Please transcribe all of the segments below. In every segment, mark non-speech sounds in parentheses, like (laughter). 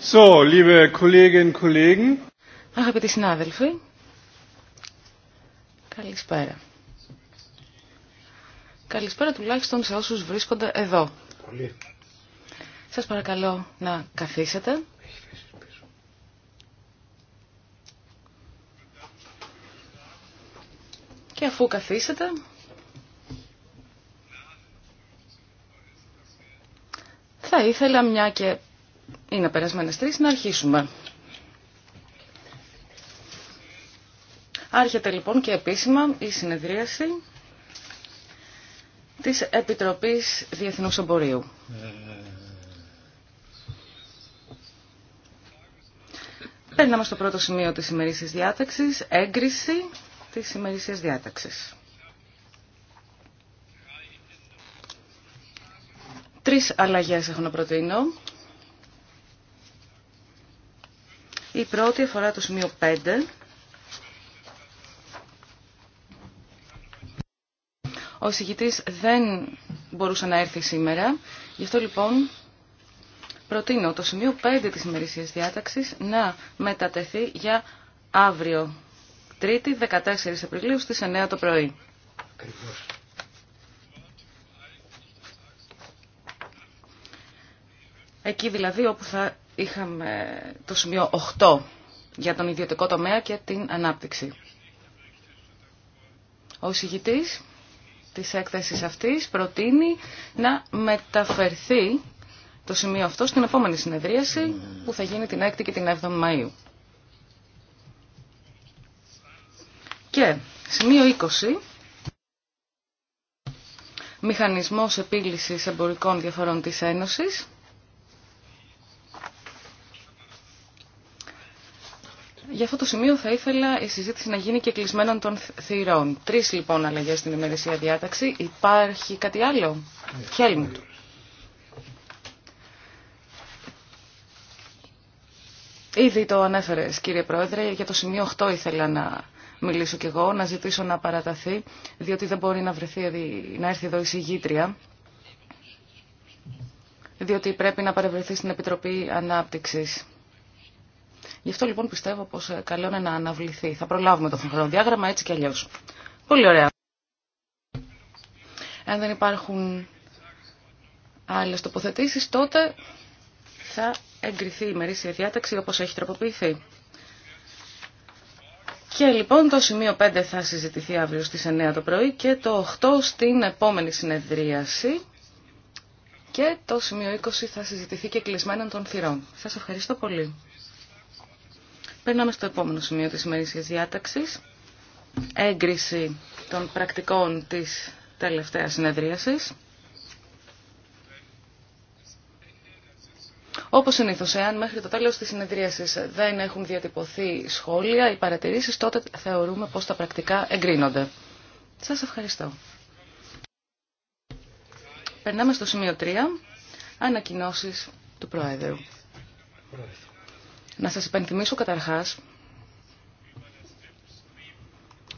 So, Αγαπητοί συνάδελφοι, καλησπέρα. Καλησπέρα τουλάχιστον σε όσους βρίσκονται εδώ. Πολύ. Σας παρακαλώ να καθίσετε. Και αφού καθίσετε, θα ήθελα μια και είναι περασμένες τρεις, να αρχίσουμε. Άρχεται λοιπόν και επίσημα η συνεδρίαση της Επιτροπής Διεθνούς Εμπορίου. Περνάμε στο πρώτο σημείο της ημερήσιας διάταξης, έγκριση της ημερήσιας διάταξης. Τρεις αλλαγές έχω να προτείνω. Η πρώτη αφορά το σημείο 5. Ο συγητής δεν μπορούσε να έρθει σήμερα, γι' αυτό λοιπόν προτείνω το σημείο 5 της ημερησίας διάταξης να μετατεθεί για αύριο, 3η 14 Απριλίου στις 9 το πρωί. Εκεί δηλαδή όπου θα είχαμε το σημείο 8 για τον ιδιωτικό τομέα και την ανάπτυξη. Ο συγητής της έκθεσης αυτής προτείνει να μεταφερθεί το σημείο αυτό στην επόμενη συνεδρίαση που θα γίνει την 6η και την 7η Μαΐου. Και σημείο 20. Μηχανισμός επίλυσης εμπορικών διαφορών της Ένωσης. Για αυτό το σημείο θα ήθελα η συζήτηση να γίνει και κλεισμένων των θηρών. Τρεις λοιπόν αλλαγές στην ημερησία διάταξη. Υπάρχει κάτι άλλο. Ήδη το ανέφερε κύριε Πρόεδρε, για το σημείο 8 ήθελα να μιλήσω κι εγώ, να ζητήσω να παραταθεί, διότι δεν μπορεί να, να έρθει εδώ η συγγήτρια, διότι πρέπει να παρευρεθεί στην Επιτροπή Ανάπτυξης. Γι' αυτό λοιπόν πιστεύω πως ε, καλό είναι να αναβληθεί. Θα προλάβουμε το χρονοδιάγραμμα έτσι κι αλλιώς. Πολύ ωραία. Αν δεν υπάρχουν άλλες τοποθετήσεις, τότε θα εγκριθεί η μερίσια διάταξη όπως έχει τροποποιηθεί. Και λοιπόν το σημείο 5 θα συζητηθεί αύριο στις 9 το πρωί και το 8 στην επόμενη συνεδρίαση και το σημείο 20 θα συζητηθεί και κλεισμένον των θυρών. Σας ευχαριστώ πολύ. Περνάμε στο επόμενο σημείο της ημερήσιας διάταξης. Έγκριση των πρακτικών της τελευταίας συνεδρίασης. Όπως συνήθως, εάν μέχρι το τέλος της συνεδρίασης δεν έχουν διατυπωθεί σχόλια ή παρατηρήσεις, τότε θεωρούμε πως τα πρακτικά εγκρίνονται. Σας ευχαριστώ. Περνάμε στο σημείο 3, ανακοινώσεις του Προέδρου. Να σας υπενθυμίσω καταρχάς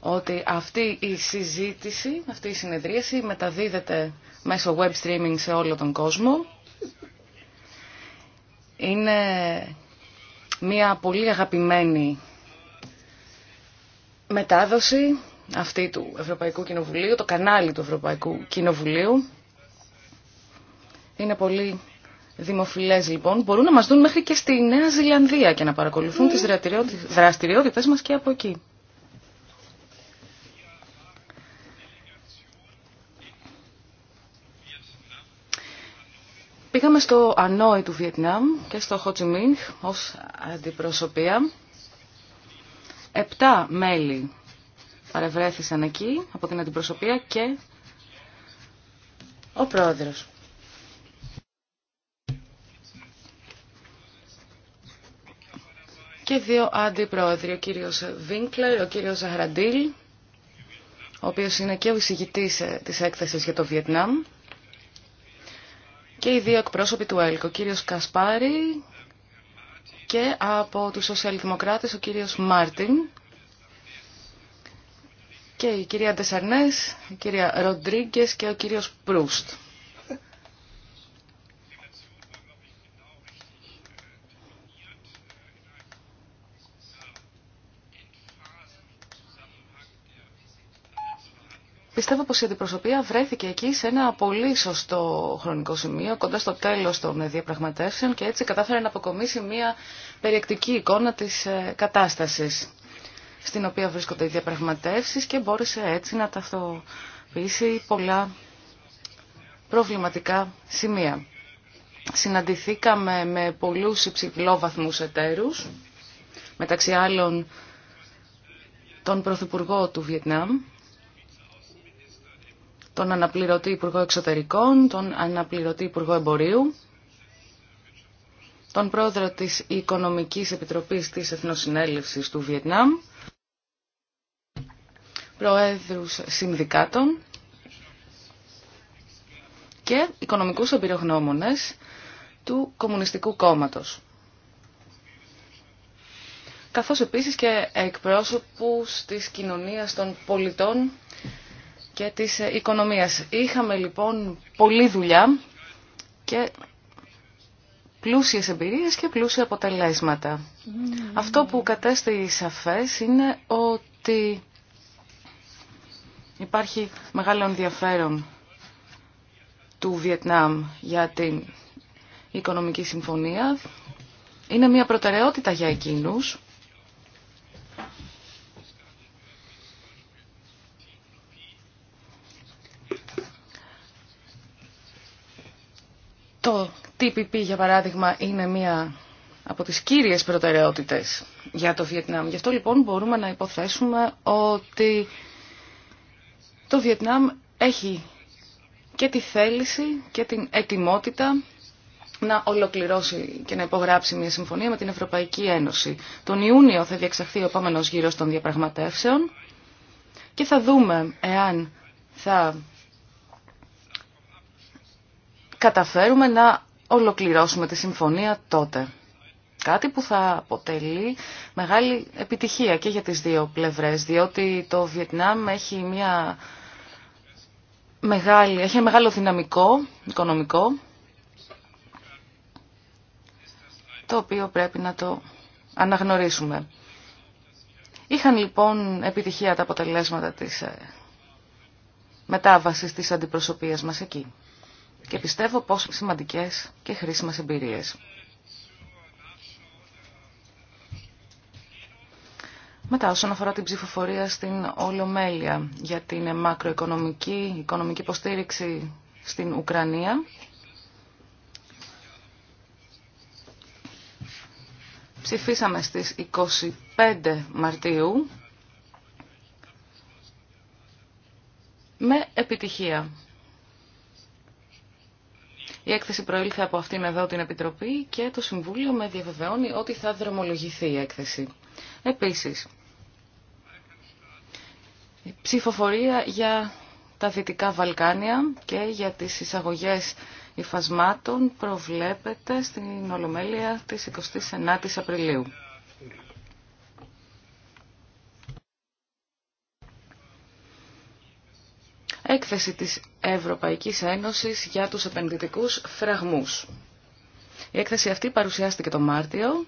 ότι αυτή η συζήτηση, αυτή η συνεδρίαση μεταδίδεται μέσω web streaming σε όλο τον κόσμο. Είναι μια πολύ αγαπημένη μετάδοση αυτή του Ευρωπαϊκού Κοινοβουλίου, το κανάλι του Ευρωπαϊκού Κοινοβουλίου. Είναι πολύ Δημοφιλέ λοιπόν μπορούν να μας δουν μέχρι και στη Νέα Ζηλανδία και να παρακολουθούν τις δραστηριότητες μας και από εκεί. Πήγαμε στο Ανόη του Βιετνάμ και στο Μίνχ ως αντιπροσωπεία. Επτά μέλη παρευρέθησαν εκεί από την αντιπροσωπεία και ο πρόεδρος. και δύο αντιπρόεδροι, ο κύριος Βίνκλερ, ο κύριος Ζαχραντήλ, ο οποίος είναι και ο εισηγητής ε, της έκθεσης για το Βιετνάμ, και οι δύο εκπρόσωποι του ΕΛΚ, ο κύριος Κασπάρη και από τους σοσιαλδημοκράτες ο κύριος Μάρτιν και η κυρία Ντεσαρνές, η κυρία Ροντρίγκε και ο κύριος Προύστ. Πιστεύω πως η αντιπροσωπεία βρέθηκε εκεί σε ένα πολύ σωστό χρονικό σημείο, κοντά στο τέλος των διαπραγματεύσεων και έτσι κατάφερε να αποκομίσει μια περιεκτική εικόνα της ε, κατάστασης στην οποία βρίσκονται οι διαπραγματεύσεις και μπόρεσε έτσι να ταυτοποιήσει πολλά προβληματικά σημεία. Συναντηθήκαμε με πολλούς υψηλόβαθμους εταίρους, μεταξύ άλλων τον Πρωθυπουργό του Βιετνάμ, τον αναπληρωτή Υπουργό Εξωτερικών, τον αναπληρωτή Υπουργό Εμπορίου, τον πρόεδρο της Οικονομικής Επιτροπής της Εθνοσυνέλευσης του Βιετνάμ, προέδρους συνδικάτων και οικονομικούς εμπειρογνώμονες του Κομμουνιστικού Κόμματος. Καθώς επίσης και εκπρόσωπους της κοινωνίας των πολιτών και της οικονομίας. Είχαμε λοιπόν πολλή δουλειά και πλούσιες εμπειρίες και πλούσια αποτελέσματα. Mm. Αυτό που κατέστη σαφές είναι ότι υπάρχει μεγάλο ενδιαφέρον του Βιετνάμ για την οικονομική συμφωνία. Είναι μια προτεραιότητα για εκείνους Το TPP, για παράδειγμα, είναι μία από τις κύριες προτεραιότητες για το Βιετνάμ. Γι' αυτό λοιπόν μπορούμε να υποθέσουμε ότι το Βιετνάμ έχει και τη θέληση και την ετοιμότητα να ολοκληρώσει και να υπογράψει μια συμφωνία με την Ευρωπαϊκή Ένωση. Τον Ιούνιο θα διεξαχθεί ο επόμενο γύρος των διαπραγματεύσεων και θα δούμε εάν θα καταφέρουμε να ολοκληρώσουμε τη συμφωνία τότε. Κάτι που θα αποτελεί μεγάλη επιτυχία και για τις δύο πλευρές, διότι το Βιετνάμ έχει μια μεγάλη, έχει ένα μεγάλο δυναμικό οικονομικό, το οποίο πρέπει να το αναγνωρίσουμε. Είχαν λοιπόν επιτυχία τα αποτελέσματα της ε, μετάβασης της αντιπροσωπείας μας εκεί και πιστεύω πόσο σημαντικές και χρήσιμες εμπειρίες. Μετά, όσον αφορά την ψηφοφορία στην Ολομέλεια για την μακροοικονομική οικονομική υποστήριξη στην Ουκρανία, ψηφίσαμε στις 25 Μαρτίου με επιτυχία. Η έκθεση προήλθε από αυτήν εδώ την Επιτροπή και το Συμβούλιο με διαβεβαιώνει ότι θα δρομολογηθεί η έκθεση. Επίσης, η ψηφοφορία για τα Δυτικά Βαλκάνια και για τις εισαγωγές υφασμάτων προβλέπεται στην Ολομέλεια της 29ης Απριλίου. έκθεση της Ευρωπαϊκής Ένωσης για τους επενδυτικούς φραγμούς. Η έκθεση αυτή παρουσιάστηκε το Μάρτιο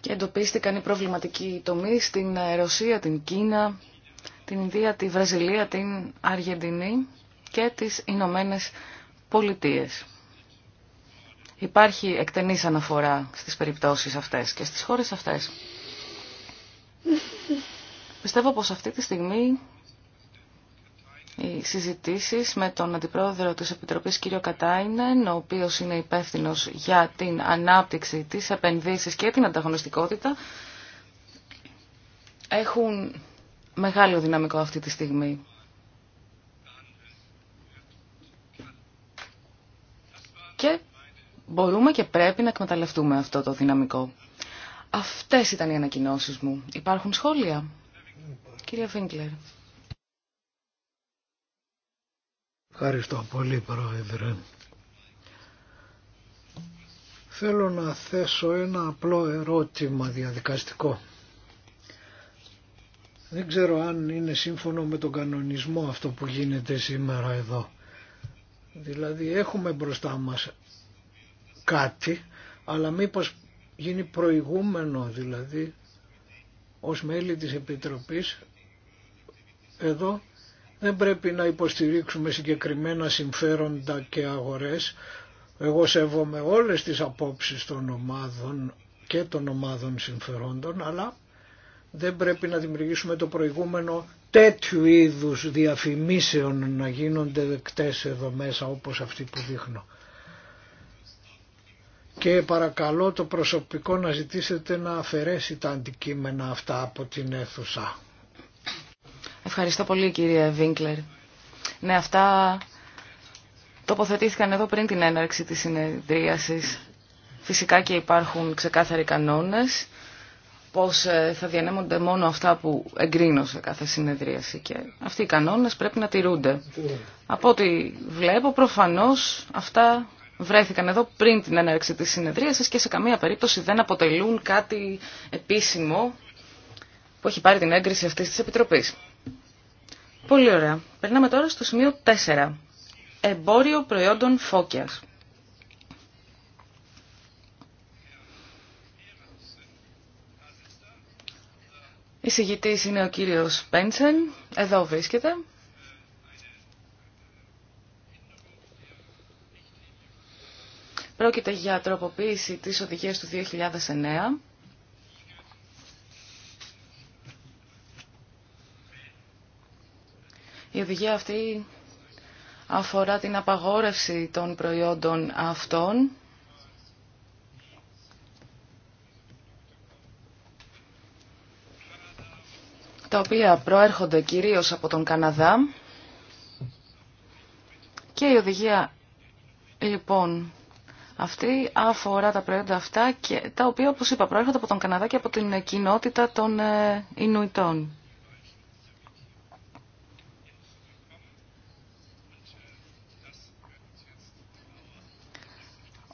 και εντοπίστηκαν οι προβληματικοί τομείς στην Ρωσία, την Κίνα, την Ινδία, τη Βραζιλία, την Αργεντινή και τις Ηνωμένε Πολιτείες. Υπάρχει εκτενής αναφορά στις περιπτώσεις αυτές και στις χώρες αυτές. Πιστεύω πως αυτή τη στιγμή οι συζητήσεις με τον Αντιπρόεδρο της Επιτροπής κ. Κατάινεν, ο οποίος είναι υπεύθυνο για την ανάπτυξη της επενδύσεις και την ανταγωνιστικότητα, έχουν μεγάλο δυναμικό αυτή τη στιγμή. Και μπορούμε και πρέπει να εκμεταλλευτούμε αυτό το δυναμικό. Αυτές ήταν οι ανακοινώσεις μου. Υπάρχουν σχόλια. Κύριε Φινκλερ. Ευχαριστώ πολύ Πρόεδρε. Θέλω να θέσω ένα απλό ερώτημα διαδικαστικό. Δεν ξέρω αν είναι σύμφωνο με τον κανονισμό αυτό που γίνεται σήμερα εδώ. Δηλαδή έχουμε μπροστά μας κάτι, αλλά μήπως γίνει προηγούμενο δηλαδή ως μέλη της Επιτροπής εδώ δεν πρέπει να υποστηρίξουμε συγκεκριμένα συμφέροντα και αγορές. Εγώ σέβομαι όλες τις απόψεις των ομάδων και των ομάδων συμφερόντων, αλλά δεν πρέπει να δημιουργήσουμε το προηγούμενο τέτοιου είδους διαφημίσεων να γίνονται δεκτές εδώ μέσα όπως αυτή που δείχνω. Και παρακαλώ το προσωπικό να ζητήσετε να αφαιρέσει τα αντικείμενα αυτά από την αίθουσα. Ευχαριστώ πολύ κυρία Βίνκλερ. Ναι, αυτά τοποθετήθηκαν εδώ πριν την έναρξη της συνεδρίασης. Φυσικά και υπάρχουν ξεκάθαροι κανόνες πως ε, θα διανέμονται μόνο αυτά που εγκρίνω σε κάθε συνεδρίαση και αυτοί οι κανόνες πρέπει να τηρούνται. Από ό,τι βλέπω προφανώς αυτά βρέθηκαν εδώ πριν την έναρξη της συνεδρίασης και σε καμία περίπτωση δεν αποτελούν κάτι επίσημο που έχει πάρει την έγκριση αυτής της Επιτροπής. Πολύ ωραία. Περνάμε τώρα στο σημείο 4. Εμπόριο προϊόντων φώκιας. Η συγητής είναι ο κύριος Πέντσεν. Εδώ βρίσκεται. Πρόκειται για τροποποίηση της οδηγίας του 2009 Η οδηγία αυτή αφορά την απαγόρευση των προϊόντων αυτών τα οποία προέρχονται κυρίως από τον Καναδά και η οδηγία λοιπόν αυτή αφορά τα προϊόντα αυτά και τα οποία όπως είπα προέρχονται από τον Καναδά και από την κοινότητα των ε, Ινουιτών.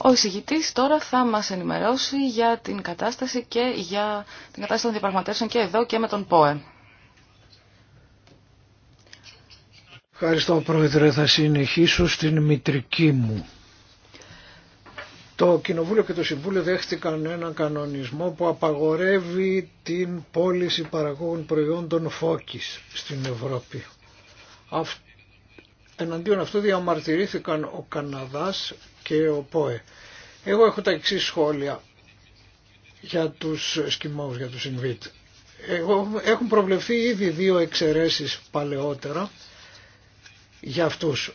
Ο εισηγητή τώρα θα μας ενημερώσει για την κατάσταση και για την κατάσταση των διαπραγματεύσεων και εδώ και με τον ΠΟΕ. Ευχαριστώ Πρόεδρε, θα συνεχίσω στην μητρική μου. Το Κοινοβούλιο και το Συμβούλιο δέχτηκαν έναν κανονισμό που απαγορεύει την πώληση παραγόγων προϊόντων φώκης στην Ευρώπη εναντίον αυτού διαμαρτυρήθηκαν ο Καναδάς και ο ΠΟΕ. Εγώ έχω τα εξή σχόλια για τους σκημόους, για τους Ινβίτ. Εγώ, έχουν προβλεφθεί ήδη δύο εξαιρέσεις παλαιότερα για αυτούς.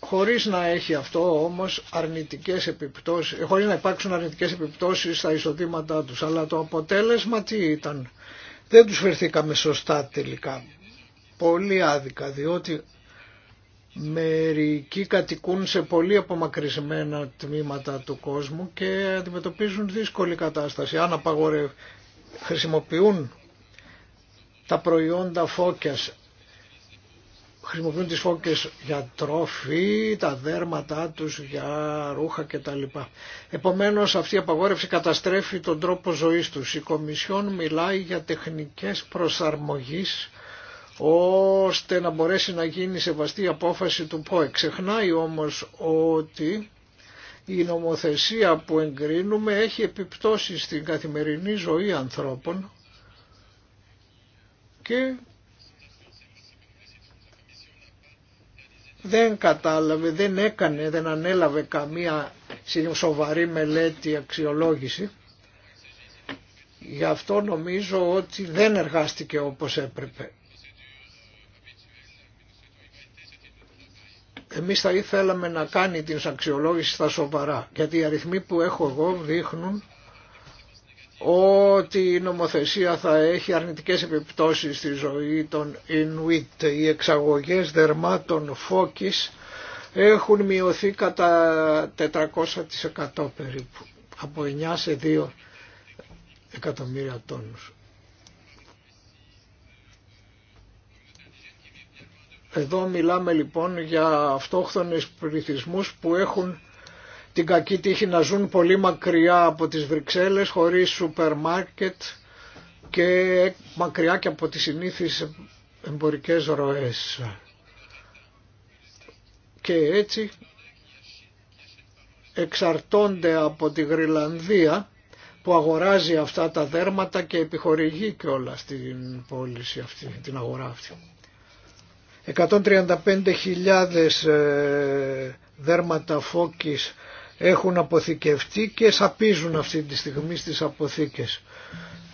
Χωρίς να έχει αυτό όμως αρνητικές επιπτώσεις, χωρίς να υπάρξουν αρνητικές επιπτώσεις στα εισοδήματά τους. Αλλά το αποτέλεσμα τι ήταν. Δεν τους φερθήκαμε σωστά τελικά. Πολύ άδικα διότι Μερικοί κατοικούν σε πολύ απομακρυσμένα τμήματα του κόσμου και αντιμετωπίζουν δύσκολη κατάσταση. Αν χρησιμοποιούν τα προϊόντα φώκιας, χρησιμοποιούν τις φώκες για τρόφι, τα δέρματά τους για ρούχα κτλ. Επομένως αυτή η απαγόρευση καταστρέφει τον τρόπο ζωής τους. Η Κομισιόν μιλάει για τεχνικές προσαρμογής ώστε να μπορέσει να γίνει σεβαστή απόφαση του ΠΟΕ. Ξεχνάει όμως ότι η νομοθεσία που εγκρίνουμε έχει επιπτώσει στην καθημερινή ζωή ανθρώπων και δεν κατάλαβε, δεν έκανε, δεν ανέλαβε καμία σοβαρή μελέτη αξιολόγηση. Γι' αυτό νομίζω ότι δεν εργάστηκε όπως έπρεπε. Εμείς θα ήθελαμε να κάνει την αξιολόγηση στα σοβαρά, γιατί οι αριθμοί που έχω εγώ δείχνουν ότι η νομοθεσία θα έχει αρνητικές επιπτώσεις στη ζωή των Ινουίτ. Οι εξαγωγές δερμάτων φώκης έχουν μειωθεί κατά 400% περίπου, από 9 σε 2 εκατομμύρια τόνους. Εδώ μιλάμε λοιπόν για αυτόχθονες πληθυσμούς που έχουν την κακή τύχη να ζουν πολύ μακριά από τις Βρυξέλλες χωρίς σούπερ μάρκετ και μακριά και από τις συνήθεις εμπορικές ροές. Και έτσι εξαρτώνται από τη Γρυλανδία που αγοράζει αυτά τα δέρματα και επιχορηγεί και όλα στην πώληση αυτή, την αγορά αυτή. 135.000 ε, δέρματα φώκης έχουν αποθηκευτεί και σαπίζουν αυτή τη στιγμή στις αποθήκες.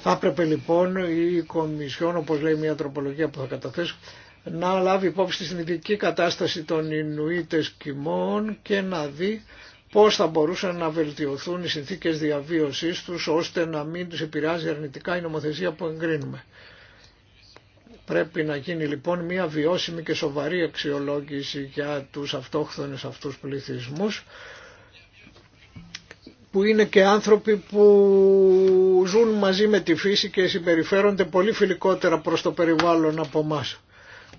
Θα έπρεπε λοιπόν η Κομισιόν, όπως λέει μια τροπολογία που θα καταθέσω, να λάβει υπόψη στην ειδική κατάσταση των Ινουίτες κοιμών και να δει πώς θα μπορούσαν να βελτιωθούν οι συνθήκες διαβίωσής τους ώστε να μην τους επηρεάζει αρνητικά η νομοθεσία που εγκρίνουμε. Πρέπει να γίνει λοιπόν μια βιώσιμη και σοβαρή αξιολόγηση για τους αυτόχθονες αυτούς πληθυσμούς που είναι και άνθρωποι που ζουν μαζί με τη φύση και συμπεριφέρονται πολύ φιλικότερα προς το περιβάλλον από εμά.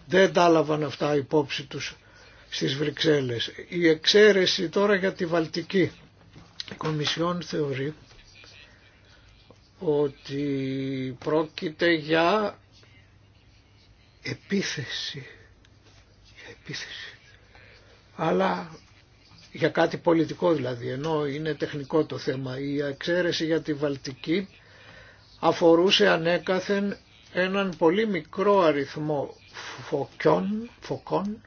Δεν τα έλαβαν αυτά υπόψη τους στις Βρυξέλλες. Η εξαίρεση τώρα για τη Βαλτική. Η Κομισιόν θεωρεί ότι πρόκειται για επίθεση, επίθεση, αλλά για κάτι πολιτικό δηλαδή, ενώ είναι τεχνικό το θέμα. Η εξαίρεση για τη Βαλτική αφορούσε ανέκαθεν έναν πολύ μικρό αριθμό φωκιών, φωκών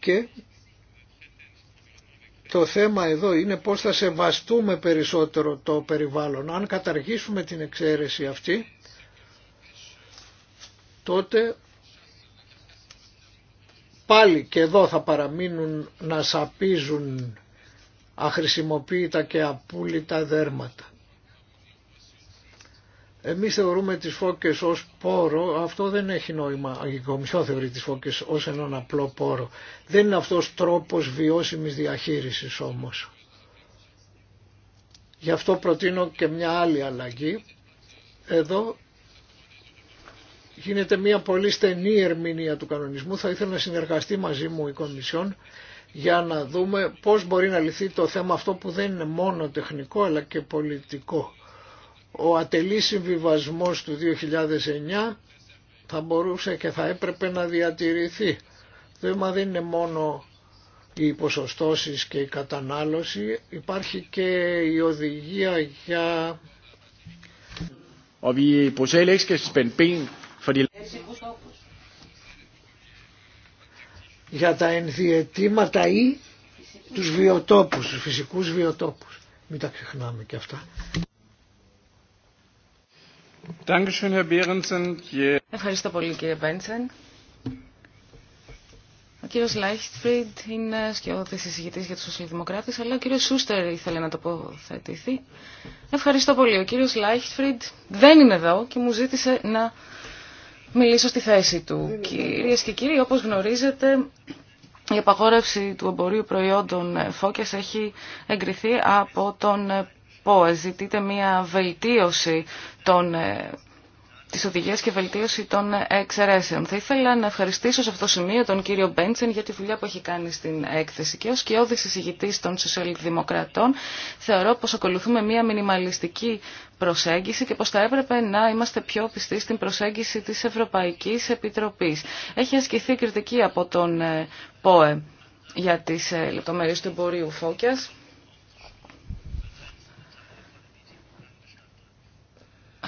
και το θέμα εδώ είναι πώς θα σεβαστούμε περισσότερο το περιβάλλον. Αν καταργήσουμε την εξαίρεση αυτή τότε πάλι και εδώ θα παραμείνουν να σαπίζουν αχρησιμοποίητα και απούλητα δέρματα. Εμείς θεωρούμε τις φώκες ως πόρο, αυτό δεν έχει νόημα, η Κομισιό θεωρεί τις φώκες ως έναν απλό πόρο. Δεν είναι αυτός τρόπος βιώσιμης διαχείρισης όμως. Γι' αυτό προτείνω και μια άλλη αλλαγή. Εδώ γίνεται μια πολύ στενή ερμηνεία του κανονισμού. Θα ήθελα να συνεργαστεί μαζί μου η Κομισιόν για να δούμε πώς μπορεί να λυθεί το θέμα αυτό που δεν είναι μόνο τεχνικό αλλά και πολιτικό. Ο ατελής συμβιβασμό του 2009 θα μπορούσε και θα έπρεπε να διατηρηθεί. Το θέμα δεν είναι μόνο οι ποσοστώσεις και η κατανάλωση, υπάρχει και η οδηγία για για τα ενδιαιτήματα ή τους βιοτόπους, τους φυσικούς βιοτόπους. Μην τα ξεχνάμε και αυτά. Ευχαριστώ πολύ κύριε Μπέντσεν. Ο κύριος Λάιχτφριντ είναι σκιώδης εισηγητής για τους Σοσιαλδημοκράτε, αλλά ο κύριος Σούστερ ήθελε να τοποθετηθεί. Ευχαριστώ πολύ. Ο κύριος Λάιχτφριντ δεν είναι εδώ και μου ζήτησε να μιλήσω στη θέση του. Κυρίε και κύριοι, όπως γνωρίζετε, η απαγόρευση του εμπορίου προϊόντων φώκια έχει εγκριθεί από τον ΠΟΕ. Ζητείται μια βελτίωση των ε, τις οδηγίες και βελτίωση των εξαιρέσεων. Θα ήθελα να ευχαριστήσω σε αυτό το σημείο τον κύριο Μπέντσεν για τη δουλειά που έχει κάνει στην έκθεση και ως κοιόδης εισηγητής των σοσιαλδημοκρατών θεωρώ πως ακολουθούμε μια μινιμαλιστική προσέγγιση και πως θα έπρεπε να είμαστε πιο πιστοί στην προσέγγιση της Ευρωπαϊκής Επιτροπής. Έχει ασκηθεί κριτική από τον ε, ΠΟΕ για τις ε, λεπτομέρειε του εμπορίου Φώκιας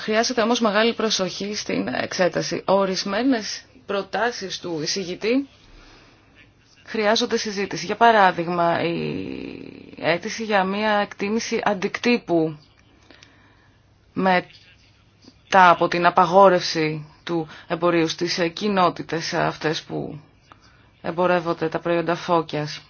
Χρειάζεται όμως μεγάλη προσοχή στην εξέταση. Ορισμένες προτάσεις του εισηγητή χρειάζονται συζήτηση. Για παράδειγμα, η αίτηση για μια εκτίμηση αντικτύπου μετά από την απαγόρευση του εμπορίου στις κοινότητες αυτές που εμπορεύονται τα προϊόντα φώκιας.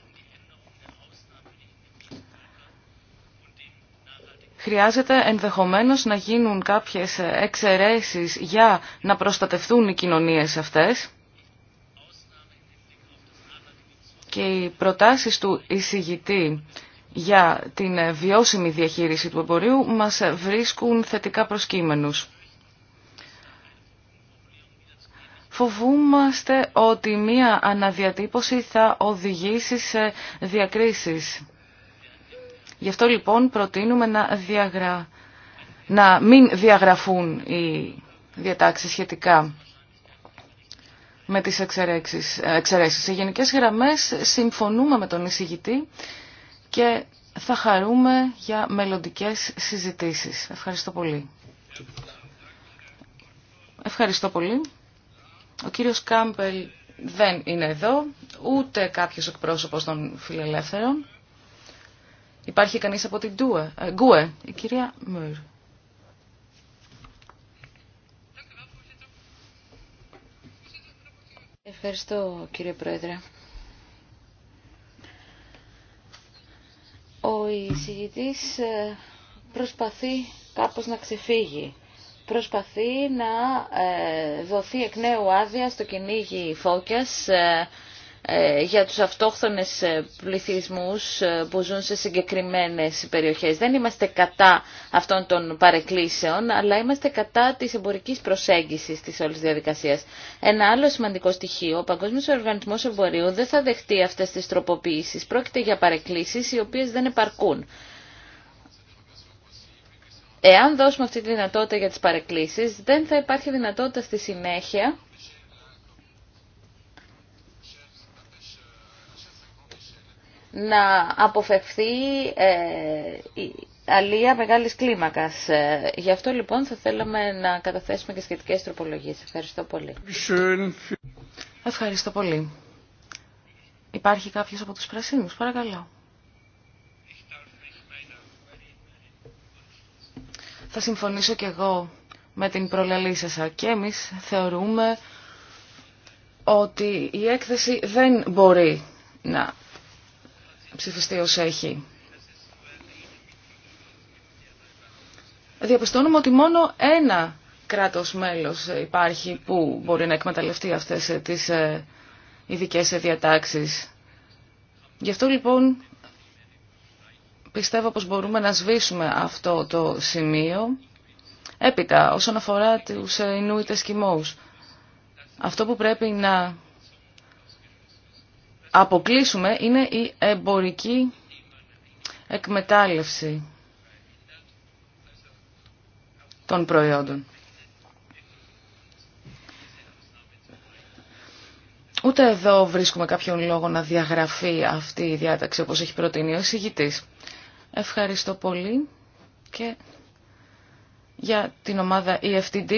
χρειάζεται ενδεχομένως να γίνουν κάποιες εξαιρέσεις για να προστατευτούν οι κοινωνίες αυτές. Και οι προτάσεις του εισηγητή για την βιώσιμη διαχείριση του εμπορίου μας βρίσκουν θετικά προσκύμενους. Φοβούμαστε ότι μία αναδιατύπωση θα οδηγήσει σε διακρίσεις Γι' αυτό λοιπόν προτείνουμε να, διαγρα... να μην διαγραφούν οι διατάξεις σχετικά με τις εξαιρέσεις. Σε γενικές γραμμές συμφωνούμε με τον εισηγητή και θα χαρούμε για μελλοντικές συζητήσεις. Ευχαριστώ πολύ. Ευχαριστώ πολύ. Ο κύριος Κάμπελ δεν είναι εδώ, ούτε κάποιος εκπρόσωπος των φιλελεύθερων. Υπάρχει κανείς από την ε, Γκουε, η κυρία Μουρ. Ευχαριστώ κύριε Πρόεδρε. Ο εισηγητής ε, προσπαθεί κάπως να ξεφύγει. Προσπαθεί να ε, δοθεί εκ νέου άδεια στο κυνήγι φώκιας ε, για τους αυτόχθονες ε, πληθυσμούς ε, που ζουν σε συγκεκριμένες περιοχές. Δεν είμαστε κατά αυτών των παρεκκλήσεων, αλλά είμαστε κατά της εμπορικής προσέγγισης της όλης διαδικασίας. Ένα άλλο σημαντικό στοιχείο, ο Παγκόσμιος Οργανισμός Εμπορίου δεν θα δεχτεί αυτές τις τροποποιήσεις. Πρόκειται για παρεκκλήσεις οι οποίες δεν επαρκούν. Εάν δώσουμε αυτή τη δυνατότητα για τις παρεκκλήσεις, δεν θα υπάρχει δυνατότητα στη συνέχεια να αποφευθεί ε, η αλία μεγάλης κλίμακας. Ε, γι' αυτό λοιπόν θα θέλαμε να καταθέσουμε και σχετικές τροπολογίες. Ευχαριστώ πολύ. Ευχαριστώ πολύ. Υπάρχει κάποιος από τους πρασίνους, παρακαλώ. Θα συμφωνήσω και εγώ με την προλαλή σας και εμείς θεωρούμε ότι η έκθεση δεν μπορεί να ψηφιστεί ως έχει. Διαπιστώνουμε ότι μόνο ένα κράτος μέλος υπάρχει που μπορεί να εκμεταλλευτεί αυτές ε, τις ε, ειδικέ ε, διατάξεις. Γι' αυτό λοιπόν πιστεύω πως μπορούμε να σβήσουμε αυτό το σημείο. Έπειτα, όσον αφορά τους Ινούιτες Κιμώους, αυτό που πρέπει να αποκλείσουμε είναι η εμπορική εκμετάλλευση των προϊόντων. Ούτε εδώ βρίσκουμε κάποιον λόγο να διαγραφεί αυτή η διάταξη όπως έχει προτείνει ο εισηγητής. Ευχαριστώ πολύ και για την ομάδα EFTD.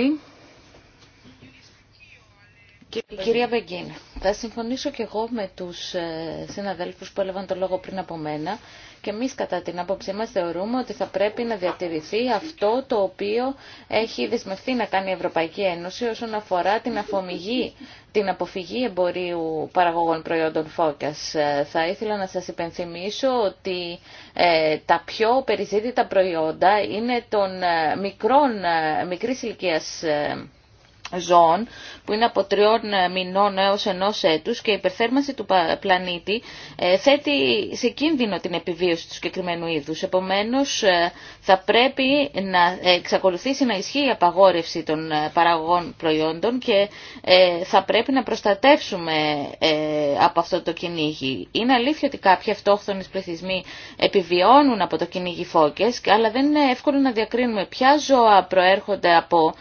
Και η κυρία Μπεγγίνε θα συμφωνήσω και εγώ με τους ε, συναδέλφους που έλαβαν το λόγο πριν από μένα και εμεί κατά την άποψή μας θεωρούμε ότι θα πρέπει να διατηρηθεί αυτό το οποίο έχει δεσμευτεί να κάνει η Ευρωπαϊκή Ένωση όσον αφορά την αφομιγή την αποφυγή εμπορίου παραγωγών προϊόντων φώκιας. Ε, θα ήθελα να σας υπενθυμίσω ότι ε, τα πιο περιζήτητα προϊόντα είναι των μικρών, μικρής ηλικίας ζώων που είναι από τριών ε, μηνών έως ενός έτους και η υπερθέρμανση του πλανήτη ε, θέτει σε κίνδυνο την επιβίωση του συγκεκριμένου είδους. Επομένως ε, θα πρέπει να εξακολουθήσει να ισχύει η απαγόρευση των παραγωγών προϊόντων και θα πρέπει να προστατεύσουμε από αυτό το κυνήγι. Είναι αλήθεια ότι κάποιοι αυτόχθονες πληθυσμοί επιβιώνουν από το κυνήγι φώκες, αλλά δεν είναι εύκολο να διακρίνουμε ποια ζώα προέρχονται από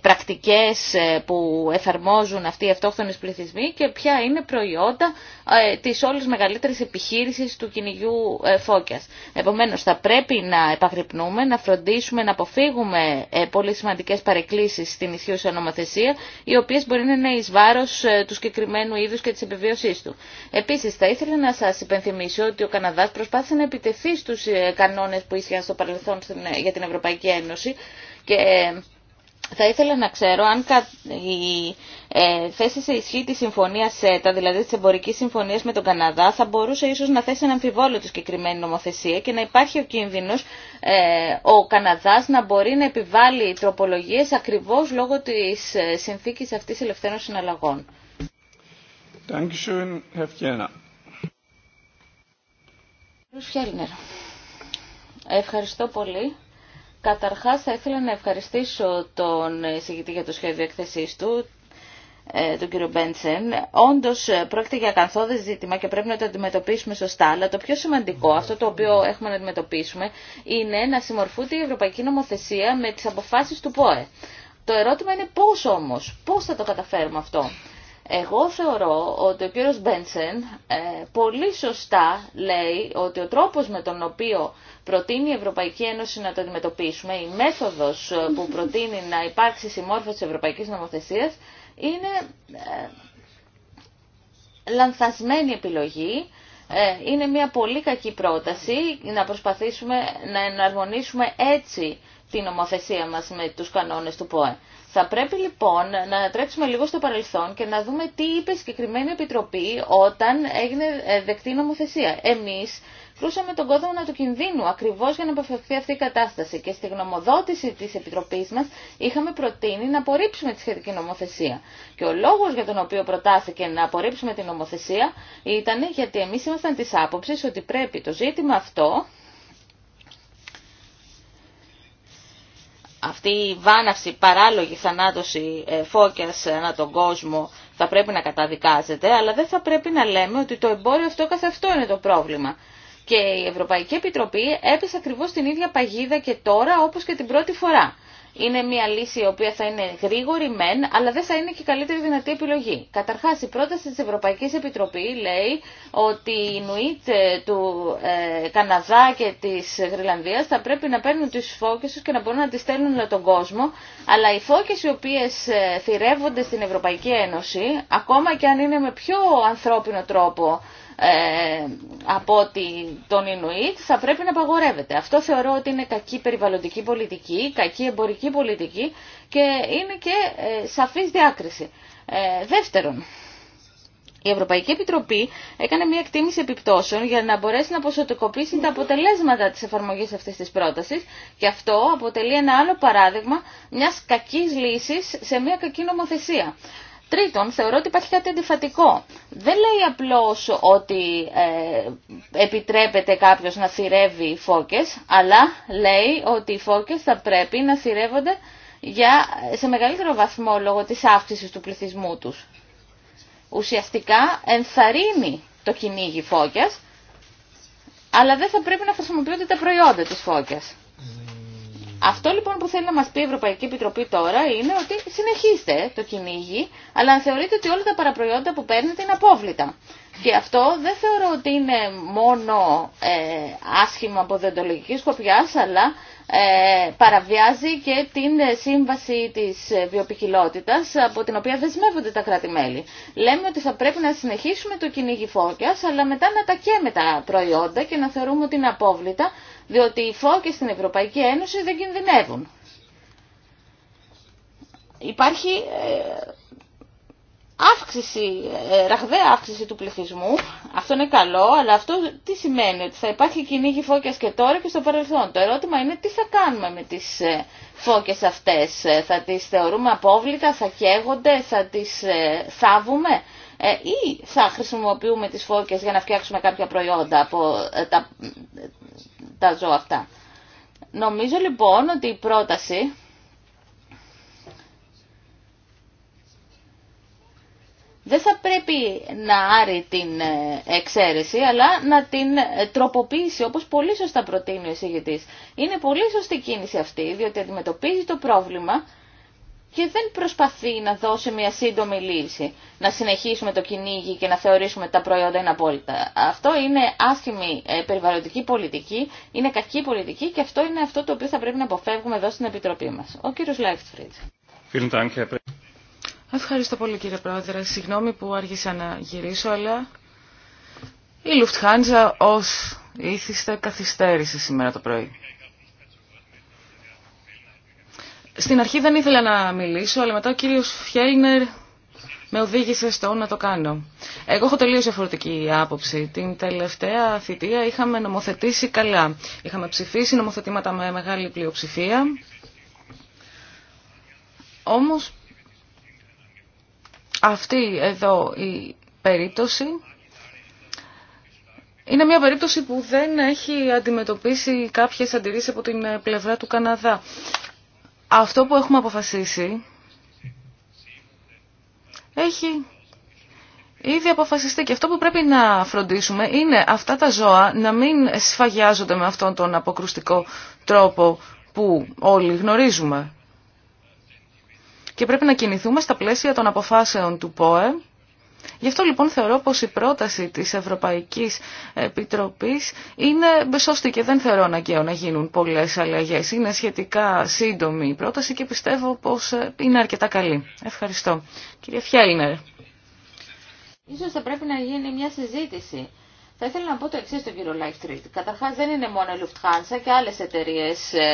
πρακτικές ε, που εφαρμόζουν αυτοί οι αυτόχθονες πληθυσμοί και ποια είναι προϊόντα ε, της όλης μεγαλύτερης επιχείρησης του κυνηγιού ε, φώκιας. Επομένως θα πρέπει να επαγρυπνούμε, να φροντίσουμε, να αποφύγουμε πολύ σημαντικές παρεκκλήσεις στην ισχύουσα νομοθεσία, οι οποίες μπορεί να είναι εις βάρος του συγκεκριμένου είδους και της επιβίωσής του. Επίσης θα ήθελα να σας υπενθυμίσω ότι ο Καναδάς προσπάθησε να επιτεθεί στους κανόνες που ίσχυαν στο παρελθόν για την Ευρωπαϊκή Ένωση και θα ήθελα να ξέρω αν η ε, θέση σε ισχύ της συμφωνίας ΣΕΤΑ, δηλαδή της εμπορικής συμφωνίας με τον Καναδά, θα μπορούσε ίσως να θέσει ένα αμφιβόλο τη συγκεκριμένη νομοθεσία και να υπάρχει ο κίνδυνος ε, ο Καναδάς να μπορεί να επιβάλλει τροπολογίες ακριβώς λόγω της ε, συνθήκης αυτής ελευθέρων συναλλαγών. Ευχαριστώ πολύ. Καταρχάς θα ήθελα να ευχαριστήσω τον εισηγητή για το σχέδιο εκθεσής του, ε, τον κύριο Μπέντσεν. Όντω ε, πρόκειται για ακαθόδε ζήτημα και πρέπει να το αντιμετωπίσουμε σωστά. Αλλά το πιο σημαντικό, αυτό το οποίο έχουμε να αντιμετωπίσουμε, είναι να συμμορφούνται η Ευρωπαϊκή Νομοθεσία με τι αποφάσει του ΠΟΕ. Το ερώτημα είναι πώ όμω, πώ θα το καταφέρουμε αυτό. Εγώ θεωρώ ότι ο κύριος Μπένσεν ε, πολύ σωστά λέει ότι ο τρόπος με τον οποίο προτείνει η Ευρωπαϊκή Ένωση να το αντιμετωπίσουμε, η μέθοδος ε, που (laughs) προτείνει να υπάρξει συμμόρφωση της Ευρωπαϊκής Νομοθεσίας, είναι ε, λανθασμένη επιλογή, είναι μια πολύ κακή πρόταση να προσπαθήσουμε να εναρμονίσουμε έτσι την νομοθεσία μας με τους κανόνες του ΠΟΕ. Θα πρέπει λοιπόν να τρέξουμε λίγο στο παρελθόν και να δούμε τι είπε η συγκεκριμένη επιτροπή όταν έγινε ε, δεκτή νομοθεσία. Εμείς κρούσαμε τον να του κινδύνου ακριβώς για να αποφευθεί αυτή η κατάσταση και στη γνωμοδότηση της Επιτροπής μας είχαμε προτείνει να απορρίψουμε τη σχετική νομοθεσία. Και ο λόγος για τον οποίο προτάθηκε να απορρίψουμε την νομοθεσία ήταν γιατί εμεί ήμασταν τη άποψη ότι πρέπει το ζήτημα αυτό αυτή η βάναυση, παράλογη θανάτωση ε, φώκιας ε, ανά τον κόσμο θα πρέπει να καταδικάζεται, αλλά δεν θα πρέπει να λέμε ότι το εμπόριο αυτό καθ' αυτό είναι το πρόβλημα. Και η Ευρωπαϊκή Επιτροπή έπεσε ακριβώς την ίδια παγίδα και τώρα όπως και την πρώτη φορά. Είναι μια λύση η οποία θα είναι γρήγορη μεν, αλλά δεν θα είναι και η καλύτερη δυνατή επιλογή. Καταρχά, η πρόταση τη Ευρωπαϊκή Επιτροπή λέει ότι οι νουίτ ε, του ε, Καναδά και τη Γρυλανδίας θα πρέπει να παίρνουν τι φώκες τους και να μπορούν να τις στέλνουν με τον κόσμο, αλλά οι φώκες οι οποίε ε, θηρεύονται στην Ευρωπαϊκή Ένωση, ακόμα και αν είναι με πιο ανθρώπινο τρόπο ε, από τον Ινουίτ θα πρέπει να απαγορεύεται. Αυτό θεωρώ ότι είναι κακή περιβαλλοντική πολιτική, κακή εμπορική πολιτική και είναι και ε, σαφής διάκριση. Ε, δεύτερον, η Ευρωπαϊκή Επιτροπή έκανε μια εκτίμηση επιπτώσεων για να μπορέσει να ποσοτικοποιήσει τα αποτελέσματα της εφαρμογής αυτής της πρότασης και αυτό αποτελεί ένα άλλο παράδειγμα μιας κακής λύσης σε μια κακή νομοθεσία. Τρίτον, θεωρώ ότι υπάρχει κάτι αντιφατικό. Δεν λέει απλώς ότι ε, επιτρέπεται κάποιος να θυρεύει φώκες, αλλά λέει ότι οι φώκες θα πρέπει να θυρεύονται για, σε μεγαλύτερο βαθμό λόγω της αύξησης του πληθυσμού τους. Ουσιαστικά ενθαρρύνει το κυνήγι φώκες, αλλά δεν θα πρέπει να χρησιμοποιούνται τα προϊόντα της φώκες. Αυτό λοιπόν που θέλει να μας πει η Ευρωπαϊκή Επιτροπή τώρα είναι ότι συνεχίστε το κυνήγι, αλλά θεωρείτε ότι όλα τα παραπροϊόντα που παίρνετε είναι απόβλητα. Και αυτό δεν θεωρώ ότι είναι μόνο ε, άσχημα από δεντολογική σκοπιά, αλλά ε, παραβιάζει και την σύμβαση της βιοπικιλότητας από την οποία δεσμεύονται τα κράτη-μέλη. Λέμε ότι θα πρέπει να συνεχίσουμε το κυνήγι φώκιας, αλλά μετά να τα καίμε τα προϊόντα και να θεωρούμε ότι είναι απόβλητα, διότι οι φώκε στην Ευρωπαϊκή Ένωση δεν κινδυνεύουν. Υπάρχει ε, αύξηση, ε, ραγδαία αύξηση του πληθυσμού. Αυτό είναι καλό, αλλά αυτό τι σημαίνει, ότι θα υπάρχει κυνήγη φώκιας και τώρα και στο παρελθόν. Το ερώτημα είναι τι θα κάνουμε με τις ε, φώκες αυτές. Θα τις θεωρούμε απόβλητα, θα καίγονται, θα τις θάβουμε. Ε, ή θα χρησιμοποιούμε τις φώκες για να φτιάξουμε κάποια προϊόντα από ε, τα, τα ζώα αυτά. Νομίζω λοιπόν ότι η πρόταση δεν θα πρέπει να άρει την ε, εξαίρεση, αλλά να την τροποποιήσει, όπως πολύ σωστά προτείνει ο εισηγητής. Είναι πολύ σωστή κίνηση αυτή, διότι αντιμετωπίζει το πρόβλημα και δεν προσπαθεί να δώσει μια σύντομη λύση. Να συνεχίσουμε το κυνήγι και να θεωρήσουμε τα προϊόντα είναι απόλυτα. Αυτό είναι άσχημη ε, περιβαλλοντική πολιτική, είναι κακή πολιτική και αυτό είναι αυτό το οποίο θα πρέπει να αποφεύγουμε εδώ στην Επιτροπή μας. Ο κύριος Λάιφτφριτς. Ευχαριστώ πολύ κύριε Πρόεδρε. Συγγνώμη που άργησα να γυρίσω, αλλά η Λουφτχάντζα ως ήθιστε καθυστέρησε σήμερα το πρωί. Στην αρχή δεν ήθελα να μιλήσω, αλλά μετά ο κύριος Φιέλνερ με οδήγησε στο να το κάνω. Εγώ έχω τελείω διαφορετική άποψη. Την τελευταία θητεία είχαμε νομοθετήσει καλά. Είχαμε ψηφίσει νομοθετήματα με μεγάλη πλειοψηφία. Όμως αυτή εδώ η περίπτωση είναι μια περίπτωση που δεν έχει αντιμετωπίσει κάποιες αντιρρήσεις από την πλευρά του Καναδά. Αυτό που έχουμε αποφασίσει έχει ήδη αποφασιστεί και αυτό που πρέπει να φροντίσουμε είναι αυτά τα ζώα να μην σφαγιάζονται με αυτόν τον αποκρουστικό τρόπο που όλοι γνωρίζουμε. Και πρέπει να κινηθούμε στα πλαίσια των αποφάσεων του ΠΟΕ Γι' αυτό λοιπόν θεωρώ πως η πρόταση της Ευρωπαϊκής Επιτροπής είναι σωστή και δεν θεωρώ αναγκαίο να γίνουν πολλές αλλαγές. Είναι σχετικά σύντομη η πρόταση και πιστεύω πως είναι αρκετά καλή. Ευχαριστώ. Κύριε Φιέλνερ. Ίσως θα πρέπει να γίνει μια συζήτηση. Θα ήθελα να πω το εξή στον κύριο Street. Καταρχά, δεν είναι μόνο η Lufthansa και άλλε εταιρείε ε,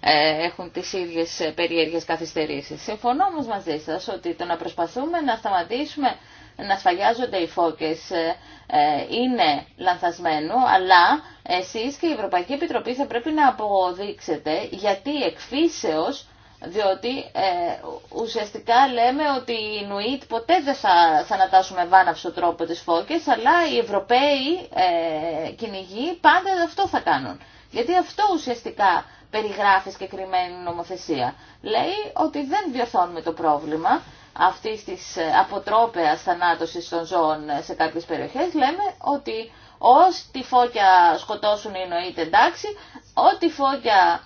ε, έχουν τι ίδιε ε, περίεργε καθυστερήσει. Συμφωνώ όμω μαζί σα ότι το να προσπαθούμε να σταματήσουμε να σφαγιάζονται οι φώκες ε, ε, είναι λανθασμένο, αλλά εσείς και η Ευρωπαϊκή Επιτροπή θα πρέπει να αποδείξετε γιατί εκφύσεως διότι ε, ουσιαστικά λέμε ότι οι Ινουίτ ποτέ δεν θα θανατάσουν με βάναυσο τρόπο τις φώκες, αλλά οι Ευρωπαίοι ε, κυνηγοί πάντα αυτό θα κάνουν. Γιατί αυτό ουσιαστικά περιγράφει συγκεκριμένη νομοθεσία. Λέει ότι δεν διορθώνουμε το πρόβλημα, αυτής της ε, αποτρόπαιας θανάτωσης των ζώων σε κάποιες περιοχές, λέμε ότι ως τη φώκια σκοτώσουν εννοείται εντάξει, ό,τι φώκια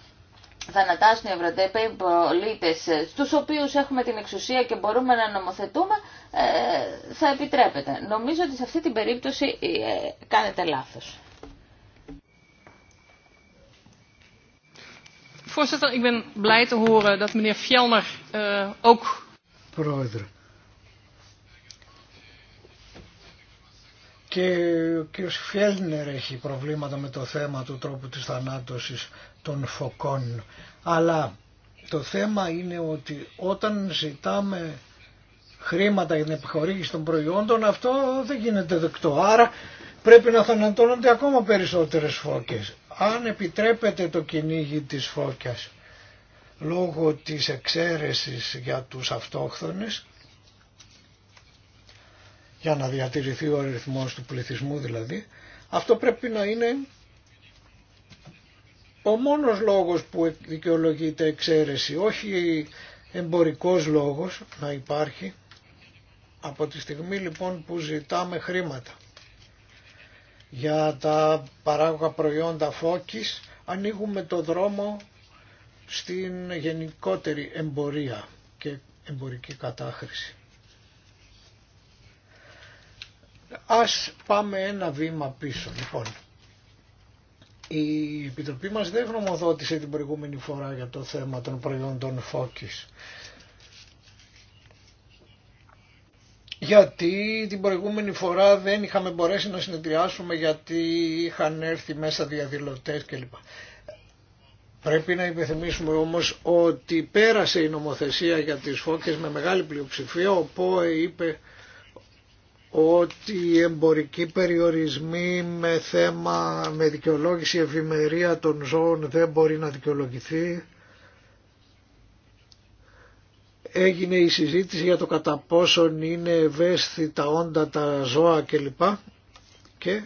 θανατάσουν οι Ευρωπαίοι πολίτε, ε, στους οποίους έχουμε την εξουσία και μπορούμε να νομοθετούμε, ε, θα επιτρέπεται. Νομίζω ότι σε αυτή την περίπτωση κάνετε λάθος. Voorzitter, ik ben blij te horen eh, πρόεδρε. Και ο κ. Φιέλνερ έχει προβλήματα με το θέμα του τρόπου της θανάτωσης των φωκών. Αλλά το θέμα είναι ότι όταν ζητάμε χρήματα για την επιχορήγηση των προϊόντων αυτό δεν γίνεται δεκτό. Άρα πρέπει να θανατώνονται ακόμα περισσότερες φώκες. Αν επιτρέπεται το κυνήγι της φώκιας λόγω της εξαίρεσης για τους αυτόχθονες για να διατηρηθεί ο αριθμός του πληθυσμού δηλαδή αυτό πρέπει να είναι ο μόνος λόγος που δικαιολογείται εξαίρεση όχι εμπορικός λόγος να υπάρχει από τη στιγμή λοιπόν που ζητάμε χρήματα για τα παράγωγα προϊόντα φώκης ανοίγουμε το δρόμο στην γενικότερη εμπορία και εμπορική κατάχρηση. Ας πάμε ένα βήμα πίσω λοιπόν. Η Επιτροπή μας δεν γνωμοδότησε την προηγούμενη φορά για το θέμα των προϊόντων φώκης. Γιατί την προηγούμενη φορά δεν είχαμε μπορέσει να συνεδριάσουμε γιατί είχαν έρθει μέσα διαδηλωτές κλπ. Πρέπει να υπενθυμίσουμε όμως ότι πέρασε η νομοθεσία για τις φώκες με μεγάλη πλειοψηφία. Ο είπε ότι οι εμπορικοί περιορισμοί με θέμα, με δικαιολόγηση ευημερία των ζώων δεν μπορεί να δικαιολογηθεί. Έγινε η συζήτηση για το κατά πόσον είναι ευαίσθητα όντα τα ζώα κλπ. Και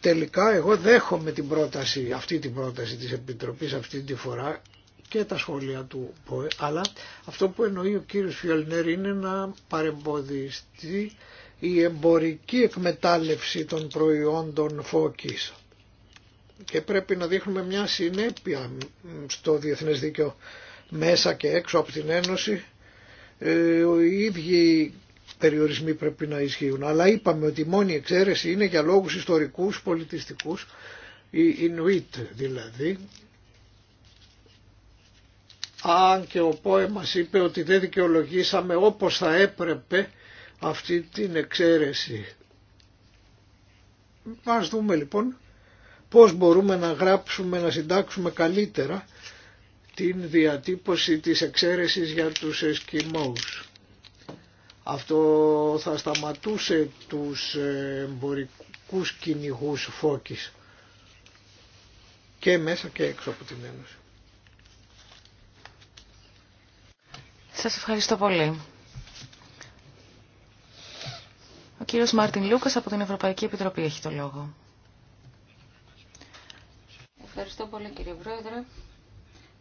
τελικά εγώ δέχομαι την πρόταση, αυτή την πρόταση της Επιτροπής αυτή τη φορά και τα σχόλια του ΠΟΕ, αλλά αυτό που εννοεί ο κύριος Φιολνέρ είναι να παρεμποδιστεί η εμπορική εκμετάλλευση των προϊόντων φώκης και πρέπει να δείχνουμε μια συνέπεια στο διεθνές δίκαιο μέσα και έξω από την Ένωση. Ε, οι ίδιοι περιορισμοί πρέπει να ισχύουν. Αλλά είπαμε ότι η μόνη εξαίρεση είναι για λόγους ιστορικούς, πολιτιστικούς, οι Ινουίτ δηλαδή. Αν και ο ΠΟΕ μας είπε ότι δεν δικαιολογήσαμε όπως θα έπρεπε αυτή την εξαίρεση. Ας δούμε λοιπόν πώς μπορούμε να γράψουμε, να συντάξουμε καλύτερα την διατύπωση της εξαίρεσης για τους εσκιμώους. Αυτό θα σταματούσε τους εμπορικούς κυνηγούς φώκης και μέσα και έξω από την Ένωση. Σας ευχαριστώ πολύ. Ο κύριος Μάρτιν Λούκας από την Ευρωπαϊκή Επιτροπή έχει το λόγο. Ευχαριστώ πολύ κύριε Πρόεδρε.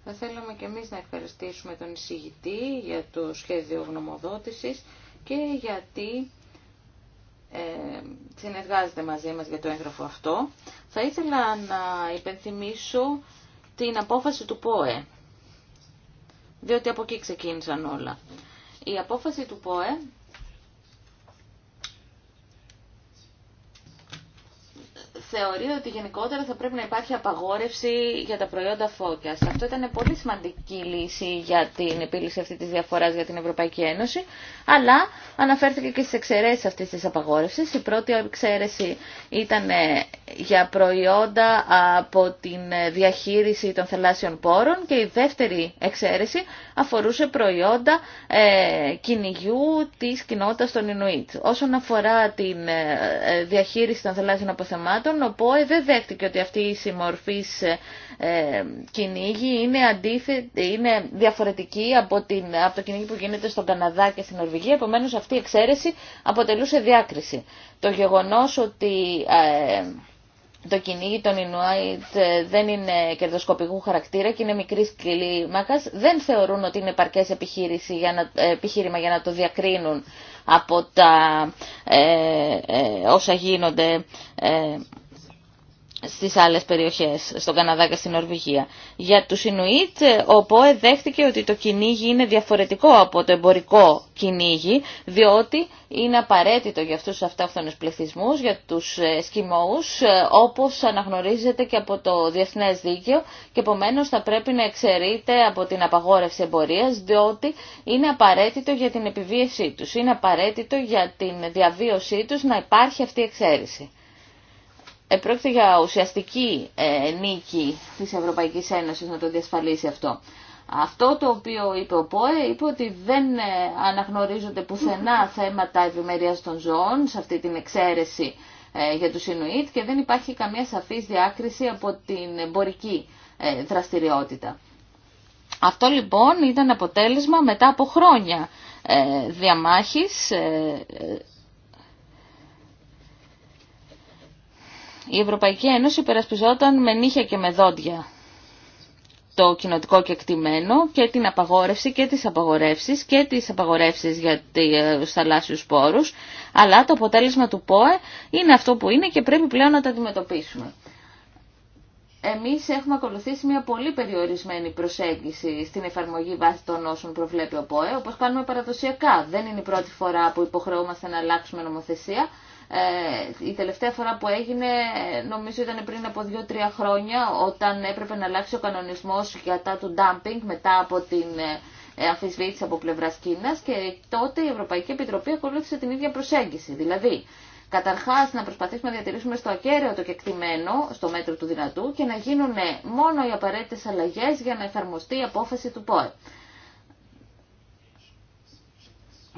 Θα θέλαμε και εμείς να ευχαριστήσουμε τον εισηγητή για το σχέδιο γνωμοδότησης και γιατί ε, συνεργάζεται μαζί μας για το έγγραφο αυτό. Θα ήθελα να υπενθυμίσω την απόφαση του ΠΟΕ, διότι από εκεί ξεκίνησαν όλα. Η απόφαση του ΠΟΕ θεωρεί ότι γενικότερα θα πρέπει να υπάρχει απαγόρευση για τα προϊόντα φώκια. Αυτό ήταν πολύ σημαντική λύση για την επίλυση αυτή τη διαφορά για την Ευρωπαϊκή Ένωση, αλλά αναφέρθηκε και στι εξαιρέσει αυτή τη απαγόρευση. Η πρώτη εξαίρεση ήταν ε, για προϊόντα από την ε, διαχείριση των θαλάσσιων πόρων και η δεύτερη εξαίρεση αφορούσε προϊόντα ε, κυνηγιού της κοινότητας των Ινουίτ. Όσον αφορά την ε, διαχείριση των θαλάσσιων αποθεμάτων, οπότε δεν δέχτηκε ότι αυτή η συμμορφή ε, ε είναι, αντίθετη, είναι διαφορετική από, την, από το κυνήγι που γίνεται στον Καναδά και στην Νορβηγία, επομένως αυτή η εξαίρεση αποτελούσε διάκριση. Το γεγονός ότι... Ε, το κυνήγι των Ινουάιτ ε, δεν είναι κερδοσκοπικού χαρακτήρα και είναι μικρή κλίμακα. Δεν θεωρούν ότι είναι επαρκέ επιχείρημα για να το διακρίνουν από τα όσα γίνονται στις άλλες περιοχές, στον Καναδά και στην Νορβηγία. Για τους Ινουίτ, ο ΠΟΕ δέχτηκε ότι το κυνήγι είναι διαφορετικό από το εμπορικό κυνήγι, διότι είναι απαραίτητο για αυτούς τους αυτόχθονες πληθυσμούς, για τους ε, σκημόους, ε, όπως αναγνωρίζεται και από το Διεθνές Δίκαιο και επομένω θα πρέπει να εξαιρείται από την απαγόρευση εμπορίας, διότι είναι απαραίτητο για την επιβίωσή τους, είναι απαραίτητο για την διαβίωσή τους να υπάρχει αυτή η εξαίρεση. Πρόκειται για ουσιαστική ε, νίκη της Ευρωπαϊκής Ένωσης να το διασφαλίσει αυτό. Αυτό το οποίο είπε ο ΠΟΕ είπε ότι δεν ε, αναγνωρίζονται πουθενά θέματα ευημερία των ζώων σε αυτή την εξαίρεση ε, για τους Ινουίτ και δεν υπάρχει καμία σαφής διάκριση από την εμπορική δραστηριότητα. Αυτό λοιπόν ήταν αποτέλεσμα μετά από χρόνια διαμάχης η Ευρωπαϊκή Ένωση υπερασπιζόταν με νύχια και με δόντια το κοινοτικό κεκτημένο και την απαγόρευση και τις απαγορεύσεις και τις απαγορεύσεις για τους θαλάσσιους πόρους, αλλά το αποτέλεσμα του ΠΟΕ είναι αυτό που είναι και πρέπει πλέον να τα αντιμετωπίσουμε. Εμείς έχουμε ακολουθήσει μια πολύ περιορισμένη προσέγγιση στην εφαρμογή βάση των όσων προβλέπει ο ΠΟΕ, όπως κάνουμε παραδοσιακά. Δεν είναι η πρώτη φορά που υποχρεούμαστε να αλλάξουμε νομοθεσία, ε, η τελευταία φορά που έγινε νομίζω ήταν πριν από 2-3 χρόνια όταν έπρεπε να αλλάξει ο κανονισμός για το του dumping μετά από την ε, αφισβήτηση από πλευρά Κίνας και τότε η Ευρωπαϊκή Επιτροπή ακολούθησε την ίδια προσέγγιση. Δηλαδή, καταρχάς να προσπαθήσουμε να διατηρήσουμε στο ακέραιο το κεκτημένο, στο μέτρο του δυνατού και να γίνουν μόνο οι απαραίτητε αλλαγέ για να εφαρμοστεί η απόφαση του ΠΟΕ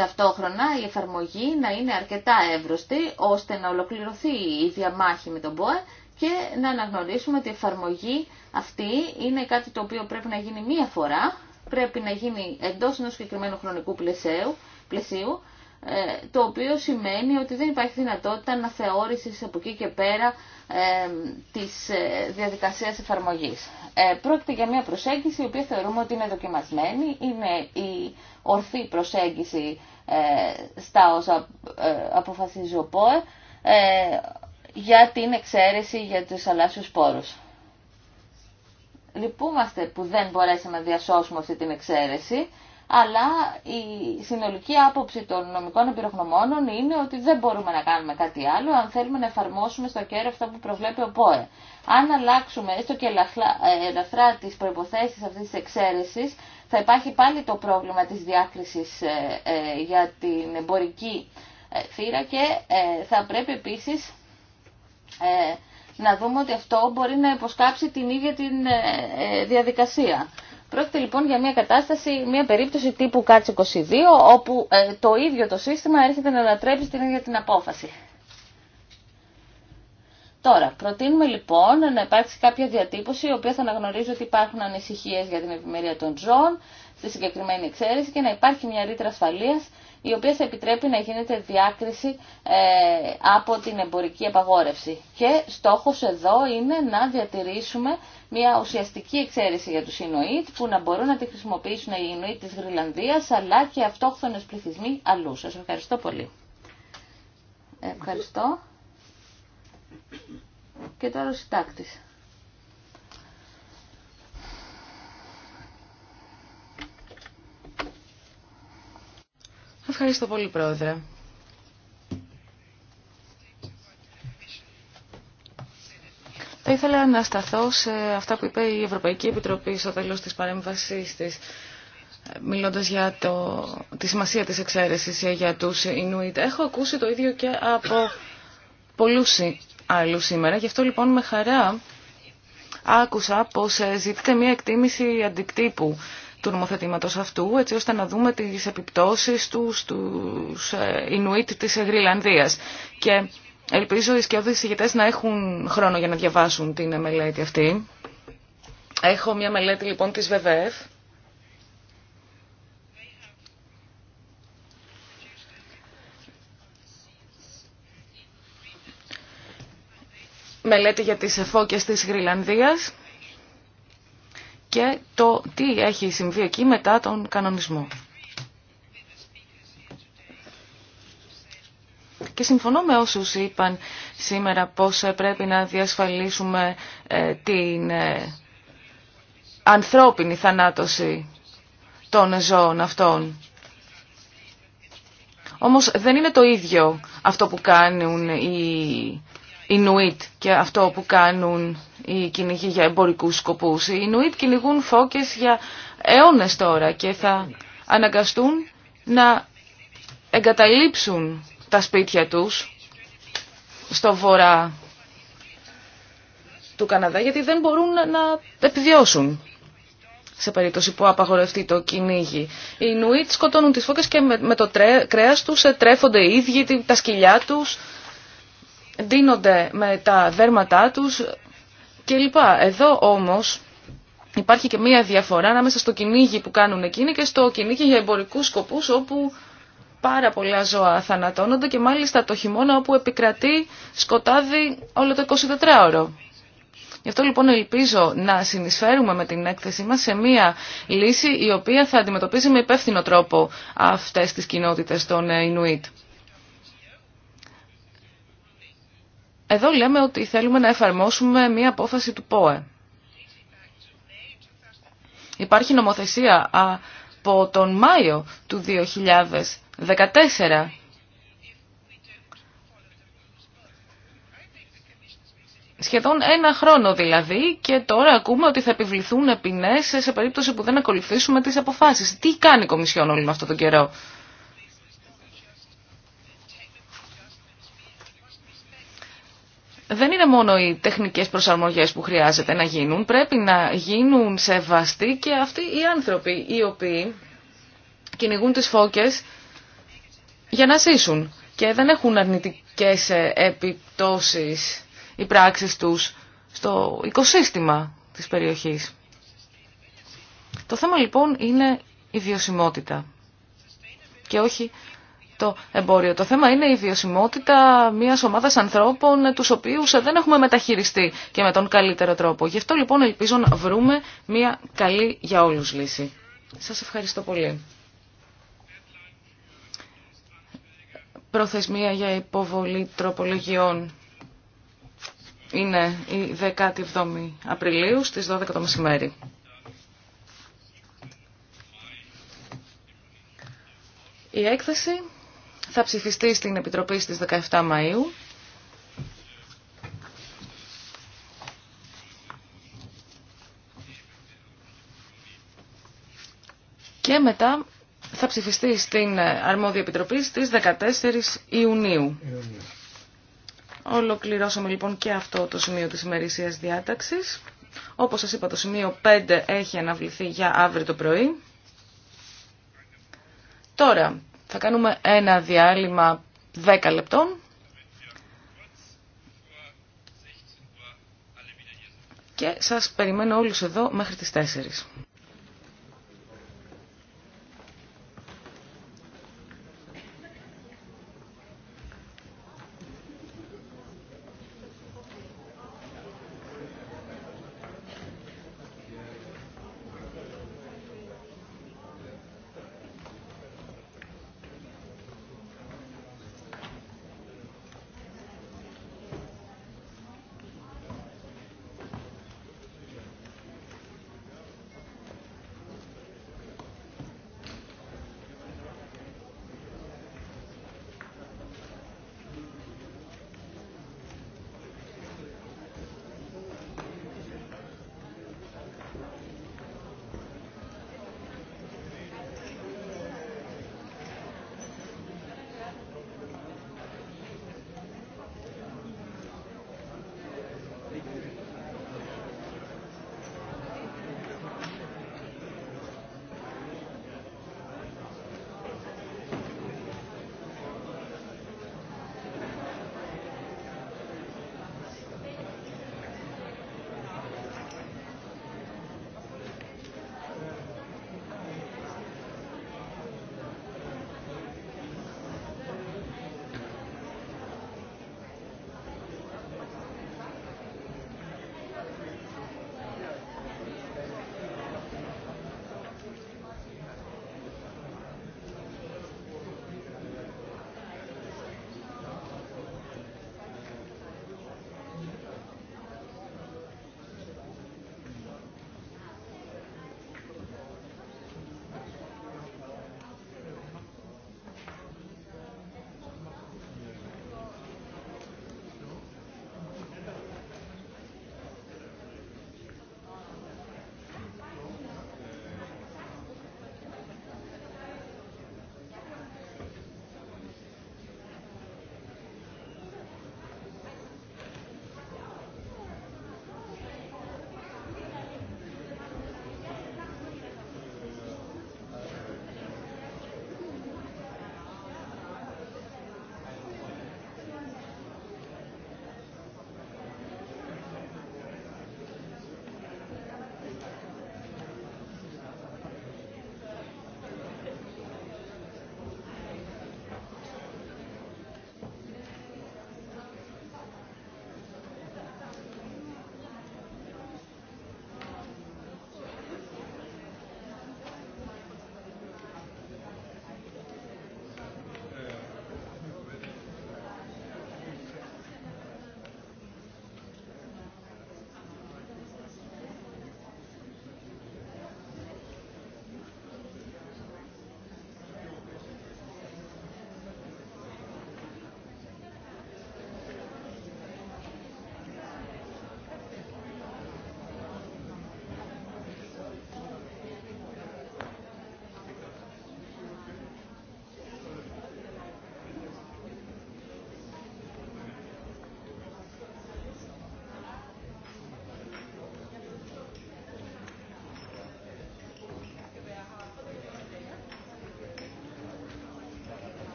ταυτόχρονα η εφαρμογή να είναι αρκετά εύρωστη ώστε να ολοκληρωθεί η διαμάχη με τον ΠΟΕ και να αναγνωρίσουμε ότι η εφαρμογή αυτή είναι κάτι το οποίο πρέπει να γίνει μία φορά, πρέπει να γίνει εντός ενός συγκεκριμένου χρονικού πλαισίου, πλαισίου ε, το οποίο σημαίνει ότι δεν υπάρχει δυνατότητα να θεώρησης από εκεί και πέρα της ε, διαδικασίας εφαρμογής. Ε, πρόκειται για μια προσέγγιση η οποία θεωρούμε ότι είναι δοκιμασμένη, είναι η ορθή προσέγγιση ε, στα όσα αποφασίζει ο ΠΟΕ για την εξαίρεση για τους αλάσσιους πόρους. Λυπούμαστε που δεν μπορέσαμε να διασώσουμε αυτή την εξαίρεση αλλά η συνολική άποψη των νομικών επιρροχνωμόνων είναι ότι δεν μπορούμε να κάνουμε κάτι άλλο αν θέλουμε να εφαρμόσουμε στο κέρο αυτό που προβλέπει ο ΠΟΕ. Αν αλλάξουμε έστω και ελαφρά ε, τις προϋποθέσεις αυτής της εξαίρεσης, θα υπάρχει πάλι το πρόβλημα της διάκρισης ε, ε, για την εμπορική θύρα και θα πρέπει επίσης να δούμε ότι αυτό μπορεί να υποσκάψει την ίδια την διαδικασία. Πρόκειται λοιπόν για μια κατάσταση, μια περίπτωση τύπου κάτσε 22, όπου ε, το ίδιο το σύστημα έρχεται να ανατρέψει την ίδια την απόφαση. Τώρα, προτείνουμε λοιπόν να υπάρξει κάποια διατύπωση, η οποία θα αναγνωρίζει ότι υπάρχουν ανησυχίες για την επιμερία των ζώων, στη συγκεκριμένη εξαίρεση και να υπάρχει μια ρήτρα ασφαλείας η οποία θα επιτρέπει να γίνεται διάκριση ε, από την εμπορική απαγόρευση. Και στόχος εδώ είναι να διατηρήσουμε μια ουσιαστική εξαίρεση για τους Ινουίτ που να μπορούν να τη χρησιμοποιήσουν οι Ινουίτ της Γρυλανδίας αλλά και αυτόχθονες πληθυσμοί αλλού. Σας ευχαριστώ πολύ. Ε, ευχαριστώ. Και τώρα ο συντάκτης. Ευχαριστώ πολύ, Πρόεδρε. Θα ήθελα να σταθώ σε αυτά που είπε η Ευρωπαϊκή Επιτροπή στο τέλος της παρέμβασής της, μιλώντας για το, τη σημασία της εξαίρεσης για τους Ινουίτ. Έχω ακούσει το ίδιο και από πολλούς άλλους σήμερα, γι' αυτό λοιπόν με χαρά άκουσα πως ζητείται μια εκτίμηση αντικτύπου του νομοθετήματος αυτού, έτσι ώστε να δούμε τις επιπτώσεις του στους ε, Ινουίτ της Γρυλανδίας. Και ελπίζω οι σκιώδεις ηγητέ να έχουν χρόνο για να διαβάσουν την μελέτη αυτή. Έχω μια μελέτη λοιπόν της ΒΒΕΦ. Μελέτη για τις εφόκες της Γρυλανδίας και το τι έχει συμβεί εκεί μετά τον κανονισμό. Και συμφωνώ με όσους είπαν σήμερα πώς πρέπει να διασφαλίσουμε ε, την ε, ανθρώπινη θανάτωση των ζώων αυτών. Όμως δεν είναι το ίδιο αυτό που κάνουν οι Ινουίτ και αυτό που κάνουν οι κυνηγοί για εμπορικούς σκοπούς. Οι νουίτ κυνηγούν φώκες για αιώνες τώρα και θα αναγκαστούν να εγκαταλείψουν τα σπίτια τους στο βορρά του Καναδά γιατί δεν μπορούν να επιβιώσουν σε περίπτωση που απαγορευτεί το κυνήγι. Οι Ινουίτ σκοτώνουν τις φώκες και με το κρέας τους ε, τρέφονται οι ίδιοι, τα σκυλιά τους ντύνονται με τα δέρματά τους κλπ. Εδώ όμως υπάρχει και μία διαφορά ανάμεσα στο κυνήγι που κάνουν εκείνοι και στο κυνήγι για εμπορικούς σκοπούς όπου πάρα πολλά ζώα θανατώνονται και μάλιστα το χειμώνα όπου επικρατεί σκοτάδι όλο το 24ωρο. Γι' αυτό λοιπόν ελπίζω να συνεισφέρουμε με την έκθεσή μας σε μία λύση η οποία θα αντιμετωπίζει με υπεύθυνο τρόπο αυτές τις κοινότητες των Ινουίτ. Εδώ λέμε ότι θέλουμε να εφαρμόσουμε μία απόφαση του ΠΟΕ. Υπάρχει νομοθεσία από τον Μάιο του 2014 Σχεδόν ένα χρόνο δηλαδή και τώρα ακούμε ότι θα επιβληθούν ποινές σε περίπτωση που δεν ακολουθήσουμε τις αποφάσεις. Τι κάνει η Κομισιόν με αυτό τον καιρό. δεν είναι μόνο οι τεχνικές προσαρμογές που χρειάζεται να γίνουν, πρέπει να γίνουν σεβαστοί και αυτοί οι άνθρωποι οι οποίοι κυνηγούν τις φώκες για να ζήσουν και δεν έχουν αρνητικές ε, επιπτώσεις οι πράξεις τους στο οικοσύστημα της περιοχής. Το θέμα λοιπόν είναι η βιωσιμότητα και όχι το εμπόριο. Το θέμα είναι η βιωσιμότητα μια ομάδα ανθρώπων ε, του οποίου ε, δεν έχουμε μεταχειριστεί και με τον καλύτερο τρόπο. Γι' αυτό λοιπόν ελπίζω να βρούμε μια καλή για όλου λύση. Σα ευχαριστώ πολύ. Προθεσμία για υποβολή τροπολογιών είναι η 17η Απριλίου στις 12 το μεσημέρι. Η έκθεση θα ψηφιστεί στην Επιτροπή στις 17 Μαΐου. Και μετά θα ψηφιστεί στην Αρμόδια Επιτροπή στις 14 Ιουνίου. Ολοκληρώσαμε λοιπόν και αυτό το σημείο της ημερησίας διάταξης. Όπως σας είπα το σημείο 5 έχει αναβληθεί για αύριο το πρωί. Τώρα, θα κάνουμε ένα διάλειμμα 10 λεπτών. Και σας περιμένω όλους εδώ μέχρι τις 4.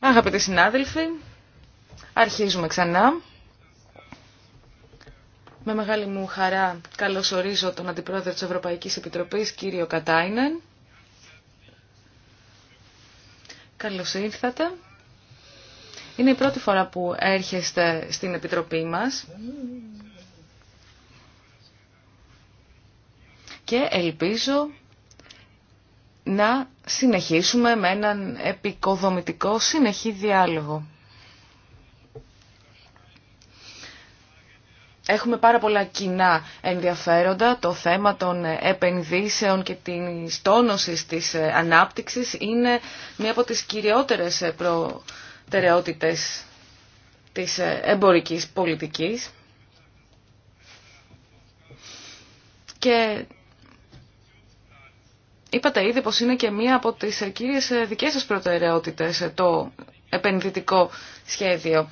Αγαπητοί συνάδελφοι, αρχίζουμε ξανά. Με μεγάλη μου χαρά καλωσορίζω τον Αντιπρόεδρο της Ευρωπαϊκής Επιτροπής, κύριο Κατάινεν. Καλώς ήρθατε. Είναι η πρώτη φορά που έρχεστε στην Επιτροπή μας. Και ελπίζω να συνεχίσουμε με έναν επικοδομητικό συνεχή διάλογο. Έχουμε πάρα πολλά κοινά ενδιαφέροντα. Το θέμα των επενδύσεων και την τόνωσης της ανάπτυξης είναι μία από τις κυριότερες προτεραιότητες της εμπορικής πολιτικής. Και Είπατε ήδη πως είναι και μία από τις κύριες ε, δικές σας προτεραιότητες ε, το επενδυτικό σχέδιο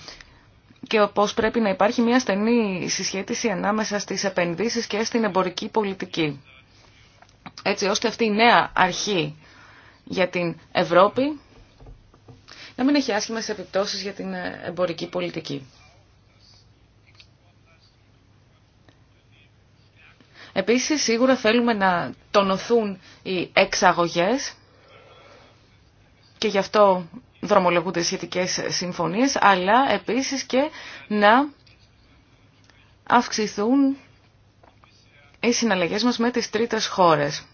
και πως πρέπει να υπάρχει μία στενή συσχέτιση ανάμεσα στις επενδύσεις και στην εμπορική πολιτική. Έτσι ώστε αυτή η νέα αρχή για την Ευρώπη να μην έχει άσχημες επιπτώσεις για την ε, εμπορική πολιτική. Επίσης, σίγουρα θέλουμε να τονωθούν οι εξαγωγές και γι' αυτό δρομολογούνται σχετικές συμφωνίες, αλλά επίσης και να αυξηθούν οι συναλλαγές μας με τις τρίτες χώρες.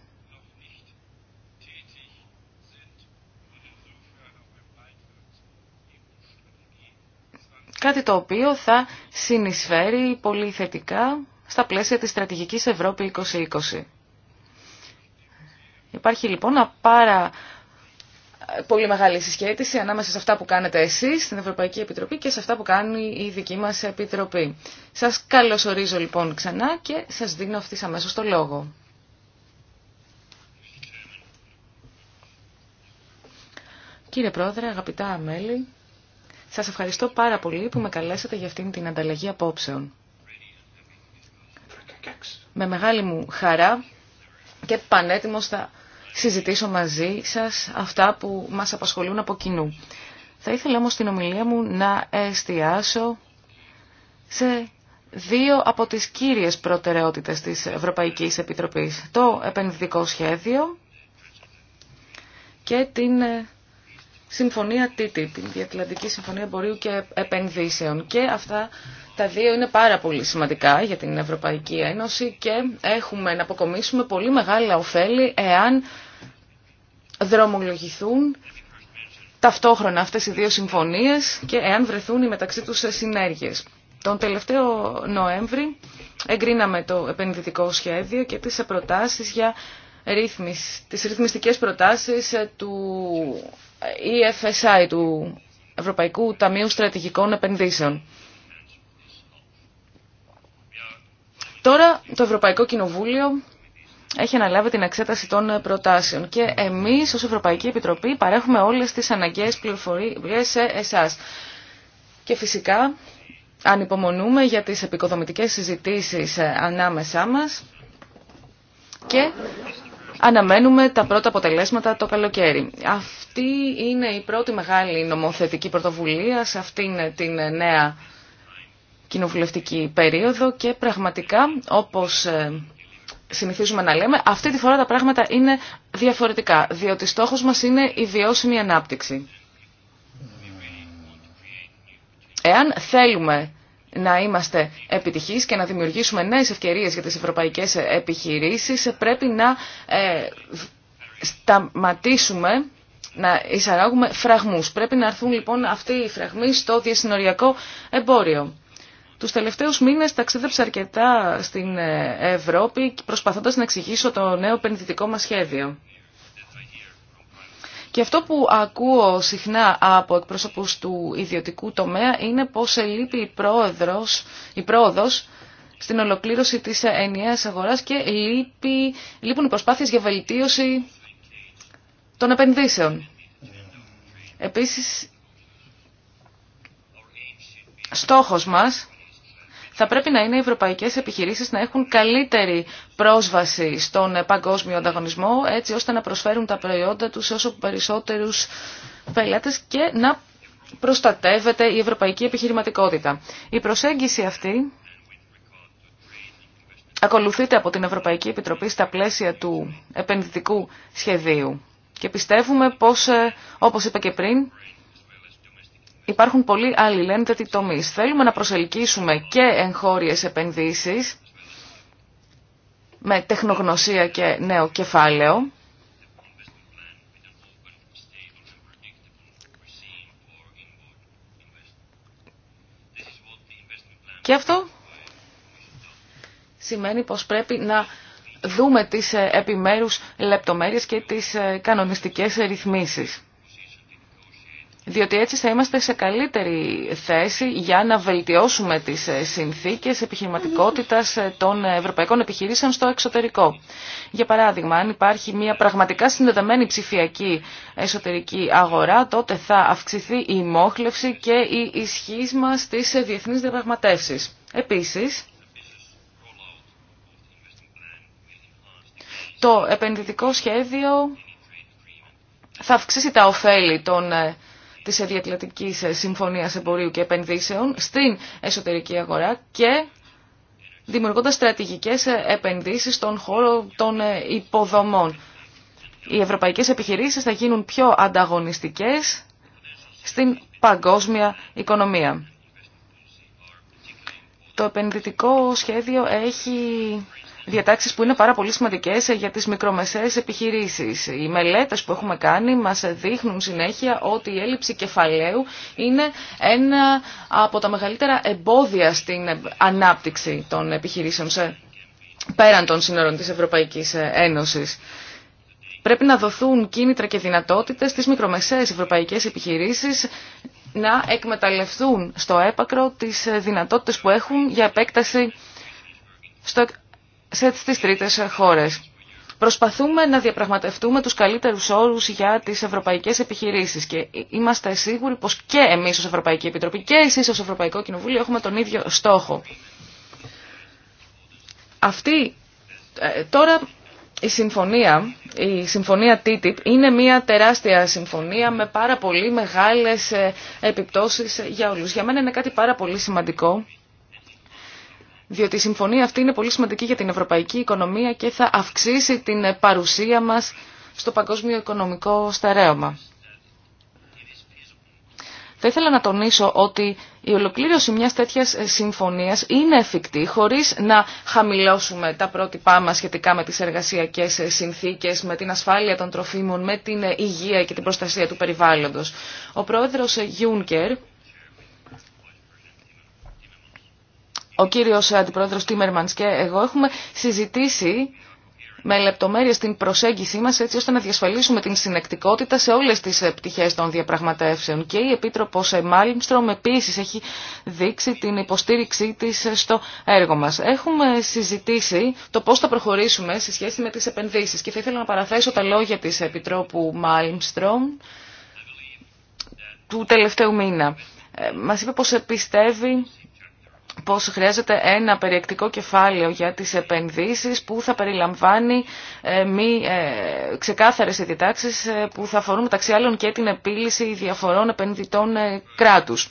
Κάτι το οποίο θα συνεισφέρει πολύ θετικά στα πλαίσια της στρατηγικής Ευρώπη 2020. Υπάρχει λοιπόν πάρα πολύ μεγάλη συσχέτιση ανάμεσα σε αυτά που κάνετε εσείς στην Ευρωπαϊκή Επιτροπή και σε αυτά που κάνει η δική μας Επιτροπή. Σας καλωσορίζω λοιπόν ξανά και σας δίνω αυτή αμέσως το λόγο. Κύριε Πρόεδρε, αγαπητά μέλη, σας ευχαριστώ πάρα πολύ που με καλέσατε για αυτήν την ανταλλαγή απόψεων με μεγάλη μου χαρά και πανέτοιμος θα συζητήσω μαζί σας αυτά που μας απασχολούν από κοινού. Θα ήθελα όμως στην ομιλία μου να εστιάσω σε δύο από τις κύριες προτεραιότητες της Ευρωπαϊκής Επιτροπής. Το επενδυτικό σχέδιο και την ε, συμφωνία TTIP, την Διατλαντική Συμφωνία Εμπορίου και Επενδύσεων. Και αυτά τα δύο είναι πάρα πολύ σημαντικά για την Ευρωπαϊκή Ένωση και έχουμε να αποκομίσουμε πολύ μεγάλα ωφέλη εάν δρομολογηθούν ταυτόχρονα αυτές οι δύο συμφωνίες και εάν βρεθούν οι μεταξύ τους συνέργειες. Τον τελευταίο Νοέμβρη εγκρίναμε το επενδυτικό σχέδιο και τις προτάσεις για ρύθμις, τις ρυθμιστικές προτάσεις του EFSI, του Ευρωπαϊκού Ταμείου Στρατηγικών Επενδύσεων. Τώρα το Ευρωπαϊκό Κοινοβούλιο έχει αναλάβει την εξέταση των προτάσεων και εμείς ως Ευρωπαϊκή Επιτροπή παρέχουμε όλες τις αναγκαίες πληροφορίες σε εσάς. Και φυσικά ανυπομονούμε για τις επικοδομητικές συζητήσεις ανάμεσά μας και αναμένουμε τα πρώτα αποτελέσματα το καλοκαίρι. Αυτή είναι η πρώτη μεγάλη νομοθετική πρωτοβουλία σε αυτήν την νέα κοινοβουλευτική περίοδο και πραγματικά όπως ε, συνηθίζουμε να λέμε, αυτή τη φορά τα πράγματα είναι διαφορετικά, διότι στόχος μας είναι η βιώσιμη ανάπτυξη. Εάν θέλουμε να είμαστε επιτυχείς και να δημιουργήσουμε νέες ευκαιρίες για τις ευρωπαϊκές επιχειρήσεις, πρέπει να ε, σταματήσουμε να εισαγάγουμε φραγμούς. Πρέπει να έρθουν λοιπόν αυτοί οι φραγμοί στο διασυνοριακό εμπόριο. Τους τελευταίους μήνες ταξίδεψα αρκετά στην ε, Ευρώπη προσπαθώντας να εξηγήσω το νέο επενδυτικό μας σχέδιο. Και αυτό που ακούω συχνά από εκπρόσωπους του ιδιωτικού τομέα είναι πως λείπει η, η πρόοδος στην ολοκλήρωση της ενιαίας αγοράς και λείπει, λείπουν οι προσπάθειες για βελτίωση των επενδύσεων. Επίσης, στόχος μας θα πρέπει να είναι οι ευρωπαϊκές επιχειρήσεις να έχουν καλύτερη πρόσβαση στον παγκόσμιο ανταγωνισμό έτσι ώστε να προσφέρουν τα προϊόντα τους σε όσο περισσότερους πελάτες και να προστατεύεται η ευρωπαϊκή επιχειρηματικότητα. Η προσέγγιση αυτή ακολουθείται από την Ευρωπαϊκή Επιτροπή στα πλαίσια του επενδυτικού σχεδίου. Και πιστεύουμε πως, ε, όπως είπα και πριν, υπάρχουν πολλοί άλλοι λένε τομεί. Θέλουμε να προσελκύσουμε και εγχώριε επενδύσεις με τεχνογνωσία και νέο κεφάλαιο. Και αυτό σημαίνει πως πρέπει να δούμε τις ε, επιμέρους λεπτομέρειες και τις ε, κανονιστικές ρυθμίσεις διότι έτσι θα είμαστε σε καλύτερη θέση για να βελτιώσουμε τις ε, συνθήκες επιχειρηματικότητας ε, των ευρωπαϊκών επιχειρήσεων στο εξωτερικό. Για παράδειγμα, αν υπάρχει μια πραγματικά συνδεδεμένη ψηφιακή εσωτερική αγορά, τότε θα αυξηθεί η μόχλευση και η ισχύ μα στις ε, διεθνείς διαπραγματεύσεις. Επίσης, το επενδυτικό σχέδιο θα αυξήσει τα ωφέλη των της συμφωνία Συμφωνίας Εμπορίου και Επενδύσεων στην εσωτερική αγορά και δημιουργώντας στρατηγικές επενδύσεις στον χώρο των υποδομών. Οι ευρωπαϊκές επιχειρήσεις θα γίνουν πιο ανταγωνιστικές στην παγκόσμια οικονομία. Το επενδυτικό σχέδιο έχει διατάξεις που είναι πάρα πολύ σημαντικές για τις μικρομεσαίες επιχειρήσεις. Οι μελέτες που έχουμε κάνει μας δείχνουν συνέχεια ότι η έλλειψη κεφαλαίου είναι ένα από τα μεγαλύτερα εμπόδια στην ανάπτυξη των επιχειρήσεων πέραν των σύνορων της Ευρωπαϊκής Ένωσης. Πρέπει να δοθούν κίνητρα και δυνατότητες στις μικρομεσαίες ευρωπαϊκές επιχειρήσεις να εκμεταλλευτούν στο έπακρο τις δυνατότητες που έχουν για επέκταση στο σε τις τρίτες χώρες. Προσπαθούμε να διαπραγματευτούμε τους καλύτερους όρους για τις ευρωπαϊκές επιχειρήσεις και είμαστε σίγουροι πως και εμείς ως Ευρωπαϊκή Επιτροπή και εσείς ως Ευρωπαϊκό Κοινοβούλιο έχουμε τον ίδιο στόχο. Αυτή ε, τώρα η συμφωνία, η συμφωνία TTIP είναι μια τεράστια συμφωνία με πάρα πολύ μεγάλες ε, επιπτώσεις για όλους. Για μένα είναι κάτι πάρα πολύ σημαντικό διότι η συμφωνία αυτή είναι πολύ σημαντική για την ευρωπαϊκή οικονομία και θα αυξήσει την παρουσία μας στο παγκόσμιο οικονομικό στερέωμα. Θα ήθελα να τονίσω ότι η ολοκλήρωση μιας τέτοιας συμφωνίας είναι εφικτή χωρίς να χαμηλώσουμε τα πρότυπά μας σχετικά με τις εργασιακές συνθήκες, με την ασφάλεια των τροφίμων, με την υγεία και την προστασία του περιβάλλοντος. Ο πρόεδρος Γιούνκερ ο κύριος Αντιπρόεδρος Τίμερμανς και εγώ έχουμε συζητήσει με λεπτομέρειε την προσέγγιση μα έτσι ώστε να διασφαλίσουμε την συνεκτικότητα σε όλε τι ε, πτυχέ των διαπραγματεύσεων. Και η Επίτροπο ε, Μάλιμστρομ επίσης έχει δείξει την υποστήριξή τη ε, στο έργο μα. Έχουμε συζητήσει το πώ θα προχωρήσουμε σε σχέση με τι επενδύσει. και θα ήθελα να παραθέσω τα λόγια τη Επιτρόπου Μάλιμστρομ του τελευταίου μήνα. Μας είπε πως πιστεύει πως χρειάζεται ένα περιεκτικό κεφάλαιο για τις επενδύσεις που θα περιλαμβάνει ε, μη ε, ξεκάθαρες διτάξεις ε, που θα αφορούν μεταξύ άλλων και την επίλυση διαφορών επενδυτών κράτους.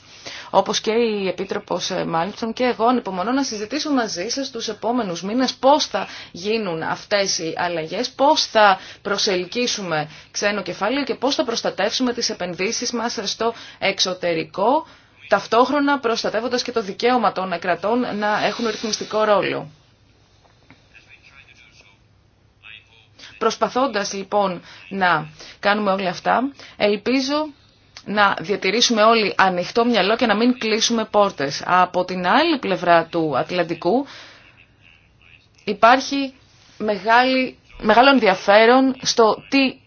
Όπως και η Επίτροπος Μάλιστον και εγώ ανυπομονώ να συζητήσω μαζί σας τους επόμενους μήνες πώς θα γίνουν αυτές οι αλλαγές, πώς θα προσελκύσουμε ξένο κεφάλαιο και πώς θα προστατεύσουμε τις επενδύσεις μας στο εξωτερικό ταυτόχρονα προστατεύοντας και το δικαίωμα των κρατών να έχουν ρυθμιστικό ρόλο. Προσπαθώντας λοιπόν να κάνουμε όλα αυτά, ελπίζω να διατηρήσουμε όλοι ανοιχτό μυαλό και να μην κλείσουμε πόρτες. Από την άλλη πλευρά του Ατλαντικού υπάρχει μεγάλη, μεγάλο ενδιαφέρον στο τι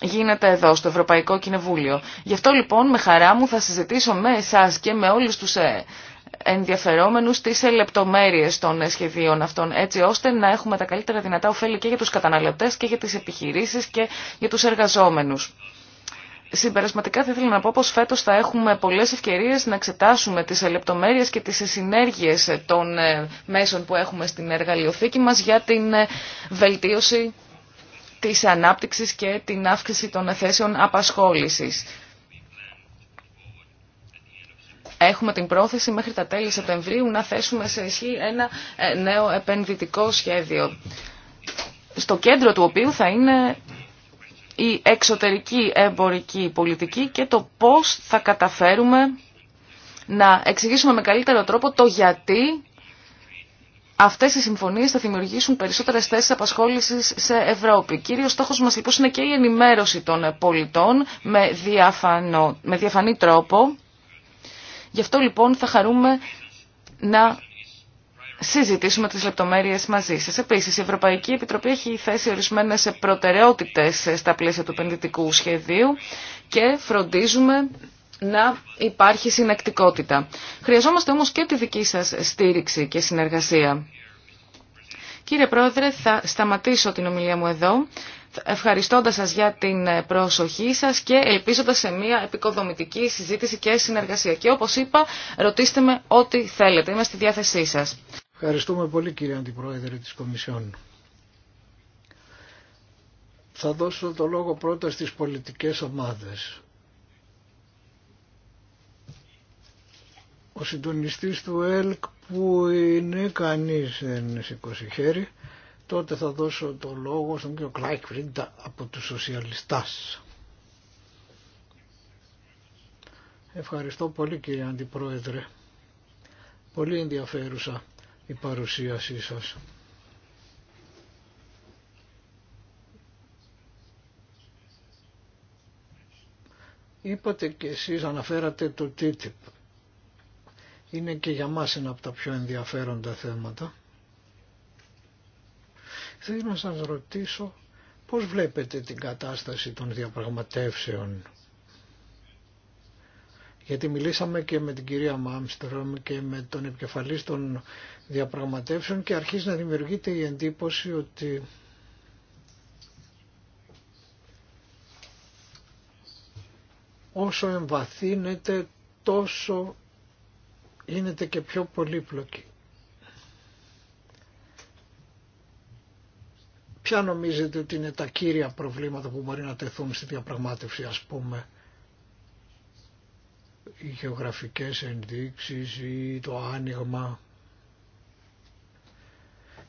γίνεται εδώ στο Ευρωπαϊκό Κοινοβούλιο. Γι' αυτό λοιπόν με χαρά μου θα συζητήσω με εσάς και με όλους τους ε, ενδιαφερόμενους τις ε, λεπτομέρειες των ε, σχεδίων αυτών έτσι ώστε να έχουμε τα καλύτερα δυνατά ωφέλη και για τους καταναλωτές και για τις επιχειρήσεις και για τους εργαζόμενους. Συμπερασματικά θα ήθελα να πω πως φέτος θα έχουμε πολλές ευκαιρίες να εξετάσουμε τις λεπτομέρειες και τις συνέργειες των μέσων που έχουμε στην εργαλειοθήκη μας για την βελτίωση της ανάπτυξης και την αύξηση των θέσεων απασχόλησης. Έχουμε την πρόθεση μέχρι τα τέλη Σεπτεμβρίου να θέσουμε σε ισχύ ένα ε, νέο επενδυτικό σχέδιο, στο κέντρο του οποίου θα είναι η εξωτερική εμπορική πολιτική και το πώς θα καταφέρουμε να εξηγήσουμε με καλύτερο τρόπο το γιατί αυτές οι συμφωνίες θα δημιουργήσουν περισσότερες θέσεις απασχόλησης σε Ευρώπη. Κύριος στόχος μας λοιπόν είναι και η ενημέρωση των πολιτών με, διαφανό, με διαφανή τρόπο. Γι' αυτό λοιπόν θα χαρούμε να συζητήσουμε τις λεπτομέρειες μαζί σας. Επίσης, η Ευρωπαϊκή Επιτροπή έχει θέσει ορισμένες προτεραιότητες στα πλαίσια του επενδυτικού σχεδίου και φροντίζουμε να υπάρχει συνεκτικότητα. Χρειαζόμαστε όμως και τη δική σας στήριξη και συνεργασία. Κύριε Πρόεδρε, θα σταματήσω την ομιλία μου εδώ, ευχαριστώντας σας για την προσοχή σας και ελπίζοντας σε μια επικοδομητική συζήτηση και συνεργασία. Και όπως είπα, ρωτήστε με ό,τι θέλετε. Είμαι στη διάθεσή σας. Ευχαριστούμε πολύ κύριε Αντιπρόεδρε της Κομισιόν. Θα δώσω το λόγο πρώτα στις πολιτικές ομάδες. Ο συντονιστής του ΕΛΚ που είναι κανείς δεν σηκώσει χέρι. Τότε θα δώσω το λόγο στον κύριο Κλάικ από τους Σοσιαλιστάς. Ευχαριστώ πολύ κύριε Αντιπρόεδρε. Πολύ ενδιαφέρουσα η παρουσίασή σας. Είπατε και εσείς αναφέρατε το TTIP είναι και για μας ένα από τα πιο ενδιαφέροντα θέματα. Θέλω να σας ρωτήσω πώς βλέπετε την κατάσταση των διαπραγματεύσεων. Γιατί μιλήσαμε και με την κυρία Μάμστρομ και με τον επικεφαλής των διαπραγματεύσεων και αρχίζει να δημιουργείται η εντύπωση ότι όσο εμβαθύνεται τόσο γίνεται και πιο πολύπλοκη. Ποια νομίζετε ότι είναι τα κύρια προβλήματα που μπορεί να τεθούν στη διαπραγμάτευση, ας πούμε, οι γεωγραφικές ενδείξεις ή το άνοιγμα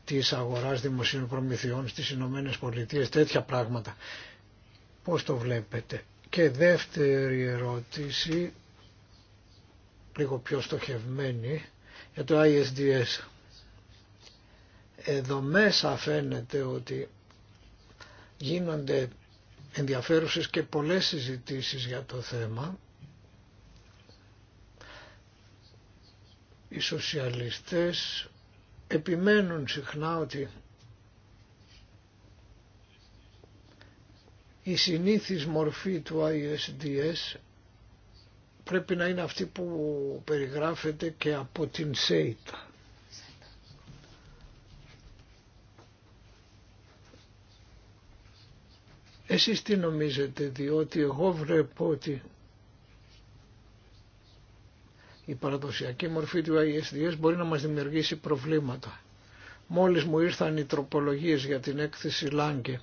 της αγοράς δημοσίων προμηθειών στις Ηνωμένες Πολιτείες, τέτοια πράγματα. Πώς το βλέπετε. Και δεύτερη ερώτηση, λίγο πιο στοχευμένη για το ISDS. Εδώ μέσα φαίνεται ότι γίνονται ενδιαφέρουσες και πολλές συζητήσεις για το θέμα. Οι σοσιαλιστές επιμένουν συχνά ότι η συνήθις μορφή του ISDS πρέπει να είναι αυτή που περιγράφεται και από την ΣΕΙΤΑ. Εσείς τι νομίζετε, διότι εγώ βλέπω ότι η παραδοσιακή μορφή του ISDS μπορεί να μας δημιουργήσει προβλήματα. Μόλις μου ήρθαν οι τροπολογίες για την έκθεση ΛΑΝΚΕ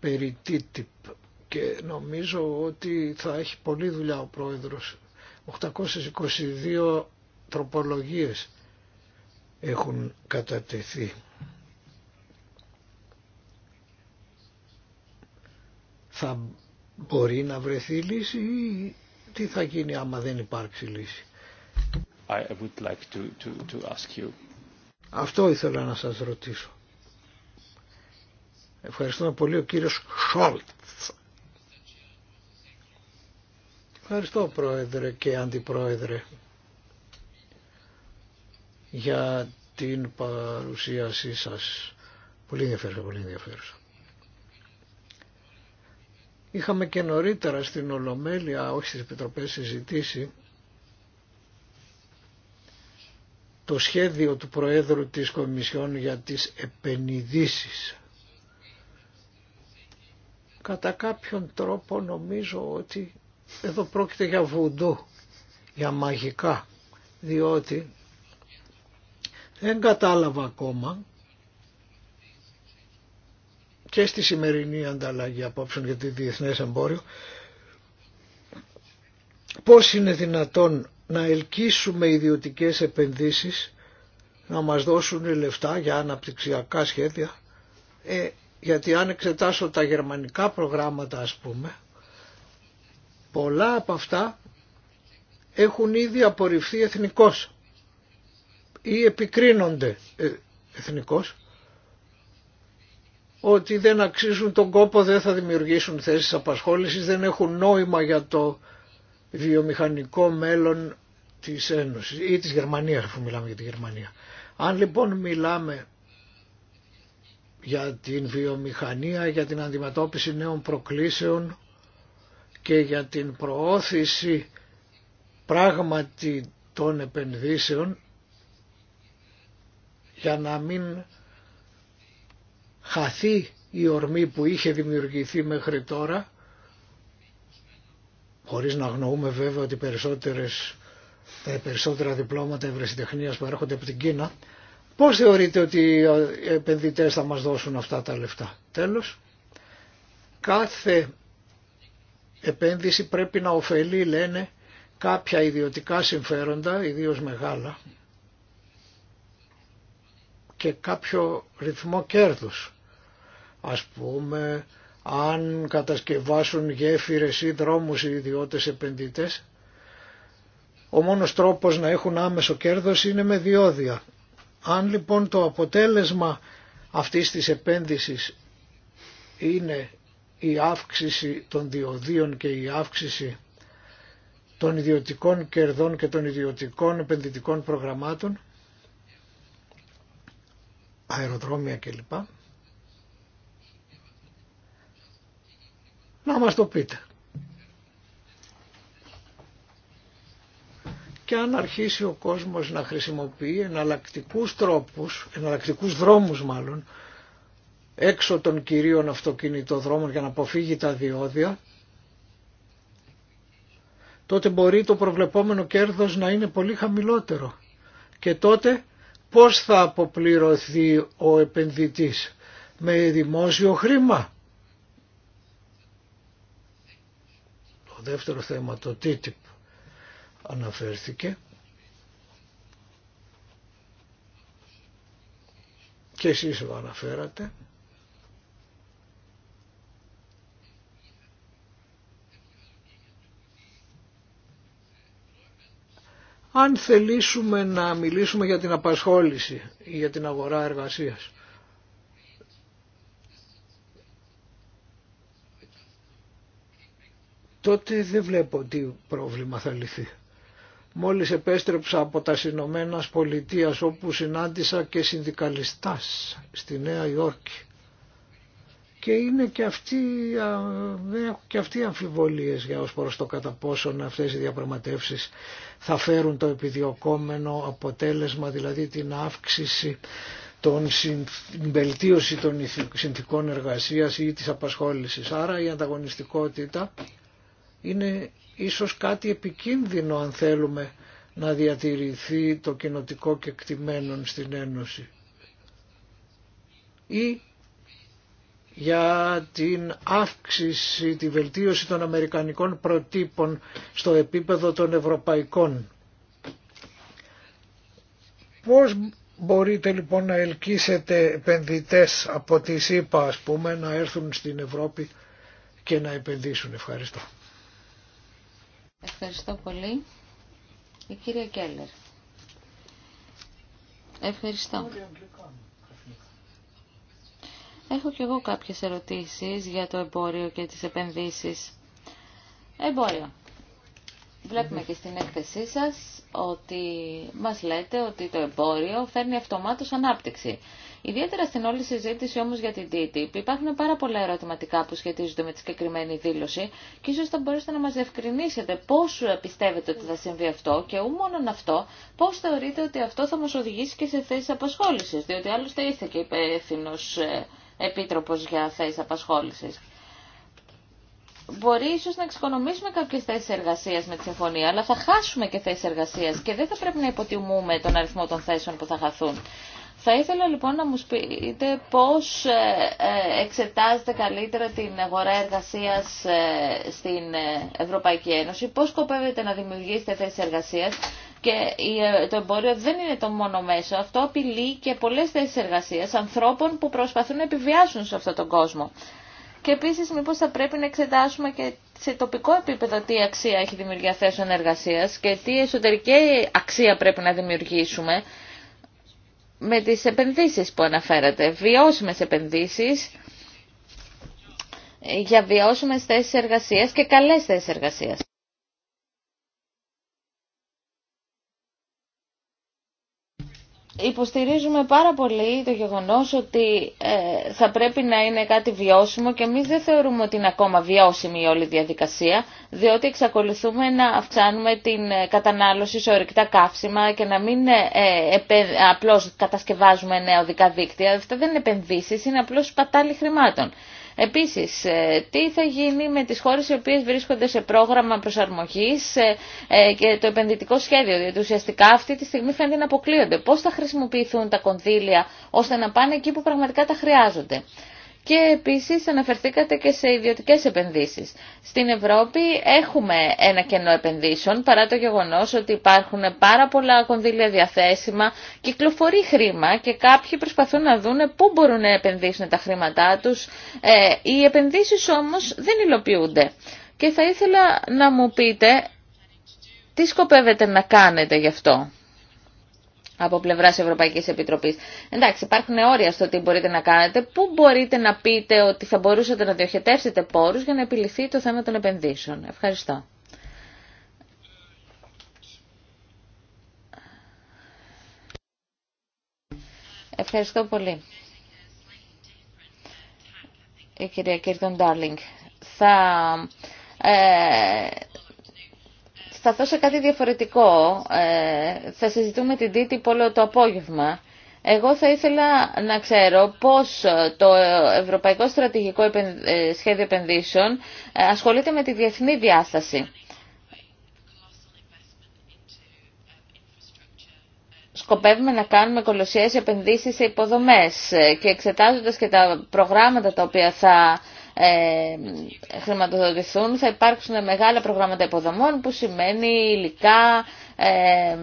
περί TTIP και νομίζω ότι θα έχει πολλή δουλειά ο πρόεδρος 822 τροπολογίες έχουν κατατεθεί. Θα μπορεί να βρεθεί λύση ή τι θα γίνει άμα δεν υπάρξει λύση. I would like to, to, to ask you. Αυτό ήθελα να σας ρωτήσω. Ευχαριστώ πολύ ο κύριος Σόλτ. Ευχαριστώ Πρόεδρε και Αντιπρόεδρε για την παρουσίασή σας. Πολύ ενδιαφέρουσα, πολύ ενδιαφέρουσα. Είχαμε και νωρίτερα στην Ολομέλεια, όχι στις Επιτροπές, συζητήσει το σχέδιο του Προέδρου της Κομισιόν για τις επενδύσεις. Κατά κάποιον τρόπο νομίζω ότι εδώ πρόκειται για βουντού, για μαγικά, διότι δεν κατάλαβα ακόμα και στη σημερινή ανταλλαγή απόψεων για τη διεθνές εμπόριο πώς είναι δυνατόν να ελκύσουμε ιδιωτικές επενδύσεις να μας δώσουν λεφτά για αναπτυξιακά σχέδια ε, γιατί αν εξετάσω τα γερμανικά προγράμματα ας πούμε Πολλά από αυτά έχουν ήδη απορριφθεί εθνικώς ή επικρίνονται ε, εθνικώς ότι δεν αξίζουν τον κόπο, δεν θα δημιουργήσουν θέσεις απασχόλησης, δεν έχουν νόημα για το βιομηχανικό μέλλον της Ένωσης ή της Γερμανίας αφού μιλάμε για τη Γερμανία. Αν λοιπόν μιλάμε για την βιομηχανία, για την αντιμετώπιση νέων προκλήσεων και για την προώθηση πράγματι των επενδύσεων για να μην χαθεί η ορμή που είχε δημιουργηθεί μέχρι τώρα χωρίς να γνωρούμε βέβαια ότι περισσότερες, τα ε, περισσότερα διπλώματα ευρεσιτεχνίας που έρχονται από την Κίνα πώς θεωρείτε ότι οι ε, επενδυτές θα μας δώσουν αυτά τα λεφτά. Τέλος, κάθε επένδυση πρέπει να ωφελεί, λένε, κάποια ιδιωτικά συμφέροντα, ιδίως μεγάλα, και κάποιο ρυθμό κέρδους. Ας πούμε, αν κατασκευάσουν γέφυρες ή δρόμους οι ιδιώτες επενδυτές, ο μόνος τρόπος να έχουν άμεσο κέρδος είναι με διόδια. Αν λοιπόν το αποτέλεσμα αυτής της επένδυσης είναι η αύξηση των διοδίων και η αύξηση των ιδιωτικών κερδών και των ιδιωτικών επενδυτικών προγραμμάτων, αεροδρόμια κλπ. Να μας το πείτε. Και αν αρχίσει ο κόσμος να χρησιμοποιεί εναλλακτικούς τρόπους, εναλλακτικούς δρόμους μάλλον, έξω των κυρίων αυτοκινητοδρόμων για να αποφύγει τα διόδια, τότε μπορεί το προβλεπόμενο κέρδος να είναι πολύ χαμηλότερο. Και τότε πώς θα αποπληρωθεί ο επενδυτής με δημόσιο χρήμα. Το δεύτερο θέμα, το TTIP, αναφέρθηκε. Και εσείς το αναφέρατε. Αν θελήσουμε να μιλήσουμε για την απασχόληση ή για την αγορά εργασίας, τότε δεν βλέπω τι πρόβλημα θα λυθεί. Μόλις επέστρεψα από τα Συνωμένα Πολιτείας όπου συνάντησα και συνδικαλιστάς στη Νέα Υόρκη και είναι και αυτοί, οι έχω αμφιβολίες για ως προς το κατά πόσον αυτές οι διαπραγματεύσεις θα φέρουν το επιδιωκόμενο αποτέλεσμα, δηλαδή την αύξηση των βελτίωση των συνθήκων εργασίας ή της απασχόλησης. Άρα η ανταγωνιστικότητα είναι ίσως κάτι επικίνδυνο αν θέλουμε να διατηρηθεί το κοινοτικό κεκτημένο στην Ένωση. Ή για την αύξηση, τη βελτίωση των αμερικανικών προτύπων στο επίπεδο των ευρωπαϊκών. Πώς μπορείτε λοιπόν να ελκύσετε επενδυτές από τη ΣΥΠΑ ας πούμε να έρθουν στην Ευρώπη και να επενδύσουν. Ευχαριστώ. Ευχαριστώ πολύ. Η κυρία Κέλλερ. Ευχαριστώ. Έχω κι εγώ κάποιες ερωτήσεις για το εμπόριο και τις επενδύσεις. Εμπόριο. Βλέπουμε και στην έκθεσή σας ότι μας λέτε ότι το εμπόριο φέρνει αυτομάτως ανάπτυξη. Ιδιαίτερα στην όλη συζήτηση όμως για την TTIP υπάρχουν πάρα πολλά ερωτηματικά που σχετίζονται με τη συγκεκριμένη δήλωση και ίσως θα μπορέσετε να μας διευκρινίσετε πώς πιστεύετε ότι θα συμβεί αυτό και ού μόνον αυτό πώς θεωρείτε ότι αυτό θα μας οδηγήσει και σε θέσεις απασχόλησης, διότι άλλωστε ήρθε και υπεύθυνο ε, επίτροπος για θέσεις απασχόλησης. Μπορεί ίσως να εξοικονομήσουμε κάποιες θέσεις εργασίας με τη συμφωνία, αλλά θα χάσουμε και θέσεις εργασίας και δεν θα πρέπει να υποτιμούμε τον αριθμό των θέσεων που θα χαθούν. Θα ήθελα λοιπόν να μου πείτε πώς ε, ε, εξετάζετε καλύτερα την αγορά εργασίας ε, στην Ευρωπαϊκή Ένωση, πώς σκοπεύετε να δημιουργήσετε θέσεις εργασίας και ε, το εμπόριο δεν είναι το μόνο μέσο. Αυτό απειλεί και πολλές θέσει εργασία ανθρώπων που προσπαθούν να επιβιάσουν σε αυτόν τον κόσμο. Και επίσης μήπως θα πρέπει να εξετάσουμε και σε τοπικό επίπεδο τι αξία έχει δημιουργία θέσεων εργασίας και τι εσωτερική αξία πρέπει να δημιουργήσουμε με τις επενδύσεις που αναφέρατε. Βιώσιμες επενδύσεις για βιώσιμες θέσεις εργασίας και καλές θέσεις εργασίας. υποστηρίζουμε πάρα πολύ το γεγονός ότι ε, θα πρέπει να είναι κάτι βιώσιμο και εμείς δεν θεωρούμε ότι είναι ακόμα βιώσιμη η όλη διαδικασία, διότι εξακολουθούμε να αυξάνουμε την ε, κατανάλωση σε ορυκτά καύσιμα και να μην ε, ε απλώς κατασκευάζουμε νέα οδικά δίκτυα. Αυτά δεν είναι επενδύσεις, είναι απλώς πατάλη χρημάτων. Επίσης, ε, τι θα γίνει με τις χώρες οι οποίες βρίσκονται σε πρόγραμμα προσαρμογής ε, ε, και το επενδυτικό σχέδιο, διότι ουσιαστικά αυτή τη στιγμή φαίνεται να αποκλείονται. Πώς θα χρησιμοποιηθούν τα κονδύλια ώστε να πάνε εκεί που πραγματικά τα χρειάζονται. Και επίσης αναφερθήκατε και σε ιδιωτικές επενδύσεις. Στην Ευρώπη έχουμε ένα κενό επενδύσεων παρά το γεγονός ότι υπάρχουν πάρα πολλά κονδύλια διαθέσιμα, κυκλοφορεί χρήμα και κάποιοι προσπαθούν να δούνε πού μπορούν να επενδύσουν τα χρήματά τους. Ε, οι επενδύσεις όμως δεν υλοποιούνται. Και θα ήθελα να μου πείτε τι σκοπεύετε να κάνετε γι' αυτό από πλευρά Ευρωπαϊκή Επιτροπή. Εντάξει, υπάρχουν όρια στο τι μπορείτε να κάνετε. Πού μπορείτε να πείτε ότι θα μπορούσατε να διοχετεύσετε πόρους για να επιληθεί το θέμα των επενδύσεων. Ευχαριστώ. Ευχαριστώ πολύ. Η κυρία Κίρτον Ντάρλινγκ. Θα ε, σταθώ σε κάτι διαφορετικό. Ε, θα συζητούμε την Τίτη όλο το απόγευμα. Εγώ θα ήθελα να ξέρω πώς το Ευρωπαϊκό Στρατηγικό ε, Σχέδιο Επενδύσεων ε, ασχολείται με τη διεθνή διάσταση. σκοπεύουμε να κάνουμε κολοσιαίες επενδύσεις σε υποδομές και εξετάζοντας και τα προγράμματα τα οποία θα ε, χρηματοδοτηθούν θα υπάρξουν μεγάλα προγράμματα υποδομών που σημαίνει υλικά, ε,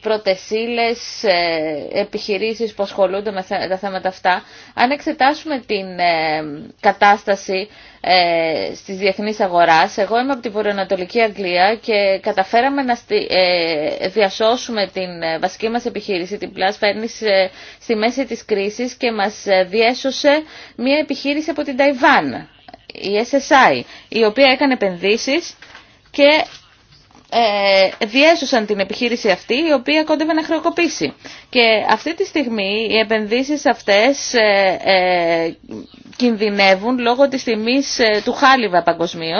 πρωτεσίλες ε, επιχειρήσεις που ασχολούνται με τα θέματα αυτά. Αν εξετάσουμε την ε, κατάσταση ε, στις διεθνείς αγοράς, εγώ είμαι από την Βορειοανατολική Αγγλία και καταφέραμε να διασώσουμε την βασική μας επιχείρηση, την Plus ε, στη μέση της κρίσης και μας διέσωσε μια επιχείρηση από την Ταϊβάν, η SSI, η οποία έκανε επενδύσεις και ε, διέσωσαν την επιχείρηση αυτή η οποία κόντευε να χρεοκοπήσει. Και αυτή τη στιγμή οι επενδύσεις αυτές ε, ε κινδυνεύουν λόγω της τιμής ε, του χάλιβα παγκοσμίω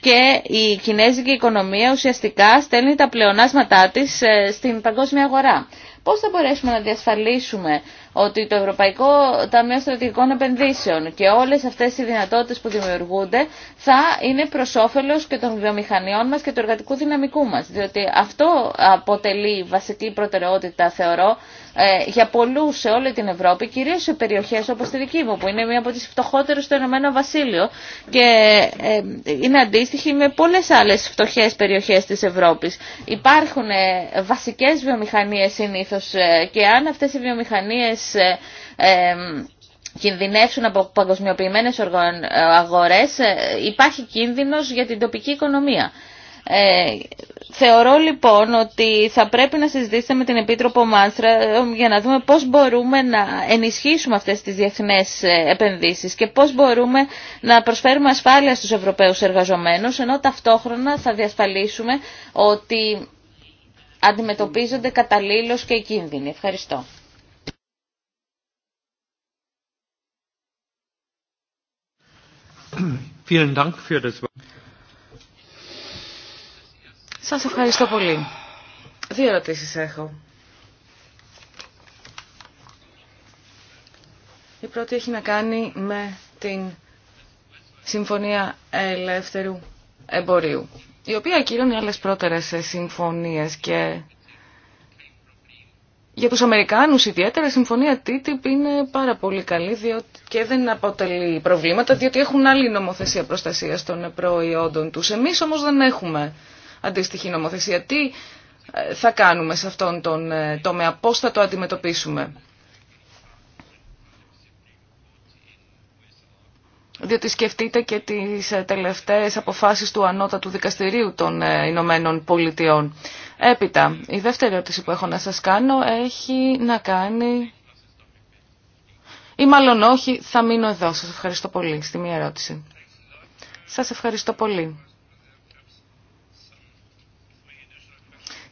και η κινέζικη οικονομία ουσιαστικά στέλνει τα πλεονάσματά της ε, στην παγκόσμια αγορά πώς θα μπορέσουμε να διασφαλίσουμε ότι το Ευρωπαϊκό Ταμείο Στρατηγικών Επενδύσεων και όλες αυτές οι δυνατότητες που δημιουργούνται θα είναι προς όφελος και των βιομηχανιών μας και του εργατικού δυναμικού μας. Διότι αυτό αποτελεί βασική προτεραιότητα, θεωρώ, ε, για πολλού σε όλη την Ευρώπη, κυρίως σε περιοχές όπως τη δική μου, που είναι μία από τις φτωχότερε στο Ηνωμένο Βασίλειο και ε, είναι αντίστοιχη με πολλές άλλες φτωχέ περιοχές της Ευρώπης. Υπάρχουν ε, βασικές βιομηχανίες συνήθως και αν αυτές οι βιομηχανίες κινδυνεύσουν από παγκοσμιοποιημένες αγορές, υπάρχει κίνδυνος για την τοπική οικονομία. Ε, θεωρώ λοιπόν ότι θα πρέπει να συζητήσετε με την Επίτροπο Μάνστρα για να δούμε πώς μπορούμε να ενισχύσουμε αυτές τις διεθνές ε, επενδύσεις και πώς μπορούμε να προσφέρουμε ασφάλεια στους Ευρωπαίους εργαζομένους ενώ ταυτόχρονα θα διασφαλίσουμε ότι αντιμετωπίζονται καταλήλως και οι κίνδυνοι. Ευχαριστώ. Σας ευχαριστώ πολύ. Δύο ερωτήσει έχω. Η πρώτη έχει να κάνει με την Συμφωνία Ελεύθερου Εμπορίου, η οποία ακύρωνε άλλες πρώτερες συμφωνίες και για τους Αμερικάνους ιδιαίτερα η συμφωνία TTIP είναι πάρα πολύ καλή διότι και δεν αποτελεί προβλήματα διότι έχουν άλλη νομοθεσία προστασίας των προϊόντων τους. Εμείς όμως δεν έχουμε αντίστοιχη νομοθεσία. Τι ε, θα κάνουμε σε αυτόν τον ε, τομέα, πώς θα το αντιμετωπίσουμε. διότι σκεφτείτε και τις ε, τελευταίες αποφάσεις του Ανώτατου Δικαστηρίου των Ηνωμένων Πολιτειών. Έπειτα, η δεύτερη ερώτηση που έχω να σας κάνω έχει να κάνει... Ή μάλλον όχι, θα μείνω εδώ. Σας ευχαριστώ πολύ στη μία ερώτηση. Σας ευχαριστώ πολύ.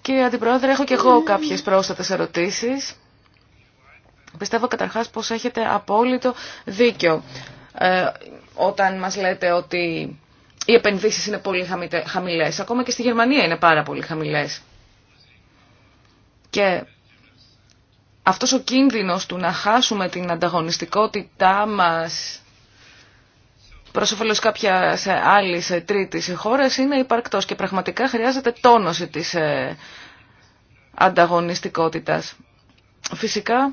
Κύριε Αντιπρόεδρε, έχω και εγώ κάποιες πρόσθετες ερωτήσεις. Πιστεύω καταρχάς πως έχετε απόλυτο δίκιο ε, όταν μας λέτε ότι οι επενδύσεις είναι πολύ χαμηλές. Ακόμα και στη Γερμανία είναι πάρα πολύ χαμηλές. Και αυτός ο κίνδυνος του να χάσουμε την ανταγωνιστικότητά μας προ όφελο κάποια άλλη τρίτη χώρα είναι υπαρκτό και πραγματικά χρειάζεται τόνωση τη ε, ανταγωνιστικότητα. Φυσικά,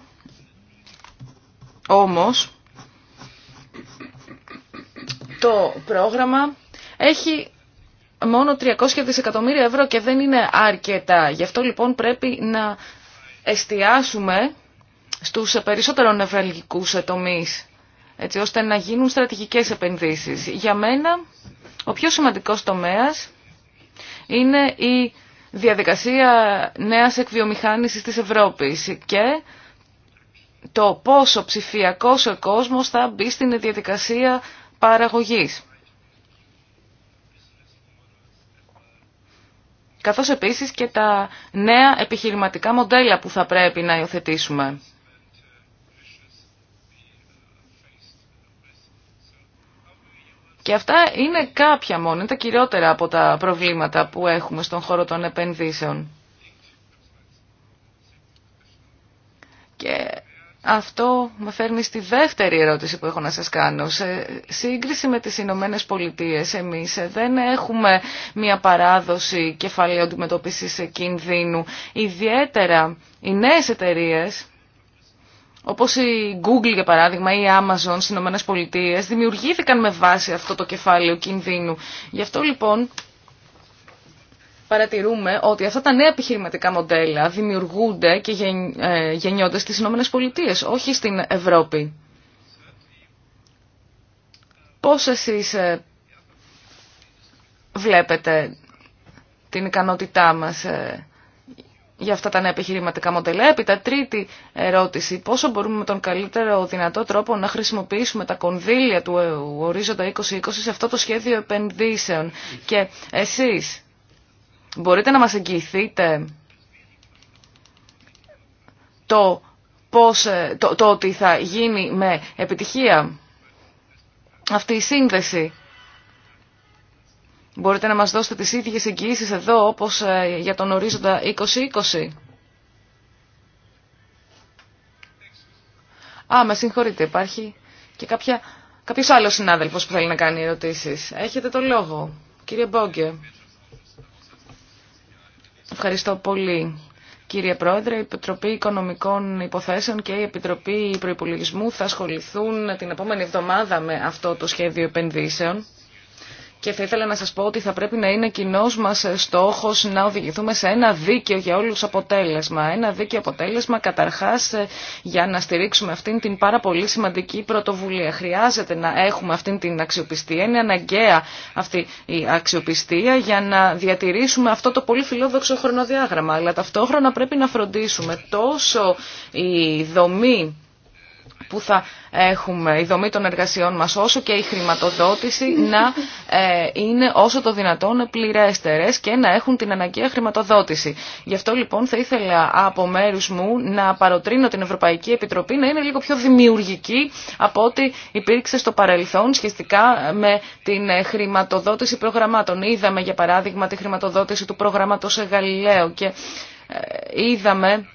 όμως, το πρόγραμμα έχει μόνο 300 δισεκατομμύρια ευρώ και δεν είναι αρκετά. Γι' αυτό λοιπόν πρέπει να εστιάσουμε στους περισσότερο νευραλγικούς τομείς έτσι ώστε να γίνουν στρατηγικές επενδύσεις. Για μένα ο πιο σημαντικός τομέας είναι η διαδικασία νέας εκβιομηχάνησης της Ευρώπης και το πόσο ψηφιακός ο κόσμος θα μπει στην διαδικασία παραγωγής. καθώς επίσης και τα νέα επιχειρηματικά μοντέλα που θα πρέπει να υιοθετήσουμε. Και αυτά είναι κάποια μόνο, είναι τα κυριότερα από τα προβλήματα που έχουμε στον χώρο των επενδύσεων. Και αυτό με φέρνει στη δεύτερη ερώτηση που έχω να σας κάνω. Σε σύγκριση με τις Ηνωμένε Πολιτείε, εμείς δεν έχουμε μια παράδοση κεφαλαίου αντιμετώπισης κινδύνου. Ιδιαίτερα οι νέες εταιρείες όπως η Google για παράδειγμα ή η Amazon στις Ηνωμένες Πολιτείες δημιουργήθηκαν με βάση αυτό το κεφάλαιο κινδύνου. Γι' αυτό λοιπόν παρατηρούμε ότι αυτά τα νέα επιχειρηματικά μοντέλα δημιουργούνται και ε, γεννιόνται στις Ηνωμένες Πολιτείες, όχι στην Ευρώπη. Πώς εσείς ε, βλέπετε την ικανότητά μας ε, για αυτά τα νέα επιχειρηματικά μοντέλα. Έπειτα, τρίτη ερώτηση, πόσο μπορούμε με τον καλύτερο δυνατό τρόπο να χρησιμοποιήσουμε τα κονδύλια του ορίζοντα 2020 σε αυτό το σχέδιο επενδύσεων. Και εσείς μπορείτε να μας εγγυηθείτε το, πώς, το, το ότι θα γίνει με επιτυχία αυτή η σύνδεση Μπορείτε να μας δώσετε τις ίδιες εγγυήσεις εδώ όπως ε, για τον ορίζοντα 2020. Α, με συγχωρείτε, υπάρχει και κάποια... κάποιος άλλος συνάδελφος που θέλει να κάνει ερωτήσεις. Έχετε το λόγο, κύριε Μπόγκε. Ευχαριστώ πολύ. Κύριε Πρόεδρε, η Επιτροπή Οικονομικών Υποθέσεων και η Επιτροπή Προϋπολογισμού θα ασχοληθούν την επόμενη εβδομάδα με αυτό το σχέδιο επενδύσεων. Και θα ήθελα να σας πω ότι θα πρέπει να είναι κοινό μας στόχος να οδηγηθούμε σε ένα δίκαιο για όλους αποτέλεσμα. Ένα δίκαιο αποτέλεσμα καταρχάς για να στηρίξουμε αυτήν την πάρα πολύ σημαντική πρωτοβουλία. Χρειάζεται να έχουμε αυτήν την αξιοπιστία. Είναι αναγκαία αυτή η αξιοπιστία για να διατηρήσουμε αυτό το πολύ φιλόδοξο χρονοδιάγραμμα. Αλλά ταυτόχρονα πρέπει να φροντίσουμε τόσο η δομή που θα έχουμε, η δομή των εργασιών μας, όσο και η χρηματοδότηση να ε, είναι όσο το δυνατόν πληρέστερες και να έχουν την αναγκαία χρηματοδότηση. Γι' αυτό λοιπόν θα ήθελα από μέρους μου να παροτρύνω την Ευρωπαϊκή Επιτροπή να είναι λίγο πιο δημιουργική από ό,τι υπήρξε στο παρελθόν σχετικά με την χρηματοδότηση προγραμμάτων. Είδαμε για παράδειγμα τη χρηματοδότηση του προγράμματος Γαλιλαίο και ε, είδαμε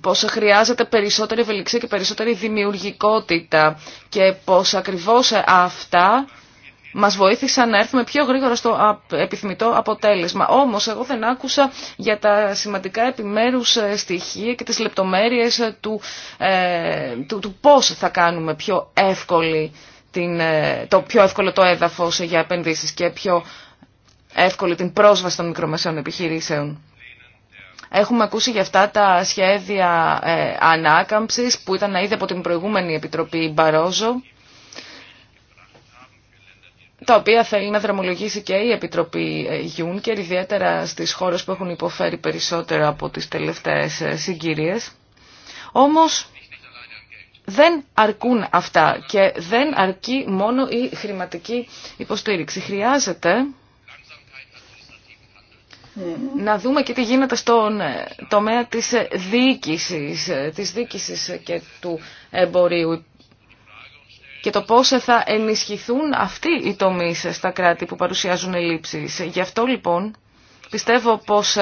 πως χρειάζεται περισσότερη ευελιξία και περισσότερη δημιουργικότητα και πως ακριβώς αυτά μας βοήθησαν να έρθουμε πιο γρήγορα στο επιθυμητό αποτέλεσμα. Όμως εγώ δεν άκουσα για τα σημαντικά επιμέρους ε, στοιχεία και τις λεπτομέρειες του, ε, του, πώς θα κάνουμε πιο εύκολη την, ε, το πιο εύκολο το έδαφος για επενδύσεις και πιο εύκολη την πρόσβαση των μικρομεσαίων επιχειρήσεων. Έχουμε ακούσει για αυτά τα σχέδια ε, ανάκαμψης που ήταν ήδη από την προηγούμενη Επιτροπή Μπαρόζο, τα οποία θέλει να δραμολογήσει και η Επιτροπή Γιούνκερ, ιδιαίτερα στις χώρες που έχουν υποφέρει περισσότερο από τις τελευταίες ε, συγκυρίες. Όμως δεν αρκούν αυτά και δεν αρκεί μόνο η χρηματική υποστήριξη. Χρειάζεται ε, να δούμε και τι γίνεται στον ε, τομέα της ε, διοίκησης, της διοίκησης και του εμπορίου και το πώς θα ενισχυθούν αυτοί οι τομείς στα κράτη που παρουσιάζουν ελλείψεις. Γι' αυτό λοιπόν πιστεύω πως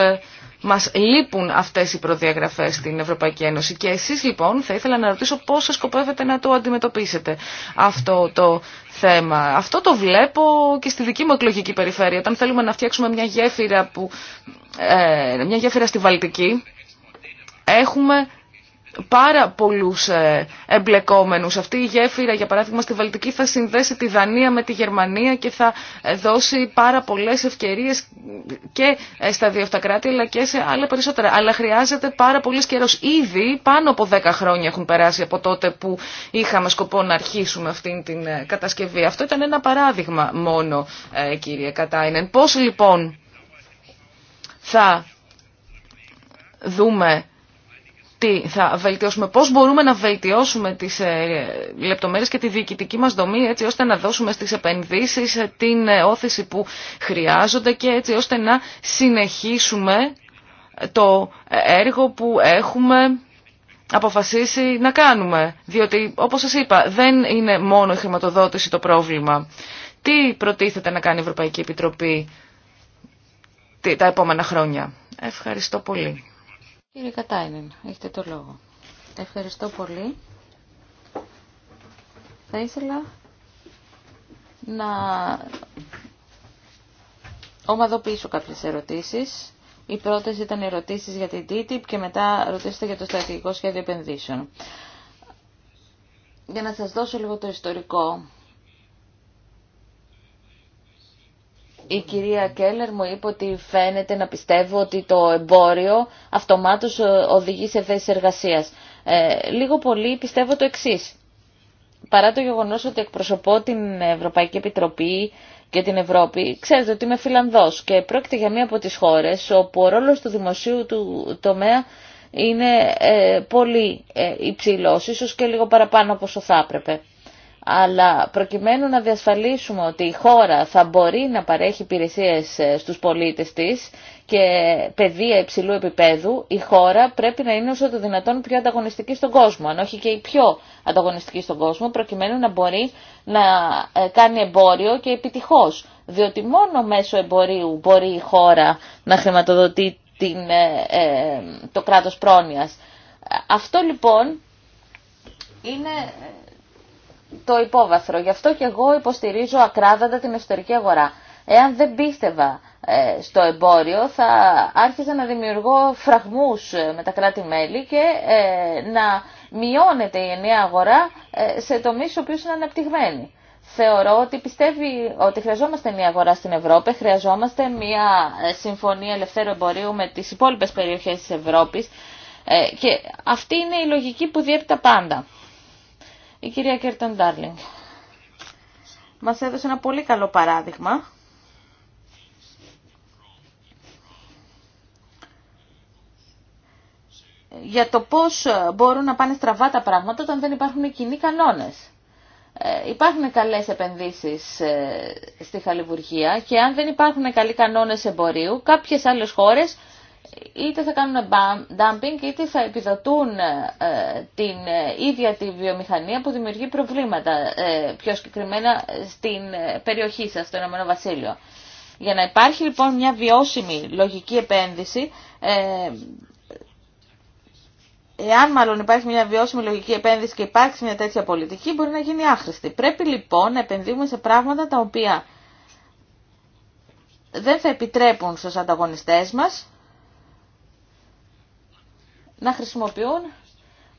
μας λείπουν αυτές οι προδιαγραφές στην Ευρωπαϊκή Ένωση και εσείς λοιπόν θα ήθελα να ρωτήσω πώς σκοπεύετε να το αντιμετωπίσετε αυτό το θέμα. Αυτό το βλέπω και στη δική μου εκλογική περιφέρεια. Όταν θέλουμε να φτιάξουμε μια γέφυρα, που, ε, μια γέφυρα στη Βαλτική, έχουμε πάρα πολλούς ε, εμπλεκόμενους. Αυτή η γέφυρα, για παράδειγμα, στη Βαλτική θα συνδέσει τη Δανία με τη Γερμανία και θα ε, δώσει πάρα πολλές ευκαιρίες και ε, στα δύο αυτά κράτη, αλλά και σε άλλα περισσότερα. Αλλά χρειάζεται πάρα πολύ καιρό. Ήδη πάνω από 10 χρόνια έχουν περάσει από τότε που είχαμε σκοπό να αρχίσουμε αυτή την κατασκευή. Αυτό ήταν ένα παράδειγμα μόνο, κύριε Κατάινεν. Πώς λοιπόν θα δούμε τι θα βελτιώσουμε, πώς μπορούμε να βελτιώσουμε τις ε, λεπτομέρειες και τη διοικητική μας δομή έτσι ώστε να δώσουμε στις επενδύσεις ε, την ε, όθηση που χρειάζονται και έτσι ώστε να συνεχίσουμε το έργο που έχουμε αποφασίσει να κάνουμε. Διότι, όπως σας είπα, δεν είναι μόνο η χρηματοδότηση το πρόβλημα. Τι προτίθεται να κάνει η Ευρωπαϊκή Επιτροπή τα επόμενα χρόνια. Ευχαριστώ πολύ. Κύριε Κατάινεν, έχετε το λόγο. Ευχαριστώ πολύ. Θα ήθελα να ομαδοποιήσω κάποιες ερωτήσεις. Οι πρώτε ήταν ερωτήσεις για την TTIP και μετά ρωτήσατε για το στρατηγικό σχέδιο επενδύσεων. Για να σας δώσω λίγο το ιστορικό Η κυρία Κέλλερ μου είπε ότι φαίνεται να πιστεύω ότι το εμπόριο αυτομάτως ε, οδηγεί σε θέσεις εργασίας. Ε, λίγο πολύ πιστεύω το εξής. Παρά το γεγονός ότι εκπροσωπώ την Ευρωπαϊκή Επιτροπή και την Ευρώπη, ξέρετε ότι είμαι Φιλανδός και πρόκειται για μία από τις χώρες όπου ο ρόλος του δημοσίου του τομέα είναι ε, πολύ ε, υψηλός, ίσως και λίγο παραπάνω από όσο θα έπρεπε αλλά προκειμένου να διασφαλίσουμε ότι η χώρα θα μπορεί να παρέχει υπηρεσίες ε, στους πολίτες της και παιδεία υψηλού επίπεδου, η χώρα πρέπει να είναι όσο το δυνατόν πιο ανταγωνιστική στον κόσμο, αν όχι και η πιο ανταγωνιστική στον κόσμο, προκειμένου να μπορεί να ε, κάνει εμπόριο και επιτυχώς. Διότι μόνο μέσω εμπορίου μπορεί η χώρα να χρηματοδοτεί ε, το κράτος πρόνοιας. Αυτό λοιπόν είναι το υπόβαθρο. Γι' αυτό και εγώ υποστηρίζω ακράδαντα την εσωτερική αγορά. Εάν δεν πίστευα ε, στο εμπόριο θα άρχιζα να δημιουργώ φραγμούς ε, με τα κράτη-μέλη και ε, να μειώνεται η ενιαία αγορά σε τομείς ο οποίους είναι αναπτυγμένοι. Θεωρώ ότι πιστεύει ότι χρειαζόμαστε μια αγορά στην Ευρώπη, χρειαζόμαστε μια συμφωνία ελευθέρου εμπορίου με τις υπόλοιπες περιοχές της Ευρώπης και αυτή είναι η λογική που διέπει τα πάντα. Η κυρία Κέρτον Ντάρλινγκ μας έδωσε ένα πολύ καλό παράδειγμα για το πώς μπορούν να πάνε στραβά τα πράγματα όταν δεν υπάρχουν κοινοί κανόνες. Ε, υπάρχουν καλές επενδύσεις ε, στη Χαλιβουργία και αν δεν υπάρχουν καλοί κανόνες εμπορίου, κάποιες άλλες χώρες είτε θα κάνουν dumping είτε θα επιδοτούν ε, την ε, ίδια τη βιομηχανία που δημιουργεί προβλήματα ε, πιο συγκεκριμένα στην περιοχή σας, στο Ηνωμένο Βασίλειο. Για να υπάρχει λοιπόν μια βιώσιμη λογική επένδυση, εάν μάλλον υπάρχει μια βιώσιμη λογική επένδυση και υπάρχει μια τέτοια πολιτική, μπορεί να γίνει άχρηστη. Πρέπει λοιπόν να επενδύουμε σε πράγματα τα οποία δεν θα επιτρέπουν στους ανταγωνιστές μας να χρησιμοποιούν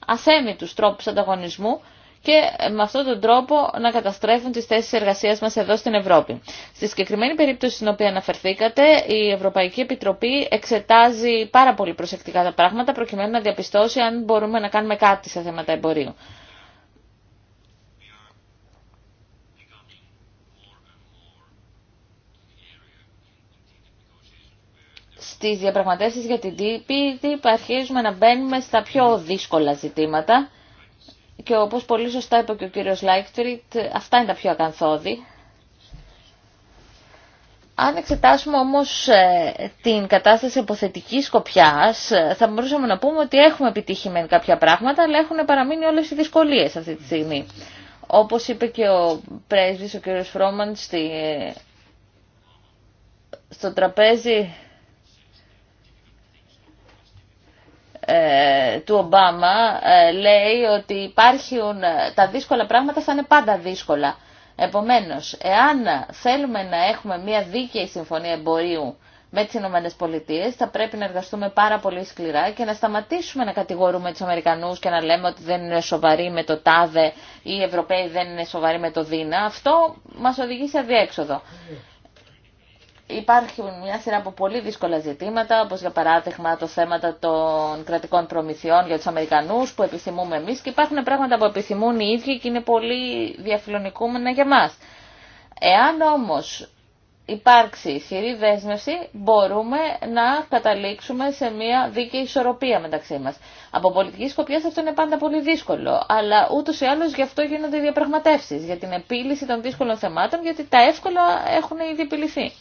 αθέμητους τρόπους ανταγωνισμού και με αυτόν τον τρόπο να καταστρέφουν τις θέσεις εργασίας μας εδώ στην Ευρώπη. Στη συγκεκριμένη περίπτωση στην οποία αναφερθήκατε, η Ευρωπαϊκή Επιτροπή εξετάζει πάρα πολύ προσεκτικά τα πράγματα προκειμένου να διαπιστώσει αν μπορούμε να κάνουμε κάτι σε θέματα εμπορίου. στις διαπραγματεύσεις για την τύπη αρχίζουμε να μπαίνουμε στα πιο δύσκολα ζητήματα και όπως πολύ σωστά είπε και ο κύριος Λάικτριτ, αυτά είναι τα πιο ακαθόδη. Αν εξετάσουμε όμως ε, την κατάσταση αποθετικής σκοπιάς, ε, θα μπορούσαμε να πούμε ότι έχουμε επιτύχει με κάποια πράγματα, αλλά έχουν παραμείνει όλες οι δυσκολίες αυτή τη στιγμή. Όπως είπε και ο πρέσβης, ο κύριος Φρόμαντ στη... Ε, στο τραπέζι Ε, του Ομπάμα ε, λέει ότι υπάρχουν τα δύσκολα πράγματα θα είναι πάντα δύσκολα. Επομένως, εάν θέλουμε να έχουμε μια δίκαιη συμφωνία εμπορίου με τις Ηνωμένες Πολιτείες θα πρέπει να εργαστούμε πάρα πολύ σκληρά και να σταματήσουμε να κατηγορούμε τους Αμερικανούς και να λέμε ότι δεν είναι σοβαροί με το τάδε ή οι Ευρωπαίοι δεν είναι σοβαροί με το δίνα. Αυτό μας οδηγεί σε αδιέξοδο. Υπάρχουν μια σειρά από πολύ δύσκολα ζητήματα, όπως για παράδειγμα το θέμα των κρατικών προμηθειών για τους Αμερικανούς που επιθυμούμε εμείς και υπάρχουν πράγματα που επιθυμούν οι ίδιοι και είναι πολύ διαφιλονικούμενα για μας. Εάν όμως υπάρξει ισχυρή δέσμευση, μπορούμε να καταλήξουμε σε μια δίκαιη ισορροπία μεταξύ μας. Από πολιτική σκοπιά αυτό είναι πάντα πολύ δύσκολο, αλλά ούτως ή άλλως γι' αυτό γίνονται οι διαπραγματεύσεις, για την επίλυση των δύσκολων θεμάτων, γιατί τα εύκολα έχουν ήδη επιληθεί.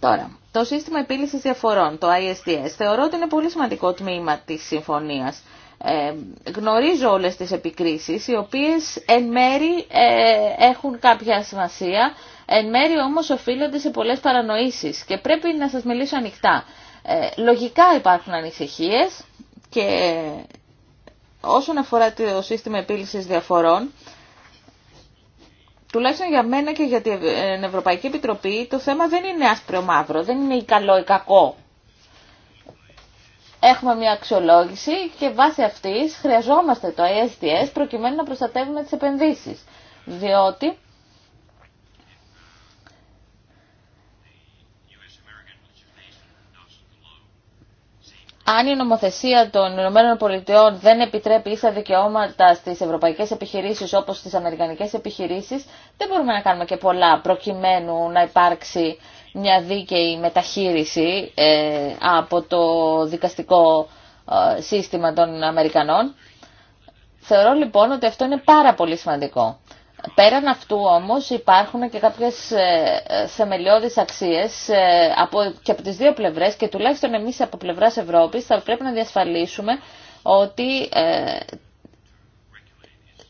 Τώρα, το σύστημα επίλυσης διαφορών, το ISDS, θεωρώ ότι είναι πολύ σημαντικό τμήμα της συμφωνίας. Ε, γνωρίζω όλες τις επικρίσεις, οι οποίες εν μέρη ε, έχουν κάποια σημασία, εν μέρη όμως οφείλονται σε πολλές παρανοήσεις και πρέπει να σας μιλήσω ανοιχτά. Ε, λογικά υπάρχουν ανησυχίες και όσον αφορά το σύστημα επίλυσης διαφορών, τουλάχιστον για μένα και για ε, την Ευρωπαϊκή Επιτροπή, το θέμα δεν είναι άσπρο μαύρο, δεν είναι ή καλό ή κακό. Έχουμε μια αξιολόγηση και βάσει αυτής χρειαζόμαστε το ISDS προκειμένου να προστατεύουμε τις επενδύσεις. Διότι αν η νομοθεσία των ΗΠΑ δεν επιτρέπει ίσα δικαιώματα στις ευρωπαϊκές επιχειρήσεις όπως στις αμερικανικές επιχειρήσεις, δεν μπορούμε να κάνουμε και πολλά προκειμένου να υπάρξει μια δίκαιη μεταχείριση ε, από το δικαστικό ε, σύστημα των Αμερικανών. Θεωρώ λοιπόν ότι αυτό είναι πάρα πολύ σημαντικό. Πέραν αυτού όμως υπάρχουν και κάποιες ε, θεμελιώδεις αξίες ε, από, και από τις δύο πλευρές και τουλάχιστον εμείς από πλευράς Ευρώπης θα πρέπει να διασφαλίσουμε ότι ε,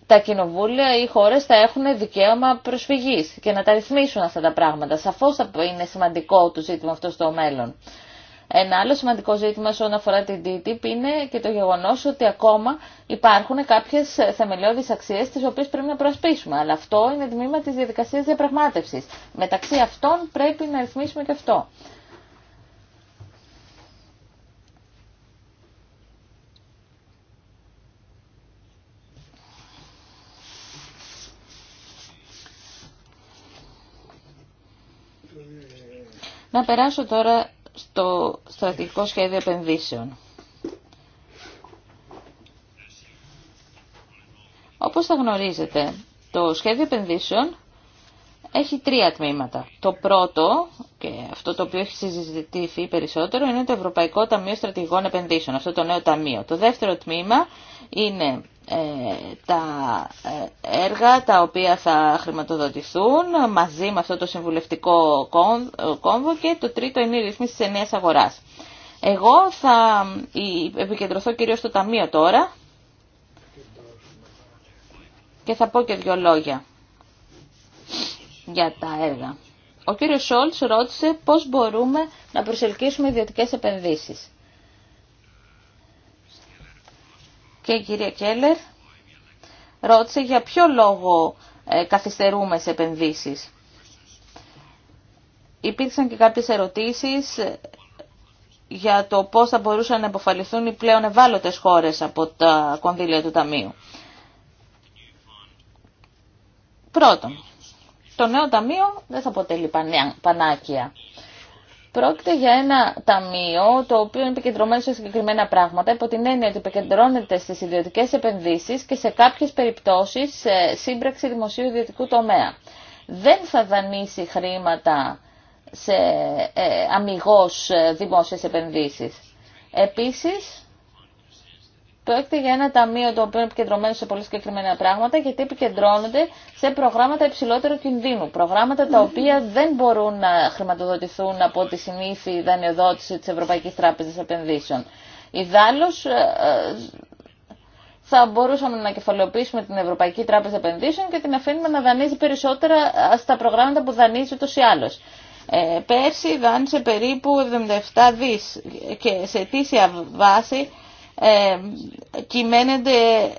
τα κοινοβούλια ή οι χώρες θα έχουν δικαίωμα προσφυγής και να τα ρυθμίσουν αυτά τα πράγματα. Σαφώς θα είναι σημαντικό το ζήτημα αυτό στο μέλλον. Ένα άλλο σημαντικό ζήτημα όσον αφορά την TTIP είναι και το γεγονός ότι ακόμα υπάρχουν κάποιες θεμελιώδεις αξίες τις οποίες πρέπει να προασπίσουμε. Αλλά αυτό είναι τμήμα της διαδικασίας διαπραγμάτευσης. Μεταξύ αυτών πρέπει να ρυθμίσουμε και αυτό. Να περάσω τώρα στο στρατηγικό σχέδιο επενδύσεων. Όπως θα γνωρίζετε, το σχέδιο επενδύσεων έχει τρία τμήματα. Το πρώτο, και αυτό το οποίο έχει συζητηθεί περισσότερο, είναι το Ευρωπαϊκό Ταμείο Στρατηγικών Επενδύσεων, αυτό το νέο ταμείο. Το δεύτερο τμήμα είναι ε, τα ε, έργα τα οποία θα χρηματοδοτηθούν μαζί με αυτό το συμβουλευτικό κόμβο και το τρίτο είναι η ρύθμιση της νέα αγοράς. Εγώ θα επικεντρωθώ κυρίως στο ταμείο τώρα και θα πω και δύο λόγια για τα έργα. Ο κύριος Σόλτς ρώτησε πώς μπορούμε να προσελκύσουμε ιδιωτικές επενδύσεις. Και η κυρία Κέλλερ ρώτησε για ποιο λόγο ε, καθυστερούμε σε επενδύσεις. Υπήρξαν και κάποιες ερωτήσεις ε, για το πώς θα μπορούσαν να επωφεληθούν οι πλέον ευάλωτες χώρες από τα κονδύλια του Ταμείου. Πρώτον, το νέο ταμείο δεν θα αποτελεί πανάκια. Πρόκειται για ένα ταμείο το οποίο είναι επικεντρωμένο σε συγκεκριμένα πράγματα υπό την έννοια ότι επικεντρώνεται στις ιδιωτικές επενδύσεις και σε κάποιες περιπτώσεις σύμπραξη δημοσίου ιδιωτικού τομέα. Δεν θα δανείσει χρήματα σε ε, αμυγός ε, δημόσιες επενδύσεις. Επίσης, Πρόκειται για ένα ταμείο το οποίο είναι επικεντρωμένο σε πολύ συγκεκριμένα πράγματα γιατί επικεντρώνονται σε προγράμματα υψηλότερου κινδύνου. Προγράμματα τα οποία δεν μπορούν να χρηματοδοτηθούν από τη συνήθι δανειοδότηση της Ευρωπαϊκής Τράπεζας Επενδύσεων. Ιδάλλως ε, ε, θα μπορούσαμε να κεφαλαιοποιήσουμε την Ευρωπαϊκή Τράπεζα Επενδύσεων και την αφήνουμε να δανείζει περισσότερα ε, στα προγράμματα που δανείζει ούτως ή άλλως. Ε, πέρσι δάνεισε περίπου 77 δις και σε αιτήσια βάση ε,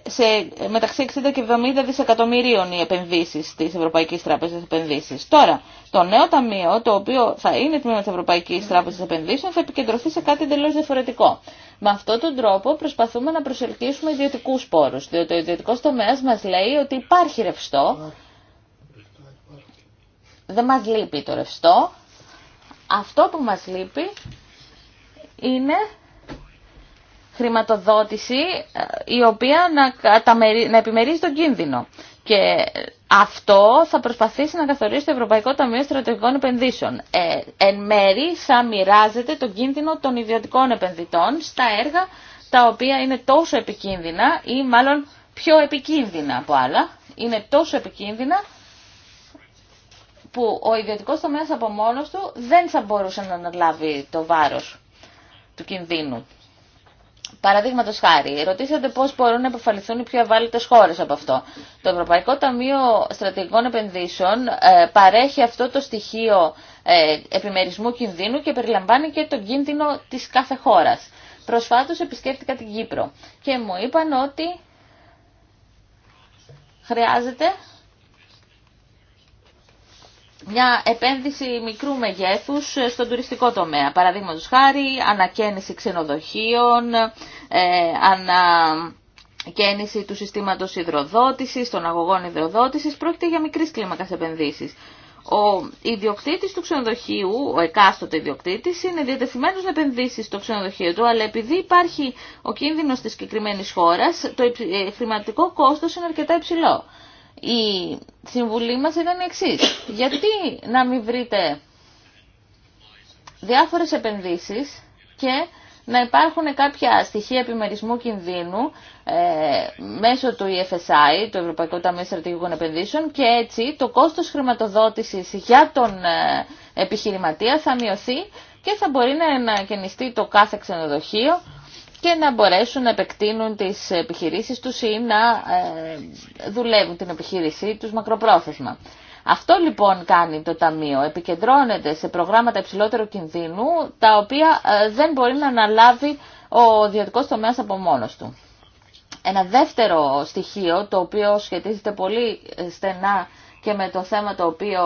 σε, μεταξύ 60 και 70 δισεκατομμυρίων οι επενδύσεις της Ευρωπαϊκής Τράπεζας Επενδύσεις. Τώρα, το νέο ταμείο, το οποίο θα είναι τμήμα της Ευρωπαϊκής Τράπεζας Επενδύσεων, θα επικεντρωθεί σε κάτι εντελώς διαφορετικό. Με αυτόν τον τρόπο προσπαθούμε να προσελκύσουμε ιδιωτικού πόρους, διότι ο ιδιωτικό τομέα μας λέει ότι υπάρχει ρευστό, δεν μας λείπει το ρευστό, αυτό που μας λείπει είναι χρηματοδότηση ε, η οποία να, να επιμερίζει τον κίνδυνο. Και αυτό θα προσπαθήσει να καθορίσει το Ευρωπαϊκό Ταμείο Στρατηγικών Επενδύσεων. Ε, εν μέρη θα μοιράζεται τον κίνδυνο των ιδιωτικών επενδυτών στα έργα τα οποία είναι τόσο επικίνδυνα ή μάλλον πιο επικίνδυνα από άλλα. Είναι τόσο επικίνδυνα που ο ιδιωτικός τομέας από μόνος του δεν θα μπορούσε να αναλάβει το βάρος του κινδύνου. Παραδείγματο χάρη, ρωτήσατε πώ μπορούν να υποφαληθούν οι πιο ευάλωτε χώρε από αυτό. Το Ευρωπαϊκό Ταμείο Στρατηγικών Επενδύσεων ε, παρέχει αυτό το στοιχείο ε, επιμερισμού κινδύνου και περιλαμβάνει και τον κίνδυνο τη κάθε χώρα. Προσφάτω επισκέφτηκα την Κύπρο και μου είπαν ότι χρειάζεται μια επένδυση μικρού μεγέθους στον τουριστικό τομέα. Παραδείγματος χάρη, ανακαίνιση ξενοδοχείων, ε, του συστήματος υδροδότησης, των αγωγών υδροδότησης, πρόκειται για μικρής κλίμακας επενδύσεις. Ο ιδιοκτήτης του ξενοδοχείου, ο εκάστοτε ιδιοκτήτης, είναι διατεθειμένος να επενδύσει στο ξενοδοχείο του, αλλά επειδή υπάρχει ο κίνδυνος της συγκεκριμένη χώρας, το ε, χρηματικό κόστος είναι αρκετά υψηλό η συμβουλή μας ήταν η εξής. Γιατί να μην βρείτε διάφορες επενδύσεις και να υπάρχουν κάποια στοιχεία επιμερισμού κινδύνου ε, μέσω του EFSI, του Ευρωπαϊκού Ταμείου Στρατηγικών Επενδύσεων και έτσι το κόστος χρηματοδότησης για τον ε, επιχειρηματία θα μειωθεί και θα μπορεί να ανακαινιστεί το κάθε ξενοδοχείο και να μπορέσουν να επεκτείνουν τις επιχειρήσεις τους ή να ε, δουλεύουν την επιχείρησή τους μακροπρόθεσμα. Αυτό λοιπόν κάνει το Ταμείο. Επικεντρώνεται σε προγράμματα υψηλότερου κινδύνου, τα οποία ε, δεν μπορεί να αναλάβει ο ιδιωτικός τομέας από μόνος του. Ένα δεύτερο στοιχείο, το οποίο σχετίζεται πολύ ε, στενά και με το θέμα το οποίο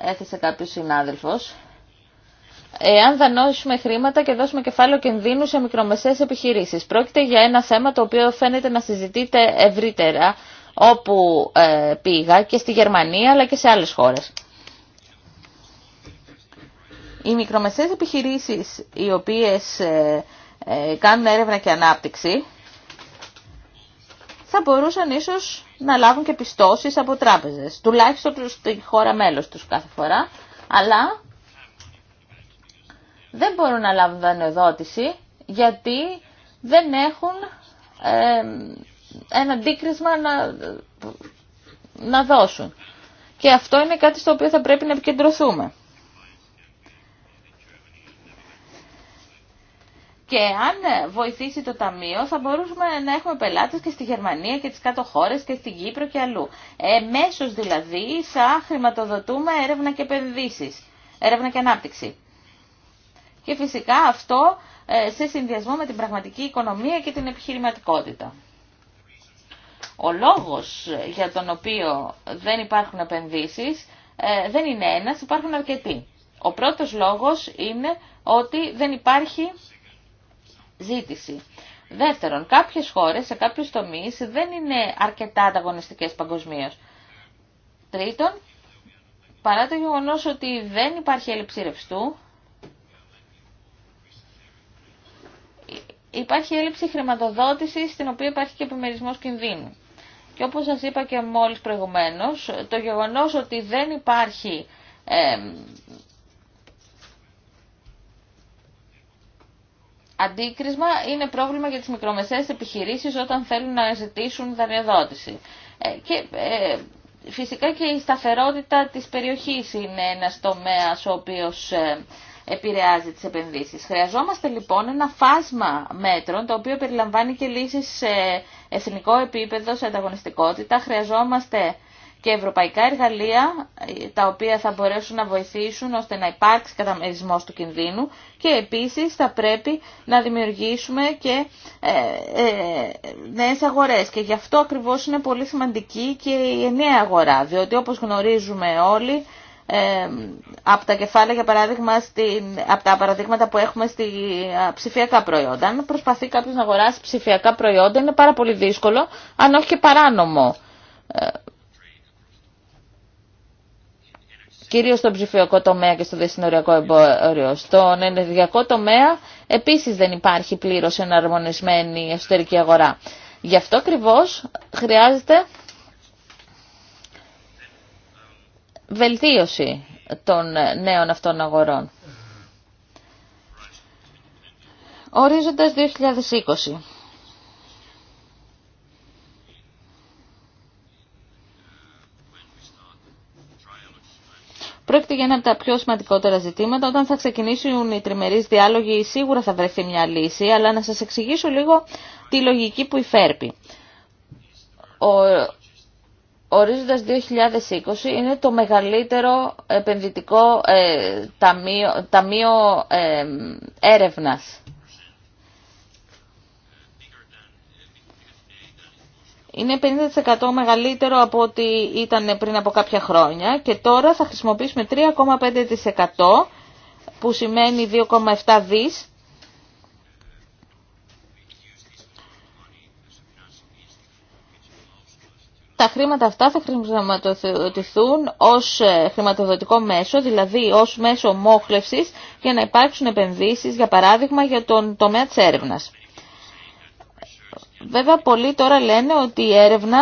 έθεσε κάποιος συνάδελφος, εάν δανώσουμε χρήματα και δώσουμε κεφάλαιο κινδύνου σε μικρομεσαίες επιχειρήσεις. Πρόκειται για ένα θέμα το οποίο φαίνεται να συζητείται ευρύτερα όπου ε, πήγα και στη Γερμανία αλλά και σε άλλες χώρες. Οι μικρομεσαίες επιχειρήσεις οι οποίες ε, ε, κάνουν έρευνα και ανάπτυξη θα μπορούσαν ίσως να λάβουν και πιστώσεις από τράπεζες, τουλάχιστον στη χώρα μέλος τους κάθε φορά, αλλά δεν μπορούν να λάβουν δανειοδότηση γιατί δεν έχουν ένα αντίκρισμα να, δώσουν. Και αυτό είναι κάτι στο οποίο θα πρέπει να επικεντρωθούμε. Και αν βοηθήσει το Ταμείο θα μπορούσαμε να έχουμε πελάτες και στη Γερμανία και τις κάτω χώρες και στην Κύπρο και αλλού. Εμέσως δηλαδή θα χρηματοδοτούμε έρευνα και επενδύσεις, έρευνα και ανάπτυξη και φυσικά αυτό ε, σε συνδυασμό με την πραγματική οικονομία και την επιχειρηματικότητα. Ο λόγος ε, για τον οποίο δεν υπάρχουν επενδύσεις ε, δεν είναι ένας, υπάρχουν αρκετοί. Ο πρώτος λόγος είναι ότι δεν υπάρχει ζήτηση. Δεύτερον, κάποιες χώρες σε κάποιους τομείς δεν είναι αρκετά ανταγωνιστικές παγκοσμίω. Τρίτον, παρά το γεγονός ότι δεν υπάρχει έλλειψη ρευστού, υπάρχει έλλειψη χρηματοδότησης στην οποία υπάρχει και επιμερισμός κινδύνου. Και όπως σας είπα και μόλι προηγουμένω, το γεγονό ότι δεν υπάρχει ε, αντίκρισμα είναι πρόβλημα για τις μικρομεσαίες επιχειρήσεις όταν θέλουν να ζητήσουν δανειοδότηση. Ε, και ε, φυσικά και η σταθερότητα της περιοχής είναι ένας τομέας ο οποίος ε, επηρεάζει τις επενδύσεις. Χρειαζόμαστε λοιπόν ένα φάσμα μέτρων, το οποίο περιλαμβάνει και λύσεις σε εθνικό επίπεδο, σε ανταγωνιστικότητα. Χρειαζόμαστε και ευρωπαϊκά εργαλεία, τα οποία θα μπορέσουν να βοηθήσουν ώστε να υπάρξει καταμερισμός του κινδύνου και επίσης θα πρέπει να δημιουργήσουμε και ε, ε, νέες αγορές. Και γι' αυτό ακριβώς είναι πολύ σημαντική και η νέα αγορά, διότι όπως γνωρίζουμε όλοι, από τα κεφάλαια, για παράδειγμα, από τα παραδείγματα που έχουμε στη ψηφιακά προϊόντα. Αν προσπαθεί κάποιος να αγοράσει ψηφιακά προϊόντα, είναι πάρα πολύ δύσκολο, αν όχι και παράνομο. Ε, κυρίως στον ψηφιακό τομέα και στο δεσυνοριακό εμπόριο. Στον ενεργειακό τομέα επίσης δεν υπάρχει πλήρως εναρμονισμένη εσωτερική αγορά. Γι' αυτό ακριβώ χρειάζεται βελτίωση των νέων αυτών αγορών. Ορίζοντας 2020. Πρόκειται για ένα από τα πιο σημαντικότερα ζητήματα. Όταν θα ξεκινήσουν οι τριμερείς διάλογοι σίγουρα θα βρεθεί μια λύση, αλλά να σας εξηγήσω λίγο τη λογική που υφέρπει. Ο ορίζοντας 2020 είναι το μεγαλύτερο επενδυτικό ε, ταμείο, ταμείο ε, έρευνας. Είναι 50% μεγαλύτερο από ό,τι ήταν πριν από κάποια χρόνια και τώρα θα χρησιμοποιήσουμε 3,5% που σημαίνει 2,7 δις τα χρήματα αυτά θα χρηματοδοτηθούν ως ε, χρηματοδοτικό μέσο, δηλαδή ως μέσο μόχλευσης για να υπάρξουν επενδύσεις, για παράδειγμα, για τον τομέα της έρευνας. Βέβαια, πολλοί τώρα λένε ότι η έρευνα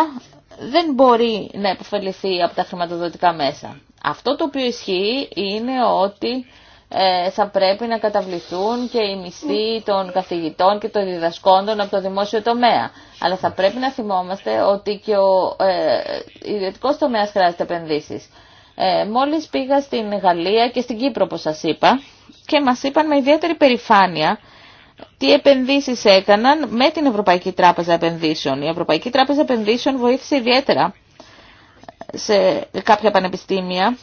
δεν μπορεί να επωφεληθεί από τα χρηματοδοτικά μέσα. Αυτό το οποίο ισχύει είναι ότι ε, θα πρέπει να καταβληθούν και οι μισθοί των καθηγητών και των διδασκόντων από το δημόσιο τομέα. Αλλά θα πρέπει να θυμόμαστε ότι και ο ε, ιδιωτικό τομέα χρειάζεται επενδύσεις. Ε, μόλις πήγα στην Γαλλία και στην Κύπρο, όπως σας είπα, και μας είπαν με ιδιαίτερη περηφάνεια τι επενδύσεις έκαναν με την Ευρωπαϊκή Τράπεζα Επενδύσεων. Η Ευρωπαϊκή Τράπεζα Επενδύσεων βοήθησε ιδιαίτερα σε κάποια πανεπιστήμια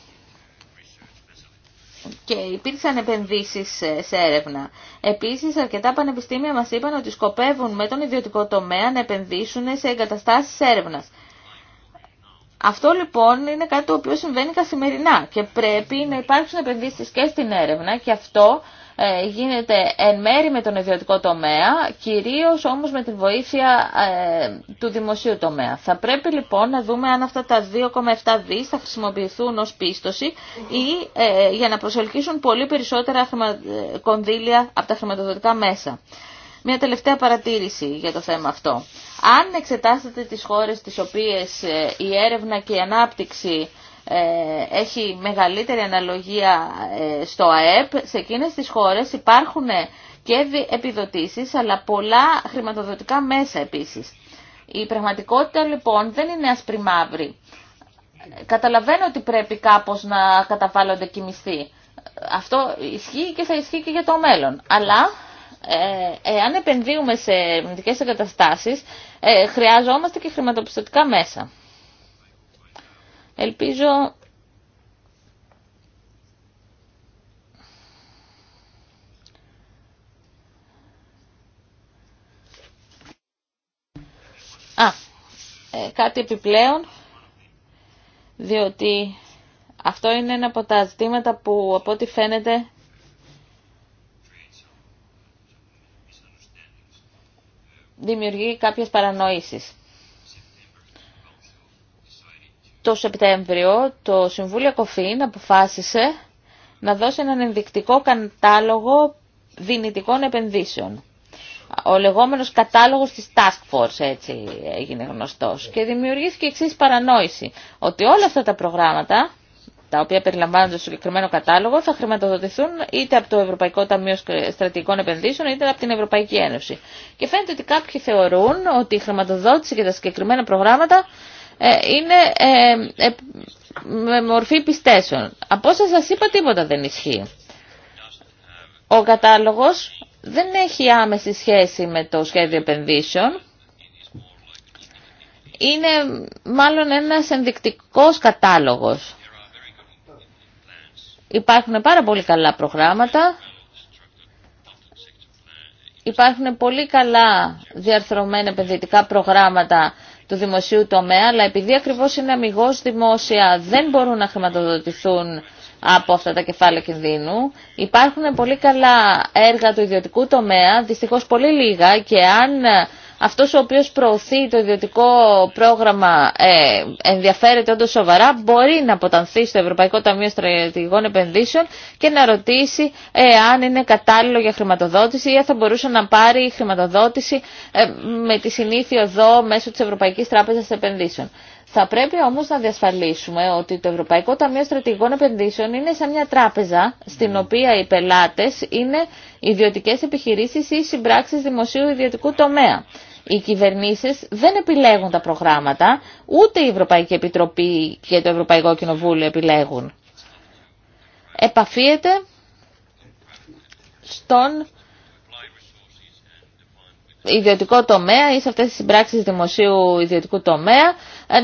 και υπήρξαν επενδύσεις σε έρευνα. Επίσης, αρκετά πανεπιστήμια μας είπαν ότι σκοπεύουν με τον ιδιωτικό τομέα να επενδύσουν σε εγκαταστάσεις έρευνα. Αυτό λοιπόν είναι κάτι το οποίο συμβαίνει καθημερινά και πρέπει να υπάρξουν επενδύσεις και στην έρευνα και αυτό ε, γίνεται εν μέρη με τον ιδιωτικό τομέα, κυρίως όμως με τη βοήθεια ε, του δημοσίου τομέα. Θα πρέπει λοιπόν να δούμε αν αυτά τα 2,7 δις θα χρησιμοποιηθούν ως πίστοση ή ε, για να προσελκύσουν πολύ περισσότερα κονδύλια από τα χρηματοδοτικά μέσα. Μια τελευταία παρατήρηση για το θέμα αυτό. Αν εξετάσετε τις χώρες τις οποίες η έρευνα και η ανάπτυξη ε, έχει μεγαλύτερη αναλογία ε, στο ΑΕΠ. Σε εκείνες τις χώρες υπάρχουν και επιδοτήσεις αλλά πολλά χρηματοδοτικά μέσα επίσης. Η πραγματικότητα λοιπόν δεν είναι ασπριμαύρη. Καταλαβαίνω ότι πρέπει κάπως να καταβάλλονται μισθοί. Αυτό ισχύει και θα ισχύει και για το μέλλον. Αλλά ε, εάν επενδύουμε σε δικές εγκαταστάσεις ε, χρειαζόμαστε και χρηματοπιστωτικά μέσα. Ελπίζω Α, ε, κάτι επιπλέον, διότι αυτό είναι ένα από τα ζητήματα που από ό,τι φαίνεται δημιουργεί κάποιες παρανοήσεις το Σεπτέμβριο το Συμβούλιο Κοφίν αποφάσισε να δώσει έναν ενδεικτικό κατάλογο δυνητικών επενδύσεων. Ο λεγόμενος κατάλογος της Task Force έτσι έγινε γνωστός και δημιουργήθηκε εξή παρανόηση ότι όλα αυτά τα προγράμματα τα οποία περιλαμβάνονται στο συγκεκριμένο κατάλογο θα χρηματοδοτηθούν είτε από το Ευρωπαϊκό Ταμείο Στρατηγικών Επενδύσεων είτε από την Ευρωπαϊκή Ένωση. Και φαίνεται ότι κάποιοι θεωρούν ότι η χρηματοδότηση για τα συγκεκριμένα προγράμματα ε, είναι ε, ε, με μορφή πιστέσεων. Από όσα σας είπα τίποτα δεν ισχύει. Ο κατάλογος δεν έχει άμεση σχέση με το σχέδιο επενδύσεων. Είναι μάλλον ένας ενδεικτικός κατάλογος. Υπάρχουν πάρα πολύ καλά προγράμματα. Υπάρχουν πολύ καλά διαρθρωμένα επενδυτικά προγράμματα του δημοσίου τομέα, αλλά επειδή ακριβώς είναι αμυγός δημόσια, δεν μπορούν να χρηματοδοτηθούν από αυτά τα κεφάλαια κινδύνου. Υπάρχουν πολύ καλά έργα του ιδιωτικού τομέα, δυστυχώς πολύ λίγα και αν αυτό ο οποίος προωθεί το ιδιωτικό πρόγραμμα ε, ενδιαφέρεται όντως σοβαρά, μπορεί να αποτανθεί στο Ευρωπαϊκό Ταμείο Στρατηγικών Επενδύσεων και να ρωτήσει ε, αν είναι κατάλληλο για χρηματοδότηση ή αν θα μπορούσε να πάρει χρηματοδότηση ε, με τη συνήθεια εδώ μέσω της Ευρωπαϊκής Τράπεζας Επενδύσεων. Θα πρέπει όμως να διασφαλίσουμε ότι το Ευρωπαϊκό Ταμείο Στρατηγικών Επενδύσεων είναι σαν μια τράπεζα στην οποία οι πελάτες είναι ιδιωτικές επιχειρήσεις ή συμπράξεις δημοσίου ιδιωτικού τομέα οι κυβερνήσεις δεν επιλέγουν τα προγράμματα, ούτε η Ευρωπαϊκή Επιτροπή και το Ευρωπαϊκό Κοινοβούλιο επιλέγουν. Επαφίεται στον ιδιωτικό τομέα ή σε αυτές τις συμπράξεις δημοσίου ιδιωτικού τομέα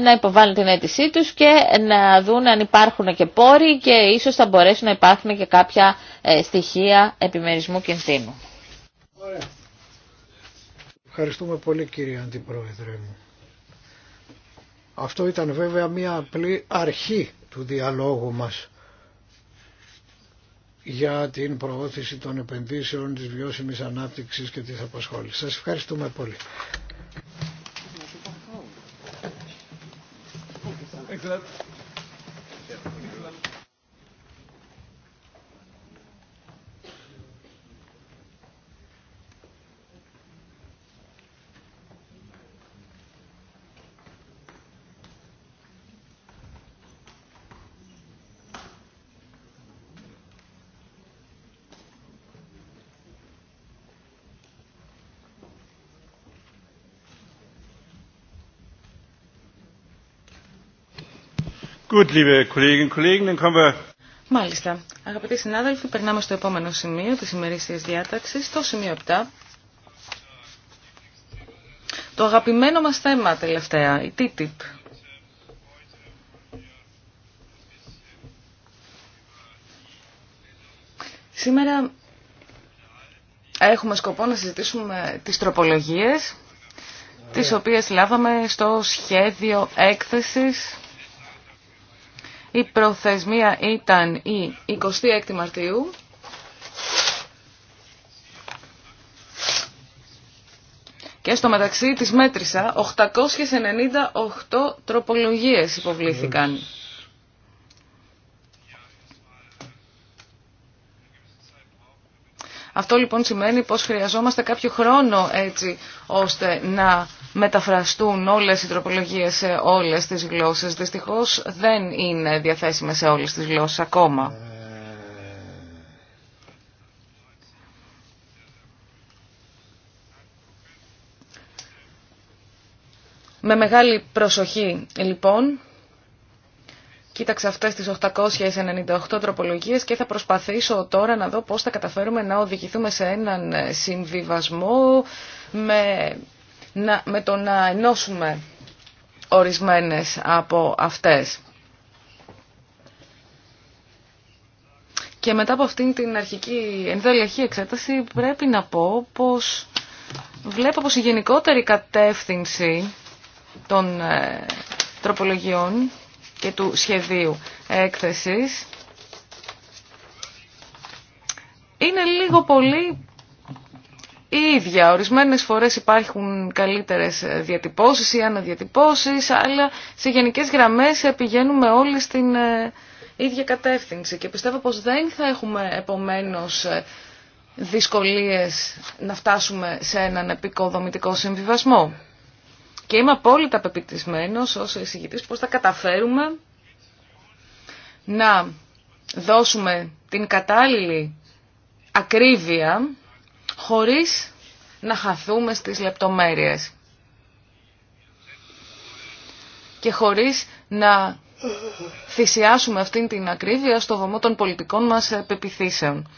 να υποβάλουν την αίτησή τους και να δουν αν υπάρχουν και πόροι και ίσως θα μπορέσουν να υπάρχουν και κάποια ε, στοιχεία επιμερισμού κινδύνου. Ευχαριστούμε πολύ κύριε Αντιπρόεδρε μου. Αυτό ήταν βέβαια μία απλή αρχή του διαλόγου μας για την προώθηση των επενδύσεων της βιώσιμης ανάπτυξης και της απασχόλησης. Σας ευχαριστούμε πολύ. Good, liebe Μάλιστα. Αγαπητοί συνάδελφοι, περνάμε στο επόμενο σημείο της ημερήσιας διάταξης, το σημείο 7. Το αγαπημένο μας θέμα τελευταία, η TTIP. Σήμερα έχουμε σκοπό να συζητήσουμε τις τροπολογίες, τις οποίες λάβαμε στο σχέδιο έκθεσης η προθεσμία ήταν η 26 Μαρτίου. Και στο μεταξύ της μέτρησα 898 τροπολογίες υποβλήθηκαν. Αυτό λοιπόν σημαίνει πως χρειαζόμαστε κάποιο χρόνο έτσι ώστε να μεταφραστούν όλες οι τροπολογίες σε όλες τις γλώσσες. Δυστυχώς δεν είναι διαθέσιμες σε όλες τις γλώσσες ακόμα. Με μεγάλη προσοχή λοιπόν κοίταξα αυτές τις 898 τροπολογίες και θα προσπαθήσω τώρα να δω πώς θα καταφέρουμε να οδηγηθούμε σε έναν ε, συμβιβασμό με, το να ενώσουμε ορισμένες από αυτές. Και μετά από αυτήν την αρχική ενδελεχή εξέταση πρέπει να πω πως βλέπω πως η γενικότερη κατεύθυνση των ε, τροπολογιών και του σχεδίου έκθεσης. Είναι λίγο πολύ ίδια. Ορισμένες φορές υπάρχουν καλύτερες διατυπώσεις ή αναδιατυπώσεις, αλλά σε γενικές γραμμές πηγαίνουμε όλοι στην ε, ίδια κατεύθυνση και πιστεύω πως δεν θα έχουμε επομένως ε, δυσκολίες να φτάσουμε σε έναν επικοδομητικό συμβιβασμό. Και είμαι απόλυτα πεπιτισμένος ως εισηγητής πως θα καταφέρουμε να δώσουμε την κατάλληλη ακρίβεια χωρίς να χαθούμε στις λεπτομέρειες και χωρίς να θυσιάσουμε αυτήν την ακρίβεια στο βωμό των πολιτικών μας πεπιθήσεων.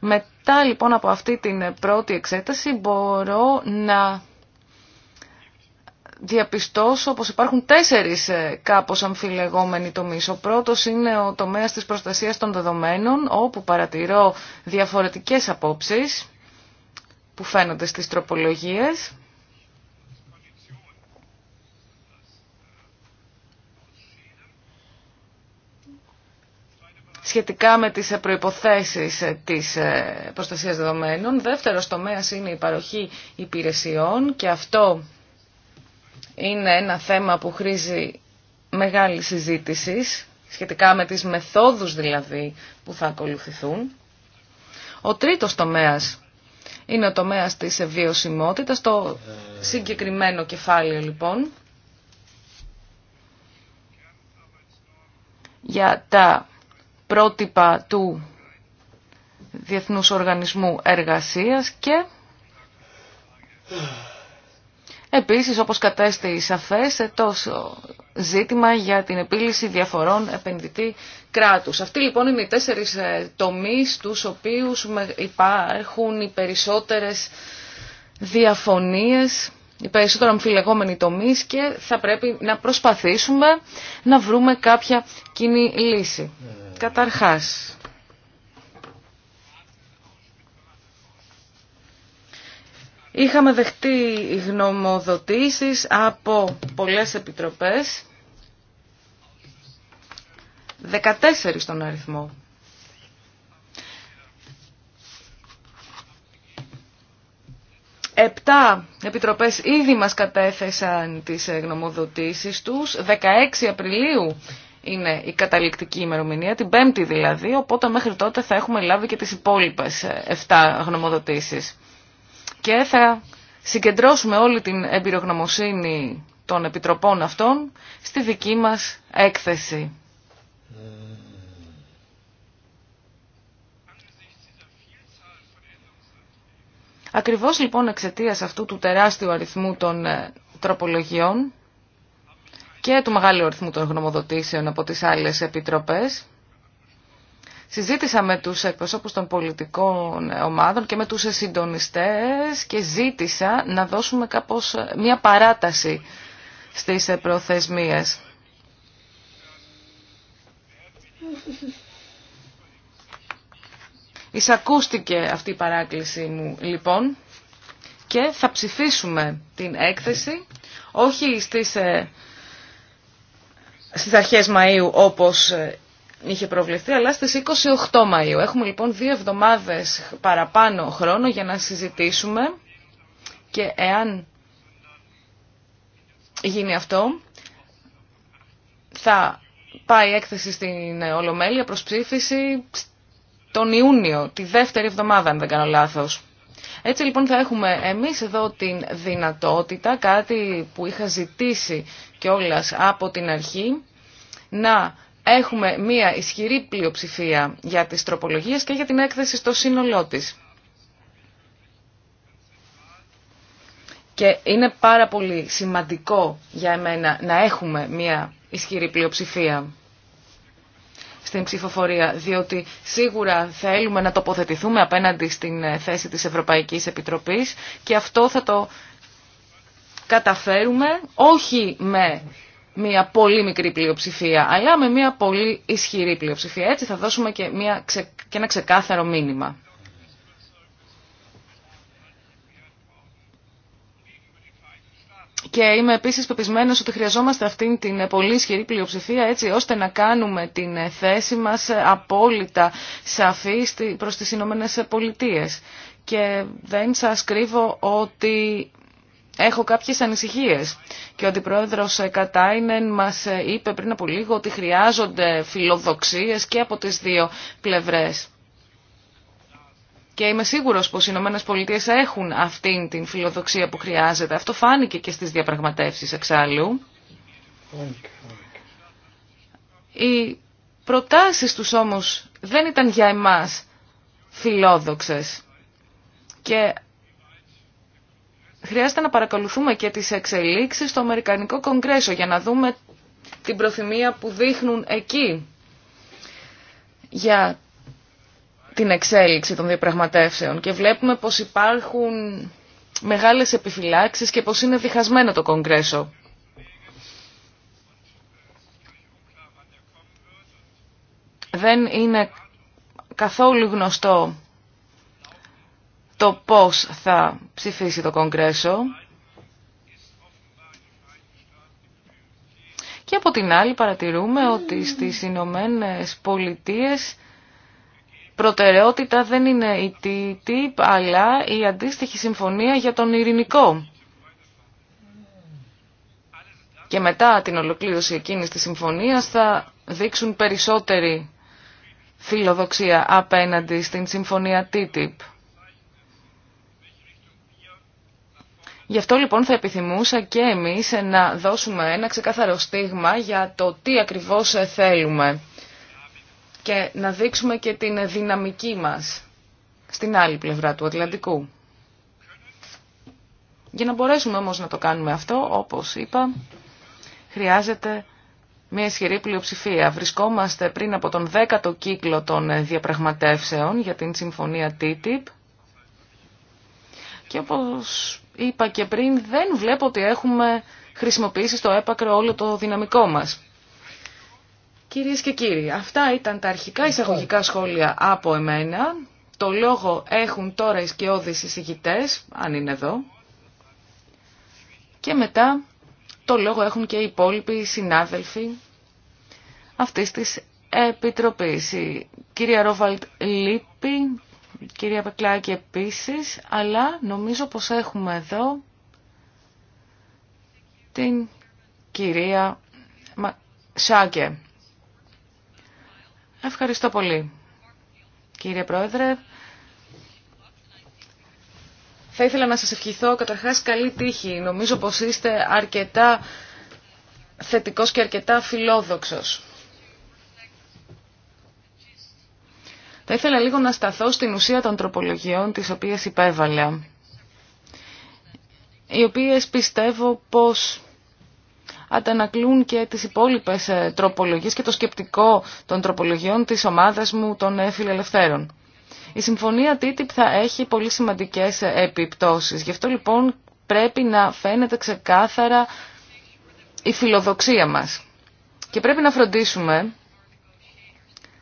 Μετά λοιπόν από αυτή την πρώτη εξέταση μπορώ να διαπιστώσω πως υπάρχουν τέσσερις ε, κάπως αμφιλεγόμενοι τομείς. Ο πρώτος είναι ο τομέας της προστασίας των δεδομένων, όπου παρατηρώ διαφορετικές απόψεις που φαίνονται στις τροπολογίες. σχετικά με τις ε, προϋποθέσεις ε, της προστασίας δεδομένων. Δεύτερος τομέας είναι η παροχή υπηρεσιών και αυτό είναι ένα θέμα που χρήζει μεγάλη συζήτηση σχετικά με τις μεθόδους δηλαδή που θα ακολουθηθούν. Ο τρίτος τομέας είναι ο τομέας της ευβιωσιμότητας, το συγκεκριμένο κεφάλαιο λοιπόν, για τα πρότυπα του Διεθνούς Οργανισμού Εργασίας και Επίσης, όπως κατέστη σαφές, ε, τόσο ζήτημα για την επίλυση διαφορών επενδυτή κράτους. Αυτοί λοιπόν είναι οι τέσσερις ε, τομείς τους οποίους υπάρχουν οι περισσότερες διαφωνίες, οι περισσότερο αμφιλεγόμενοι τομείς και θα πρέπει να προσπαθήσουμε να βρούμε κάποια κοινή λύση. Ε, Καταρχάς, Είχαμε δεχτεί γνωμοδοτήσεις από πολλές επιτροπές, 14 στον αριθμό. Επτά επιτροπές ήδη μας κατέθεσαν τις ε, γνωμοδοτήσεις τους. 16 Απριλίου είναι η καταληκτική ημερομηνία, την πέμπτη δηλαδή, οπότε μέχρι τότε θα έχουμε λάβει και τις υπόλοιπες 7 ε, γνωμοδοτήσεις και θα συγκεντρώσουμε όλη την εμπειρογνωμοσύνη των επιτροπών αυτών στη δική μας έκθεση. Ακριβώς λοιπόν εξαιτίας αυτού του τεράστιου αριθμού των ε, τροπολογιών και του μεγάλου αριθμού των γνωμοδοτήσεων από τις άλλες επιτροπές, Συζήτησα με τους εκπροσώπους των πολιτικών ομάδων και με τους συντονιστές και ζήτησα να δώσουμε κάπως μια παράταση στις προθεσμίες. Εισακούστηκε αυτή η παράκληση μου λοιπόν και θα ψηφίσουμε την έκθεση όχι στις, ε, στις αρχές Μαΐου όπως ε, είχε προβληθεί, αλλά στις 28 Μαΐου. Έχουμε λοιπόν δύο εβδομάδες παραπάνω χρόνο για να συζητήσουμε και εάν γίνει αυτό, θα πάει έκθεση στην Ολομέλεια προς ψήφιση τον Ιούνιο, τη δεύτερη εβδομάδα αν δεν κάνω λάθος. Έτσι λοιπόν θα έχουμε εμείς εδώ την δυνατότητα, κάτι που είχα ζητήσει κιόλας από την αρχή, να έχουμε μία ισχυρή πλειοψηφία για τις τροπολογίες και για την έκθεση στο σύνολό της. Και είναι πάρα πολύ σημαντικό για εμένα να έχουμε μία ισχυρή πλειοψηφία στην ψηφοφορία, διότι σίγουρα θέλουμε να τοποθετηθούμε απέναντι στην θέση της Ευρωπαϊκής Επιτροπής και αυτό θα το καταφέρουμε όχι με μια πολύ μικρή πλειοψηφία, αλλά με μια πολύ ισχυρή πλειοψηφία. Έτσι θα δώσουμε και, μια, και ένα ξεκάθαρο μήνυμα. Και είμαι επίσης πεπισμένος ότι χρειαζόμαστε αυτήν την πολύ ισχυρή πλειοψηφία έτσι ώστε να κάνουμε την θέση μας απόλυτα σαφή προς τις Ηνωμένε Πολιτείες. Και δεν σας κρύβω ότι έχω κάποιες ανησυχίες. Και ο αντιπρόεδρος Κατάινεν μας είπε πριν από λίγο ότι χρειάζονται φιλοδοξίες και από τις δύο πλευρές. Και είμαι σίγουρος πως οι Ηνωμένες Πολιτείες έχουν αυτήν την φιλοδοξία που χρειάζεται. Αυτό φάνηκε και στις διαπραγματεύσεις εξάλλου. Οι προτάσεις τους όμως δεν ήταν για εμάς φιλόδοξες. Και χρειάζεται να παρακολουθούμε και τις εξελίξεις στο Αμερικανικό Κογκρέσο για να δούμε την προθυμία που δείχνουν εκεί για την εξέλιξη των διαπραγματεύσεων και βλέπουμε πως υπάρχουν μεγάλες επιφυλάξεις και πως είναι διχασμένο το Κογκρέσο. Δεν είναι καθόλου γνωστό το πώς θα ψηφίσει το Κογκρέσο. Και από την άλλη παρατηρούμε ότι στις Ηνωμένε Πολιτείε προτεραιότητα δεν είναι η TTIP αλλά η αντίστοιχη συμφωνία για τον ειρηνικό. Και μετά την ολοκλήρωση εκείνης της συμφωνίας θα δείξουν περισσότερη φιλοδοξία απέναντι στην συμφωνία ΤΙΤΙΠ. Γι' αυτό λοιπόν θα επιθυμούσα και εμείς να δώσουμε ένα ξεκάθαρο στίγμα για το τι ακριβώς θέλουμε και να δείξουμε και την δυναμική μας στην άλλη πλευρά του Ατλαντικού. Για να μπορέσουμε όμως να το κάνουμε αυτό, όπως είπα, χρειάζεται μια ισχυρή πλειοψηφία. Βρισκόμαστε πριν από τον 10ο κύκλο των διαπραγματεύσεων για την Συμφωνία TTIP και όπως είπα και πριν, δεν βλέπω ότι έχουμε χρησιμοποιήσει στο έπακρο όλο το δυναμικό μας. Κυρίες και κύριοι, αυτά ήταν τα αρχικά εισαγωγικά λοιπόν. σχόλια από εμένα. Το λόγο έχουν τώρα οι σκιώδεις εισηγητές, αν είναι εδώ. Και μετά το λόγο έχουν και οι υπόλοιποι συνάδελφοι αυτής της Επιτροπής. Η κυρία Ρόβαλτ κυρία Πεκλάκη επίσης, αλλά νομίζω πως έχουμε εδώ την κυρία Σάκε. Ευχαριστώ πολύ. Κύριε Πρόεδρε, θα ήθελα να σας ευχηθώ καταρχάς καλή τύχη. Νομίζω πως είστε αρκετά θετικός και αρκετά φιλόδοξος. Θα ήθελα λίγο να σταθώ στην ουσία των τροπολογιών τις οποίες υπέβαλα, οι οποίες πιστεύω πως αντανακλούν και τις υπόλοιπες ε, τροπολογίες και το σκεπτικό των τροπολογιών της ομάδας μου των ε, φιλελευθέρων. Η συμφωνία TTIP θα έχει πολύ σημαντικές ε, επιπτώσεις. Γι' αυτό λοιπόν πρέπει να φαίνεται ξεκάθαρα η φιλοδοξία μας. Και πρέπει να φροντίσουμε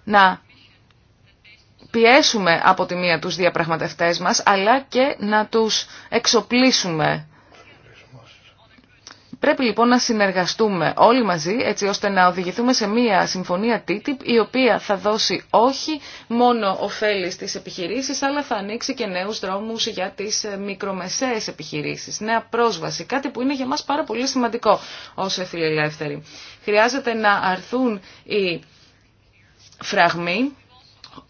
να πιέσουμε από τη μία τους διαπραγματευτές μας, αλλά και να τους εξοπλίσουμε. Πρέπει λοιπόν να συνεργαστούμε όλοι μαζί έτσι ώστε να οδηγηθούμε σε μία συμφωνία TTIP η οποία θα δώσει όχι μόνο ωφέλη στις επιχειρήσεις αλλά θα ανοίξει και νέους δρόμους για τις ε, μικρομεσαίες επιχειρήσεις, νέα πρόσβαση, κάτι που είναι για μας πάρα πολύ σημαντικό ως εφηλελεύθεροι. Χρειάζεται να αρθούν οι φραγμοί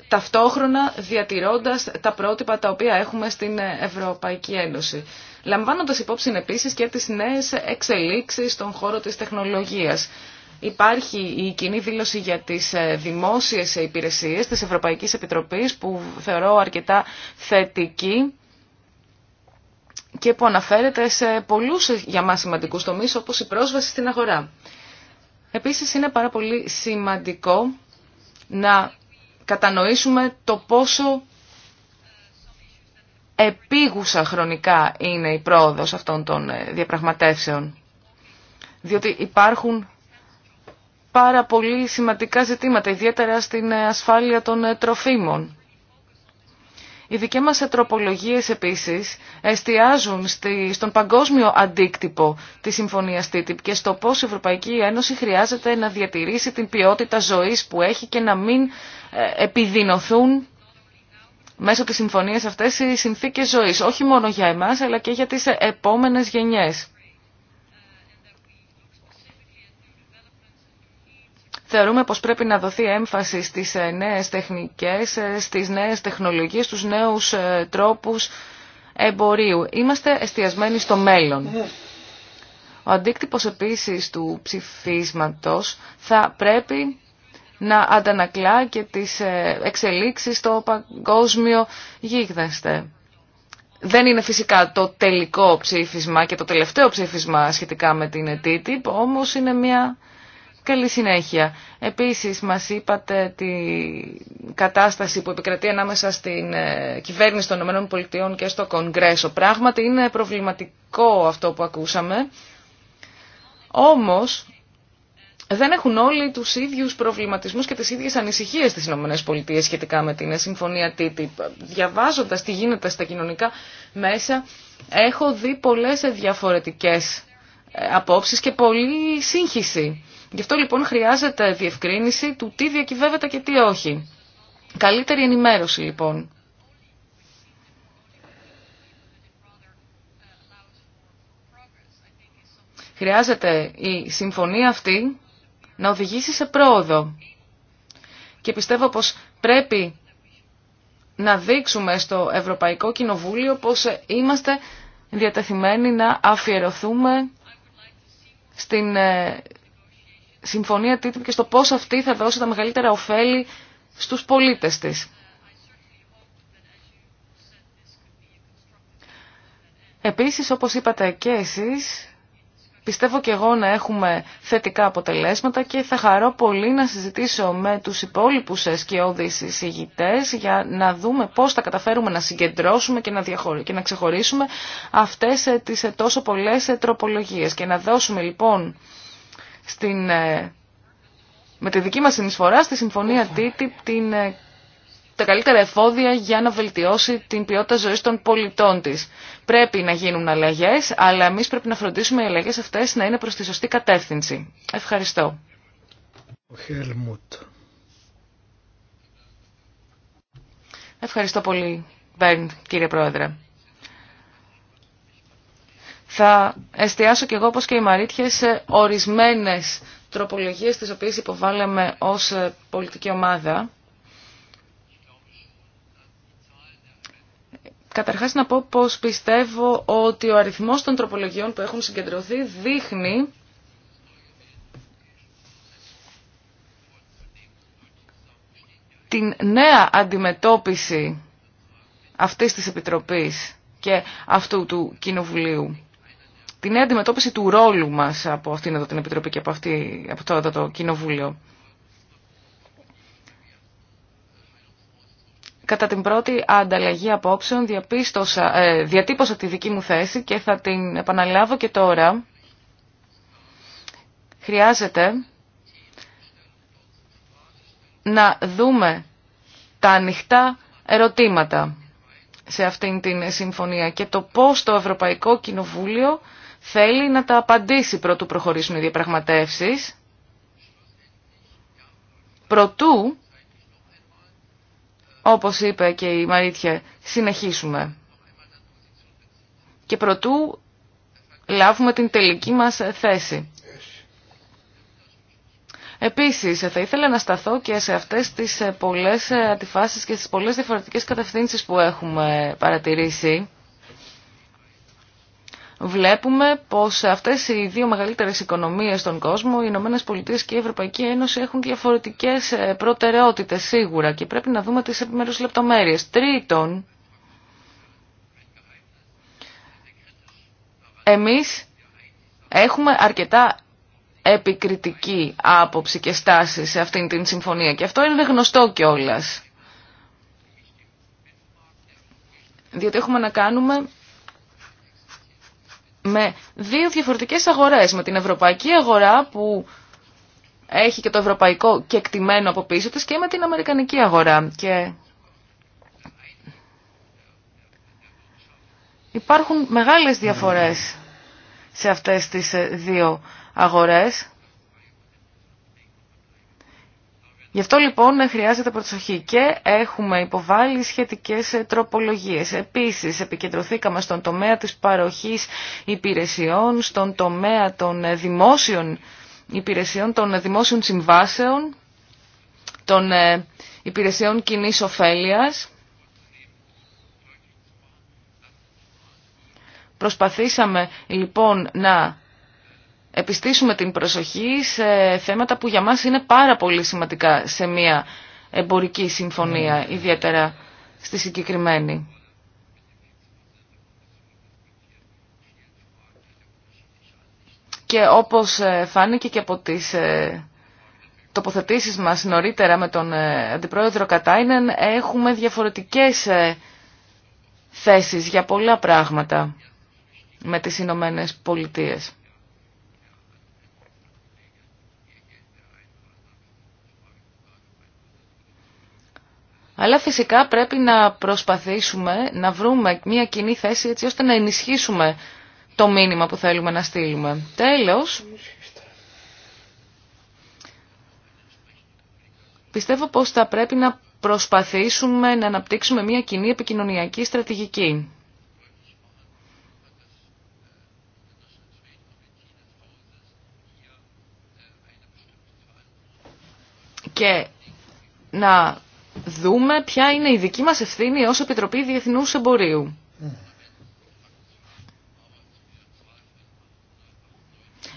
ταυτόχρονα διατηρώντας τα πρότυπα τα οποία έχουμε στην Ευρωπαϊκή Ένωση. Λαμβάνοντας υπόψη επίσης και τις νέες εξελίξεις στον χώρο της τεχνολογίας. Υπάρχει η κοινή δήλωση για τις ε, δημόσιες υπηρεσίες της Ευρωπαϊκής Επιτροπής που θεωρώ αρκετά θετική και που αναφέρεται σε πολλούς για μας σημαντικούς τομείς όπως η πρόσβαση στην αγορά. Επίσης είναι πάρα πολύ σημαντικό να κατανοήσουμε το πόσο επίγουσα χρονικά είναι η πρόοδος αυτών των ε, διαπραγματεύσεων. Διότι υπάρχουν πάρα πολύ σημαντικά ζητήματα, ιδιαίτερα στην ε, ασφάλεια των ε, τροφίμων. Οι δικές μας τροπολογίες επίσης εστιάζουν στη, στον παγκόσμιο αντίκτυπο της Συμφωνίας TTIP και στο πώς η Ευρωπαϊκή Ένωση χρειάζεται να διατηρήσει την ποιότητα ζωής που έχει και να μην ε, επιδεινωθούν μέσω της συμφωνίας αυτές οι συνθήκες ζωής, όχι μόνο για εμάς αλλά και για τις επόμενες γενιές. Θεωρούμε πως πρέπει να δοθεί έμφαση στις ε, νέες τεχνικές, ε, στις νέες τεχνολογίες, στους νέους ε, τρόπους εμπορίου. Είμαστε εστιασμένοι στο μέλλον. Ο αντίκτυπος επίσης του ψηφίσματος θα πρέπει να αντανακλά και τις εξελίξεις στο παγκόσμιο γίγδεστε. Δεν είναι φυσικά το τελικό ψήφισμα και το τελευταίο ψήφισμα σχετικά με την TTIP, όμως είναι μια Καλή συνέχεια. Επίσης μας είπατε τη κατάσταση που επικρατεί ανάμεσα στην ε, κυβέρνηση των ΗΠΑ και στο Κογκρέσο. Πράγματι είναι προβληματικό αυτό που ακούσαμε. Όμως δεν έχουν όλοι τους ίδιους προβληματισμούς και τις ίδιες ανησυχίες στις ΗΠΑ σχετικά με την συμφωνία TTIP. Διαβάζοντας τι γίνεται στα κοινωνικά μέσα, έχω δει πολλές διαφορετικές ε, απόψεις και πολλή σύγχυση. Γι' αυτό λοιπόν χρειάζεται διευκρίνηση του τι διακυβεύεται και τι όχι. Καλύτερη ενημέρωση λοιπόν. Χρειάζεται η συμφωνία αυτή να οδηγήσει σε πρόοδο. Και πιστεύω πως πρέπει να δείξουμε στο Ευρωπαϊκό Κοινοβούλιο πως είμαστε διατεθειμένοι να αφιερωθούμε στην ε, συμφωνία TTIP και στο πώς αυτή θα δώσει τα μεγαλύτερα ωφέλη στους πολίτες της. Επίσης, όπως είπατε και εσείς, πιστεύω και εγώ να έχουμε θετικά αποτελέσματα και θα χαρώ πολύ να συζητήσω με τους υπόλοιπους σκιώδεις εισηγητές για να δούμε πώς θα καταφέρουμε να συγκεντρώσουμε και να, και να ξεχωρίσουμε αυτές τις τόσο πολλές τροπολογίες και να δώσουμε λοιπόν στην, ε, με τη δική μας συνεισφορά στη συμφωνία TTIP την, ε, τα καλύτερα εφόδια για να βελτιώσει την ποιότητα ζωής των πολιτών της. Πρέπει να γίνουν αλλαγές, αλλά εμείς πρέπει να φροντίσουμε οι αλλαγές αυτές να είναι προς τη σωστή κατεύθυνση. Ευχαριστώ. Ο Ευχαριστώ πολύ, κύριε Πρόεδρε. Θα εστιάσω και εγώ, όπως και η Μαρίτια, σε ορισμένες τροπολογίες τις οποίες υποβάλαμε ως ε, πολιτική ομάδα. Καταρχάς να πω πως πιστεύω ότι ο αριθμός των τροπολογιών που έχουν συγκεντρωθεί δείχνει την νέα αντιμετώπιση αυτής της Επιτροπής και αυτού του Κοινοβουλίου την νέα αντιμετώπιση του ρόλου μας από αυτήν εδώ την Επιτροπή και από, αυτή, από το, εδώ το Κοινοβούλιο. Κατά την πρώτη ανταλλαγή απόψεων διαπίστωσα, ε, διατύπωσα τη δική μου θέση και θα την επαναλάβω και τώρα. Χρειάζεται να δούμε τα ανοιχτά ερωτήματα σε αυτήν την συμφωνία και το πώς το Ευρωπαϊκό Κοινοβούλιο θέλει να τα απαντήσει πρώτου προχωρήσουν οι διαπραγματεύσεις, προτού, όπως είπε και η Μαρίτια, συνεχίσουμε και προτού λάβουμε την τελική μας θέση. Επίσης, θα ήθελα να σταθώ και σε αυτές τις πολλές ε, αντιφάσεις και στις πολλές διαφορετικές κατευθύνσεις που έχουμε παρατηρήσει βλέπουμε πως αυτές οι δύο μεγαλύτερες οικονομίες στον κόσμο, οι Ηνωμένε Πολιτείε και η Ευρωπαϊκή Ένωση, έχουν διαφορετικές ε, προτεραιότητες σίγουρα και πρέπει να δούμε τις επιμέρους λεπτομέρειες. Τρίτον, εμείς έχουμε αρκετά επικριτική άποψη και στάση σε αυτήν την συμφωνία και αυτό είναι γνωστό κιόλας. Διότι έχουμε να κάνουμε με δύο διαφορετικές αγορές. Με την ευρωπαϊκή αγορά που έχει και το ευρωπαϊκό και από πίσω της και με την αμερικανική αγορά. Και υπάρχουν μεγάλες διαφορές σε αυτές τις δύο αγορές. Γι' αυτό λοιπόν χρειάζεται προσοχή και έχουμε υποβάλει σχετικές ε, τροπολογίες. Επίσης επικεντρωθήκαμε στον τομέα της παροχής υπηρεσιών, στον τομέα των ε, δημόσιων υπηρεσιών, των ε, δημόσιων συμβάσεων, των υπηρεσιών κοινή ωφέλεια. Προσπαθήσαμε λοιπόν να επιστήσουμε την προσοχή σε θέματα που για μας είναι πάρα πολύ σημαντικά σε μια εμπορική συμφωνία, ναι. ιδιαίτερα στη συγκεκριμένη. Και όπως ε, φάνηκε και από τις ε, τοποθετήσεις μας νωρίτερα με τον ε, Αντιπρόεδρο Κατάινεν, έχουμε διαφορετικές θέσεις για πολλά πράγματα με τις Ηνωμένε Πολιτείες. Αλλά φυσικά πρέπει να προσπαθήσουμε να βρούμε μια κοινή θέση έτσι ώστε να ενισχύσουμε το μήνυμα που θέλουμε να στείλουμε. Τέλος, πιστεύω πως θα πρέπει να προσπαθήσουμε να αναπτύξουμε μια κοινή επικοινωνιακή στρατηγική. Και να δούμε ποια είναι η δική μας ευθύνη ως Επιτροπή Διεθνούς Εμπορίου.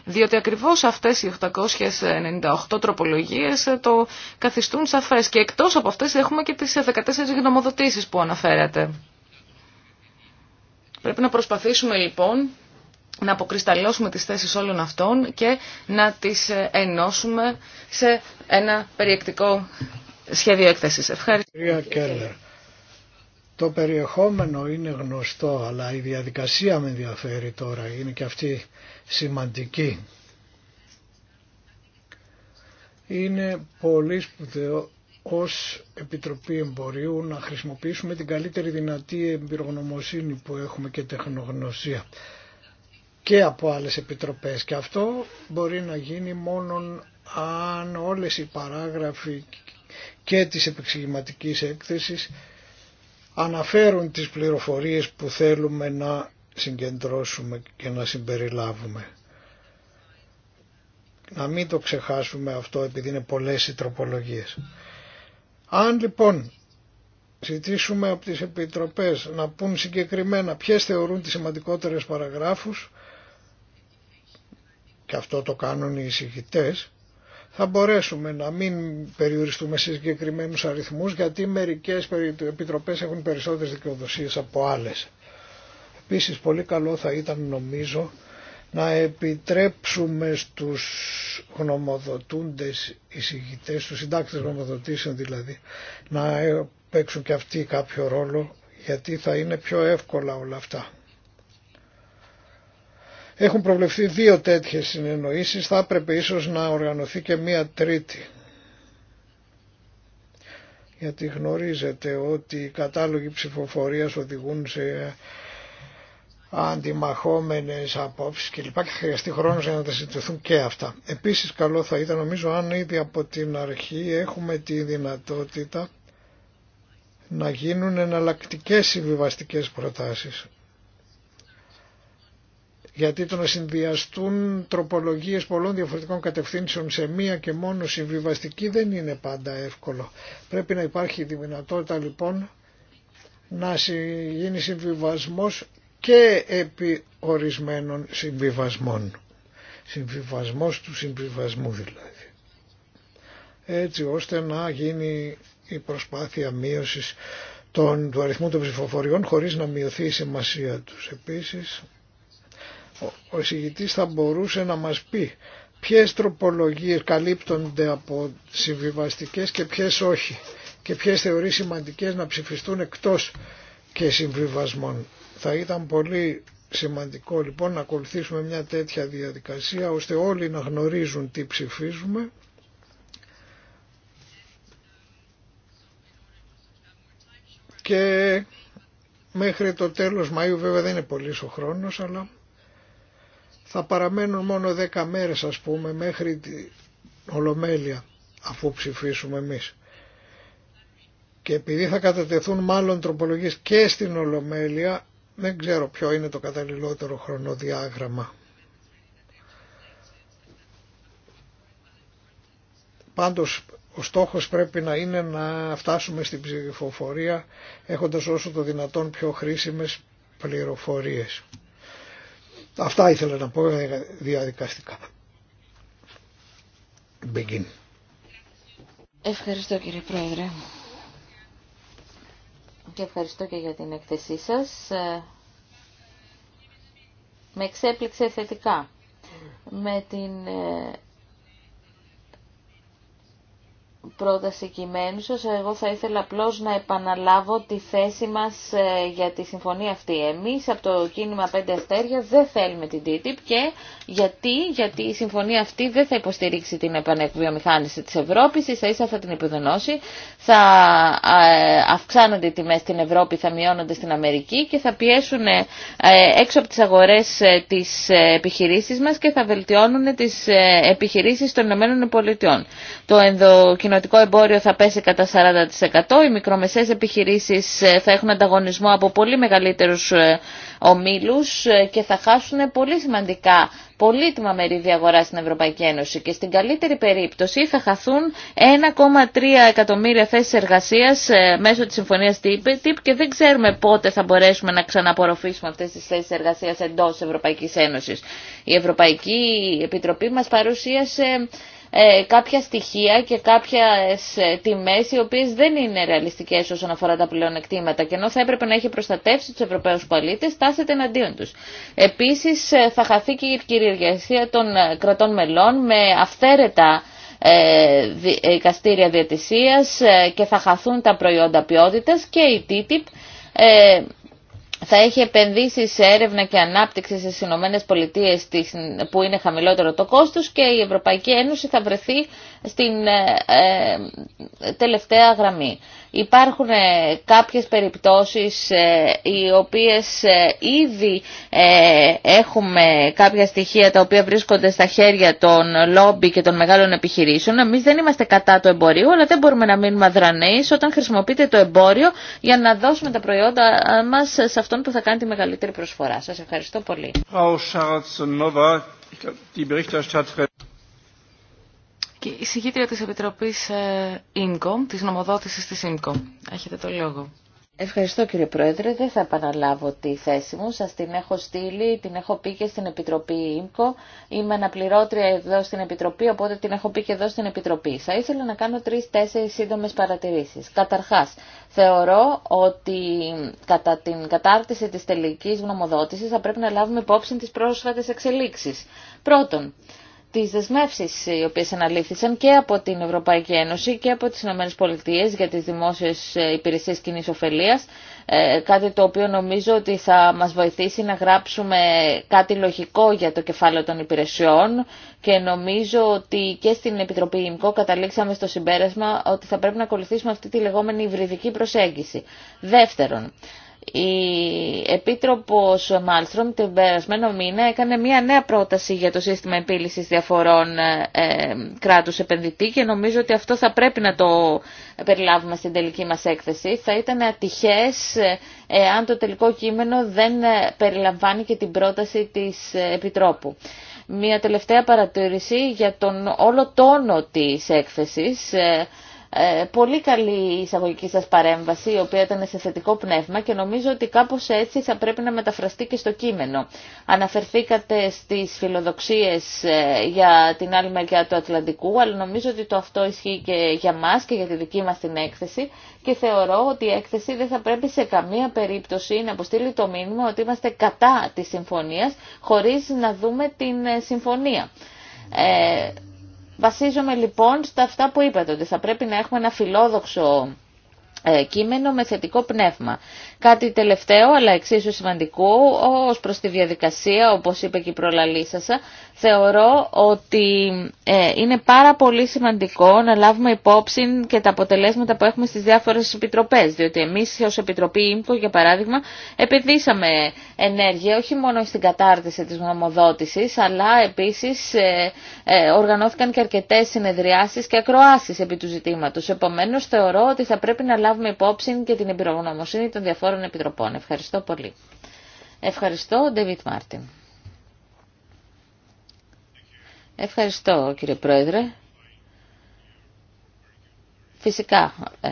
διότι ακριβώς αυτές οι 898 τροπολογίες ε, το καθιστούν σαφές και εκτός από αυτές έχουμε και τις 14 γνωμοδοτήσεις που αναφέρατε. Πρέπει να προσπαθήσουμε λοιπόν να αποκρισταλώσουμε τις θέσεις όλων αυτών και να τις ε, ενώσουμε σε ένα περιεκτικό σχέδιο έκθεση. Ευχαριστώ. Κυρία Κέλλερ, το περιεχόμενο είναι γνωστό, αλλά η διαδικασία με ενδιαφέρει τώρα, είναι και αυτή σημαντική. Είναι πολύ σπουδαίο ως Επιτροπή Εμπορίου να χρησιμοποιήσουμε την καλύτερη δυνατή εμπειρογνωμοσύνη που έχουμε και τεχνογνωσία και από άλλες επιτροπές και αυτό μπορεί να γίνει μόνο αν όλες οι παράγραφοι και της επεξηγηματικής έκθεσης αναφέρουν τις πληροφορίες που θέλουμε να συγκεντρώσουμε και να συμπεριλάβουμε. Να μην το ξεχάσουμε αυτό επειδή είναι πολλές οι τροπολογίες. Αν λοιπόν ζητήσουμε από τις επιτροπές να πούν συγκεκριμένα ποιες θεωρούν τις σημαντικότερες παραγράφους και αυτό το κάνουν οι εισηγητές θα μπορέσουμε να μην περιοριστούμε σε συγκεκριμένους αριθμούς γιατί μερικές επιτροπές έχουν περισσότερες δικαιοδοσίες από άλλες. Επίσης πολύ καλό θα ήταν νομίζω να επιτρέψουμε στους γνωμοδοτούντες εισηγητές, στους συντάκτες γνωμοδοτήσεων δηλαδή, να παίξουν και αυτοί κάποιο ρόλο γιατί θα είναι πιο εύκολα όλα αυτά. Έχουν προβλεφθεί δύο τέτοιες συνεννοήσεις, θα έπρεπε ίσως να οργανωθεί και μία τρίτη. Γιατί γνωρίζετε ότι οι κατάλογοι ψηφοφορίας οδηγούν σε αντιμαχόμενες απόψεις κλπ. Και θα χρειαστεί χρόνος για να τα συζητηθούν και αυτά. Επίσης καλό θα ήταν νομίζω αν ήδη από την αρχή έχουμε τη δυνατότητα να γίνουν εναλλακτικές συμβιβαστικές προτάσεις γιατί το να συνδυαστούν τροπολογίες πολλών διαφορετικών κατευθύνσεων σε μία και μόνο συμβιβαστική δεν είναι πάντα εύκολο. Πρέπει να υπάρχει η δυνατότητα λοιπόν να γίνει συμβιβασμός και επί ορισμένων συμβιβασμών. Συμβιβασμός του συμβιβασμού δηλαδή. Έτσι ώστε να γίνει η προσπάθεια μείωσης των, του αριθμού των ψηφοφοριών χωρίς να μειωθεί η σημασία τους. Επίσης ο εισηγητής θα μπορούσε να μας πει ποιες τροπολογίες καλύπτονται από συμβιβαστικές και ποιες όχι και ποιες θεωρεί σημαντικές να ψηφιστούν εκτός και συμβιβασμών. Θα ήταν πολύ σημαντικό λοιπόν να ακολουθήσουμε μια τέτοια διαδικασία ώστε όλοι να γνωρίζουν τι ψηφίζουμε και μέχρι το τέλος Μαΐου βέβαια δεν είναι πολύ ο χρόνος αλλά θα παραμένουν μόνο 10 μέρες ας πούμε μέχρι την Ολομέλεια αφού ψηφίσουμε εμείς. Και επειδή θα κατατεθούν μάλλον τροπολογίες και στην Ολομέλεια δεν ξέρω ποιο είναι το καταλληλότερο χρονοδιάγραμμα. Πάντως ο στόχος πρέπει να είναι να φτάσουμε στην ψηφοφορία έχοντας όσο το δυνατόν πιο χρήσιμες πληροφορίες. Αυτά ήθελα να πω ε, διαδικαστικά. Begin. Ευχαριστώ κύριε Πρόεδρε. Και ευχαριστώ και για την εκθεσή σας. Ε, με εξέπληξε θετικά. Με την ε, πρόταση κειμένου σας. Εγώ θα ήθελα απλώ να επαναλάβω τη θέση μας ε, για τη συμφωνία αυτή. Εμείς από το κίνημα 5 Αστέρια δεν θέλουμε την TTIP και γιατί, γιατί η συμφωνία αυτή δεν θα υποστηρίξει την επανεκβιομηχάνηση της Ευρώπης, ίσα ίσα θα την επιδονώσει, θα ε, αυξάνονται οι τιμές στην Ευρώπη, θα μειώνονται στην Αμερική και θα πιέσουν ε, έξω από τις αγορές τις επιχειρήσεις μας και θα βελτιώνουν τις επιχειρήσεις των ΗΠΑ. Το διατρανωτικό εμπόριο θα πέσει κατά 40%, οι μικρομεσαίες επιχειρήσεις ε, θα έχουν ανταγωνισμό από πολύ μεγαλύτερους ε, ομίλους ε, και θα χάσουν πολύ σημαντικά πολύτιμα μερίδια αγορά στην Ευρωπαϊκή Ένωση και στην καλύτερη περίπτωση θα χαθούν 1,3 εκατομμύρια θέσεις εργασίας μέσω της συμφωνίας TIP και δεν ξέρουμε πότε θα μπορέσουμε να ξαναπορροφήσουμε αυτές τις θέσεις εργασίας εντός Ευρωπαϊκής Ένωσης. Η Ευρωπαϊκή Επιτροπή μας παρουσίασε ε, κάποια στοιχεία και κάποιες ε, τιμές οι οποίες δεν είναι ρεαλιστικές όσον αφορά τα πλεονεκτήματα και ενώ θα έπρεπε να έχει προστατεύσει τους Ευρωπαίους πολίτες, τάσεται εναντίον τους. Επίσης ε, θα χαθεί και η κυριαρχία των κρατών μελών με αυθαίρετα δικαστήρια διατησίας και θα χαθούν τα προϊόντα ποιότητας και η TTIP θα έχει επενδύσει σε έρευνα και ανάπτυξη στις Ηνωμένε Πολιτείες που είναι χαμηλότερο το κόστος και η Ευρωπαϊκή Ένωση θα βρεθεί στην ε, ε, τελευταία γραμμή. Υπάρχουν ε, κάποιες περιπτώσεις οι οποίες ήδη έχουμε κάποια στοιχεία τα οποία βρίσκονται στα χέρια των λόμπι και των μεγάλων επιχειρήσεων. Εμείς δεν είμαστε κατά το εμπορίου, αλλά δεν μπορούμε να μείνουμε αδρανείς όταν χρησιμοποιείται το εμπόριο για να δώσουμε τα προϊόντα μας σε αυτόν που θα κάνει τη μεγαλύτερη προσφορά. Σας ευχαριστώ πολύ. Και η συγκήτρια της Επιτροπής ΙΝΚΟ, ε, της νομοδότησης της ΙΝΚΟ. Έχετε το λόγο. Ευχαριστώ κύριε Πρόεδρε. Δεν θα επαναλάβω τη θέση μου. Σας την έχω στείλει, την έχω πει και στην Επιτροπή ΙΜΚΟ. Είμαι αναπληρώτρια εδώ στην Επιτροπή, οπότε την έχω πει και εδώ στην Επιτροπή. Θα ήθελα να κάνω τρεις-τέσσερις σύντομες παρατηρήσεις. Καταρχάς, θεωρώ ότι κατά την κατάρτιση της τελικής γνωμοδότησης θα πρέπει να λάβουμε υπόψη τις πρόσφατες εξελίξεις. Πρώτον, τις δεσμεύσεις οι οποίες αναλήφθησαν και από την Ευρωπαϊκή Ένωση και από τις ΗΠΑ για τις δημόσιες ε, υπηρεσίες κοινή ωφελίας, ε, κάτι το οποίο νομίζω ότι θα μας βοηθήσει να γράψουμε κάτι λογικό για το κεφάλαιο των υπηρεσιών και νομίζω ότι και στην Επιτροπή ΙΜΚΟ καταλήξαμε στο συμπέρασμα ότι θα πρέπει να ακολουθήσουμε αυτή τη λεγόμενη υβριδική προσέγγιση. Δεύτερον, η Επίτροπος Μάλστρομ την περασμένο μήνα έκανε μια νέα πρόταση για το σύστημα επίλυσης διαφορών ε, ε, κράτους επενδυτή και νομίζω ότι αυτό θα πρέπει να το περιλάβουμε στην τελική μας έκθεση. Θα ήταν ατυχές εάν το τελικό κείμενο δεν ε, περιλαμβάνει και την πρόταση της ε, Επιτρόπου. Μια τελευταία παρατήρηση για τον όλο τόνο της έκθεσης. Ε, πολύ καλή η εισαγωγική σας παρέμβαση, η οποία ήταν σε θετικό πνεύμα και νομίζω ότι κάπως έτσι θα πρέπει να μεταφραστεί και στο κείμενο. Αναφερθήκατε στις φιλοδοξίες ε, για την άλλη μεριά του Ατλαντικού, αλλά νομίζω ότι το αυτό ισχύει και για μας και για τη δική μας την έκθεση και θεωρώ ότι η έκθεση δεν θα πρέπει σε καμία περίπτωση να αποστείλει το μήνυμα ότι είμαστε κατά της συμφωνίας χωρίς να δούμε την ε, συμφωνία. Ε, Βασίζομαι λοιπόν στα αυτά που είπατε, ότι θα πρέπει να έχουμε ένα φιλόδοξο ε, κείμενο με θετικό πνεύμα. Κάτι τελευταίο, αλλά εξίσου σημαντικό, ως προς τη διαδικασία, όπως είπε και η προλαλήσασα, θεωρώ ότι ε, είναι πάρα πολύ σημαντικό να λάβουμε υπόψη και τα αποτελέσματα που έχουμε στις διάφορες επιτροπές, διότι εμείς ως Επιτροπή ΙΜΚΟ, για παράδειγμα, επενδύσαμε ενέργεια όχι μόνο στην κατάρτιση της γνωμοδότησης, αλλά επίσης ε, ε, οργανώθηκαν και αρκετές συνεδριάσεις και ακροάσεις επί του ζητήματος. Επομένως, θεωρώ ότι θα πρέπει να λάβουμε υπόψη και την εμπειρογνωμοσύνη των διαφόρων επιτροπών. Ευχαριστώ πολύ. Ευχαριστώ, Ντεβιτ Μάρτιν. Ευχαριστώ, κύριε Πρόεδρε. Φυσικά, ε,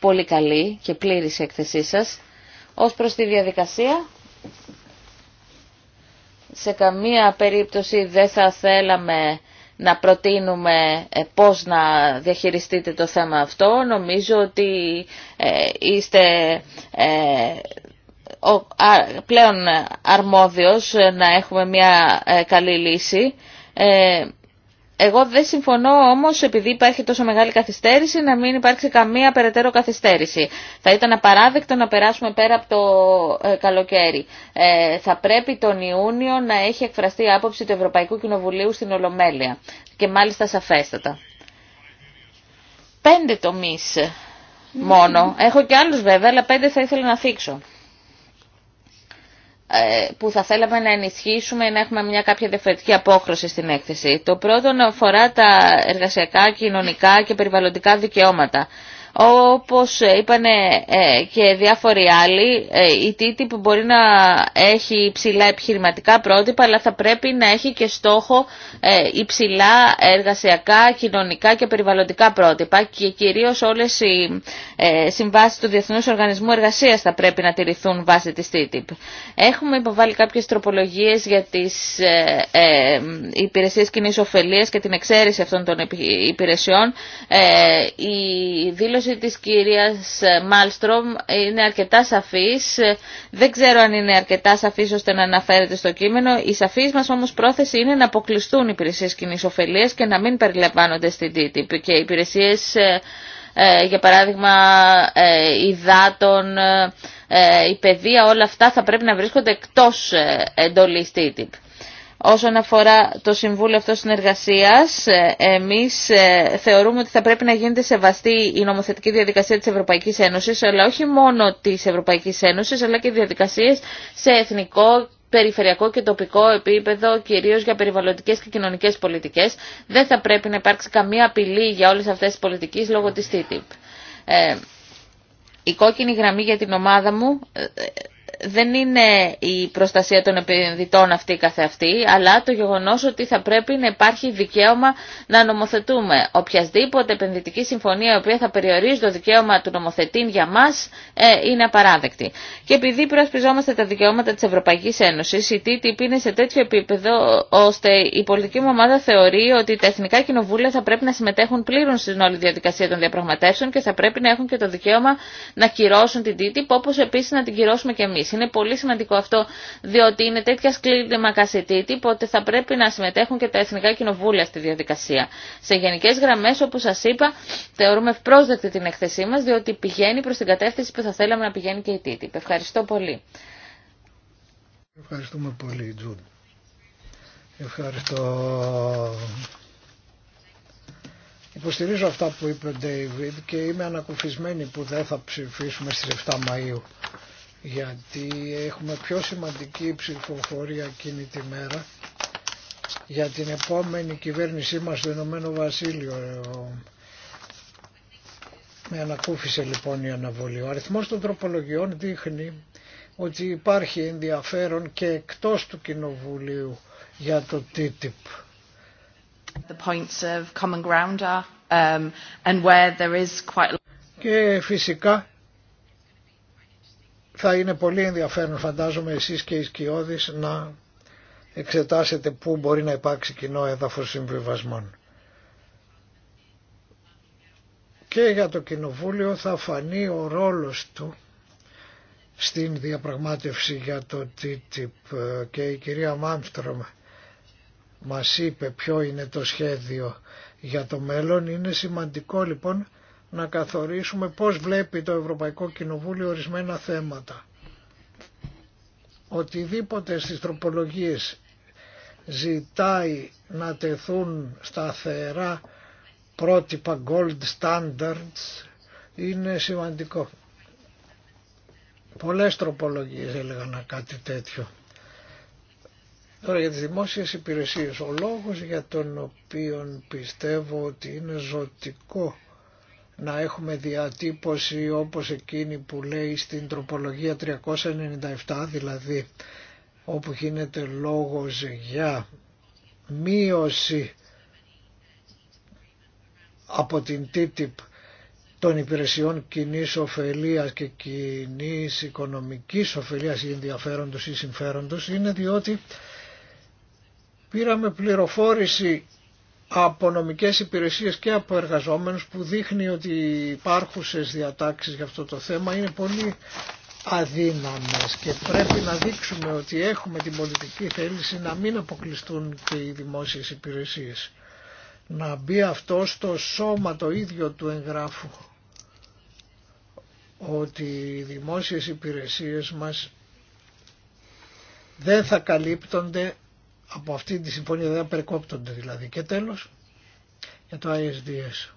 πολύ καλή και πλήρης η έκθεσή σας. Ως προς τη διαδικασία, σε καμία περίπτωση δεν θα θέλαμε να προτείνουμε ε, πώς να διαχειριστείτε το θέμα αυτό. Νομίζω ότι ε, είστε ε, πλέον αρμόδιος να έχουμε μια καλή λύση. Εγώ δεν συμφωνώ όμως επειδή υπάρχει τόσο μεγάλη καθυστέρηση να μην υπάρξει καμία περαιτέρω καθυστέρηση. Θα ήταν απαράδεκτο να περάσουμε πέρα από το ε, καλοκαίρι. Ε, θα πρέπει τον Ιούνιο να έχει εκφραστεί άποψη του Ευρωπαϊκού Κοινοβουλίου στην Ολομέλεια και μάλιστα σαφέστατα. Πέντε τομείς μόνο. Ναι. Έχω και άλλους βέβαια αλλά πέντε θα ήθελα να θίξω. Ε, που θα θέλαμε να ενισχύσουμε να έχουμε μια κάποια διαφορετική απόχρωση στην έκθεση. Το πρώτο αφορά τα εργασιακά, κοινωνικά και περιβαλλοντικά δικαιώματα. Όπως είπαν ε, και διάφοροι άλλοι, ε, η TTIP μπορεί να έχει υψηλά επιχειρηματικά πρότυπα, αλλά θα πρέπει να έχει και στόχο ε, υψηλά εργασιακά, κοινωνικά και περιβαλλοντικά πρότυπα και κυρίως όλες οι συμβάσεις του Διεθνούς Οργανισμού Εργασίας θα πρέπει να τηρηθούν βάσει της TTIP. Έχουμε υποβάλει κάποιες τροπολογίες για τις υπηρεσίες κοινή ωφελία και την εξαίρεση αυτών των υπηρεσιών. Η δήλωση της κυρίας ε, Μάλστρομ είναι αρκετά σαφής. Ε, δεν ξέρω αν είναι αρκετά σαφής ώστε να αναφέρεται στο κείμενο. Η σαφής μας όμως πρόθεση είναι να αποκλειστούν οι υπηρεσίες κοινής ωφελίας και να μην περιλαμβάνονται στην TTIP. Και οι υπηρεσίες, ε, για παράδειγμα, υδάτων, η παιδεία, όλα αυτά θα πρέπει να βρίσκονται εκτός εντολής TTIP. Όσον αφορά το Συμβούλιο αυτό συνεργασίας, ε, εμείς ε, θεωρούμε ότι θα πρέπει να γίνεται σεβαστή η νομοθετική διαδικασία της Ευρωπαϊκής Ένωσης, αλλά όχι μόνο της Ευρωπαϊκής Ένωσης, αλλά και διαδικασίες σε εθνικό περιφερειακό και τοπικό επίπεδο, κυρίως για περιβαλλοντικές και κοινωνικές πολιτικές. Δεν θα πρέπει να υπάρξει καμία απειλή για όλες αυτές τις πολιτικές λόγω της TTIP. Ε, η κόκκινη γραμμή για την ομάδα μου ε, δεν είναι η προστασία των επενδυτών αυτή καθεαυτή, αλλά το γεγονός ότι θα πρέπει να υπάρχει δικαίωμα να νομοθετούμε. Οποιασδήποτε επενδυτική συμφωνία η οποία θα περιορίζει το δικαίωμα του νομοθετή για μας ε, είναι απαράδεκτη. Και επειδή προασπιζόμαστε τα δικαιώματα της Ευρωπαϊκής Ένωσης, η TTIP είναι σε τέτοιο επίπεδο ώστε η πολιτική μου ομάδα θεωρεί ότι τα εθνικά κοινοβούλια θα πρέπει να συμμετέχουν πλήρως στην όλη διαδικασία των διαπραγματεύσεων και θα πρέπει να έχουν και το δικαίωμα να κυρώσουν την TTIP όπως επίσης να την κυρώσουμε και εμείς. Είναι πολύ σημαντικό αυτό, διότι είναι τέτοια κλίμακα σε ότι θα πρέπει να συμμετέχουν και τα εθνικά κοινοβούλια στη διαδικασία. Σε γενικέ γραμμέ, όπω σα είπα, θεωρούμε ευπρόσδεκτη την εκθεσή μα, διότι πηγαίνει προ την κατεύθυνση που θα θέλαμε να πηγαίνει και η Τίτη. Ευχαριστώ πολύ. Ευχαριστούμε πολύ, Τζούν. Ευχαριστώ. Υποστηρίζω αυτά που είπε ο Ντέιβιντ και είμαι ανακουφισμένη που δεν θα ψηφίσουμε στις 7 Μαΐου γιατί έχουμε πιο σημαντική ψηφοφορία εκείνη τη μέρα για την επόμενη κυβέρνησή μας στο Ηνωμένο Βασίλειο. Με ανακούφισε λοιπόν η αναβολή. Ο αριθμός των τροπολογιών δείχνει ότι υπάρχει ενδιαφέρον και εκτός του Κοινοβουλίου για το TTIP. The of um, where there Και φυσικά θα είναι πολύ ενδιαφέρον φαντάζομαι εσείς και οι σκιώδεις να εξετάσετε πού μπορεί να υπάρξει κοινό έδαφος συμβιβασμών. Και για το Κοινοβούλιο θα φανεί ο ρόλος του στην διαπραγμάτευση για το TTIP και η κυρία Μάμστρομ μας είπε ποιο είναι το σχέδιο για το μέλλον. Είναι σημαντικό λοιπόν να καθορίσουμε πώς βλέπει το Ευρωπαϊκό Κοινοβούλιο ορισμένα θέματα. Οτιδήποτε στις τροπολογίες ζητάει να τεθούν σταθερά πρότυπα gold standards είναι σημαντικό. Πολλές τροπολογίες έλεγαν κάτι τέτοιο. Τώρα για τις δημόσιες υπηρεσίες, ο λόγος για τον οποίο πιστεύω ότι είναι ζωτικό να έχουμε διατύπωση όπως εκείνη που λέει στην τροπολογία 397 δηλαδή όπου γίνεται λόγος για μείωση από την TTIP των υπηρεσιών κοινή ωφελία και κοινή οικονομικής ωφελία ή ενδιαφέροντος ή συμφέροντος είναι διότι πήραμε πληροφόρηση από νομικές υπηρεσίες και από εργαζόμενους που δείχνει ότι υπάρχουσες διατάξεις για αυτό το θέμα είναι πολύ αδύναμες και πρέπει να δείξουμε ότι έχουμε την πολιτική θέληση να μην αποκλειστούν και οι δημόσιες υπηρεσίες. Να μπει αυτό στο σώμα το ίδιο του εγγράφου ότι οι δημόσιες υπηρεσίες μας δεν θα καλύπτονται από αυτή τη συμφωνία δεν περικόπτονται δηλαδή. Και τέλος για το ISDS.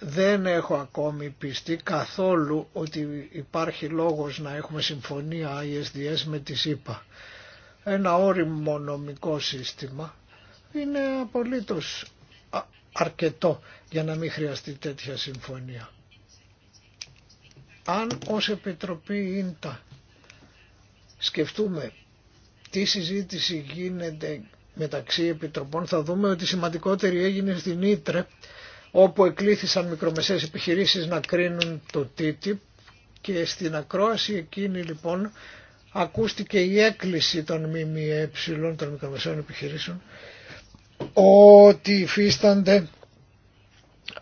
Δεν έχω ακόμη πιστεί καθόλου ότι υπάρχει λόγος να έχουμε συμφωνία ISDS με τη ΣΥΠΑ. Ένα όριμο νομικό σύστημα είναι απολύτως αρκετό για να μην χρειαστεί τέτοια συμφωνία. Αν ως Επιτροπή ΙΝΤΑ σκεφτούμε τι συζήτηση γίνεται μεταξύ επιτροπών θα δούμε ότι σημαντικότερη έγινε στην Ήτρε όπου εκλήθησαν μικρομεσαίες επιχειρήσεις να κρίνουν το TTIP και στην ακρόαση εκείνη λοιπόν ακούστηκε η έκκληση των ΜΜΕ των μικρομεσαίων επιχειρήσεων ότι υφίστανται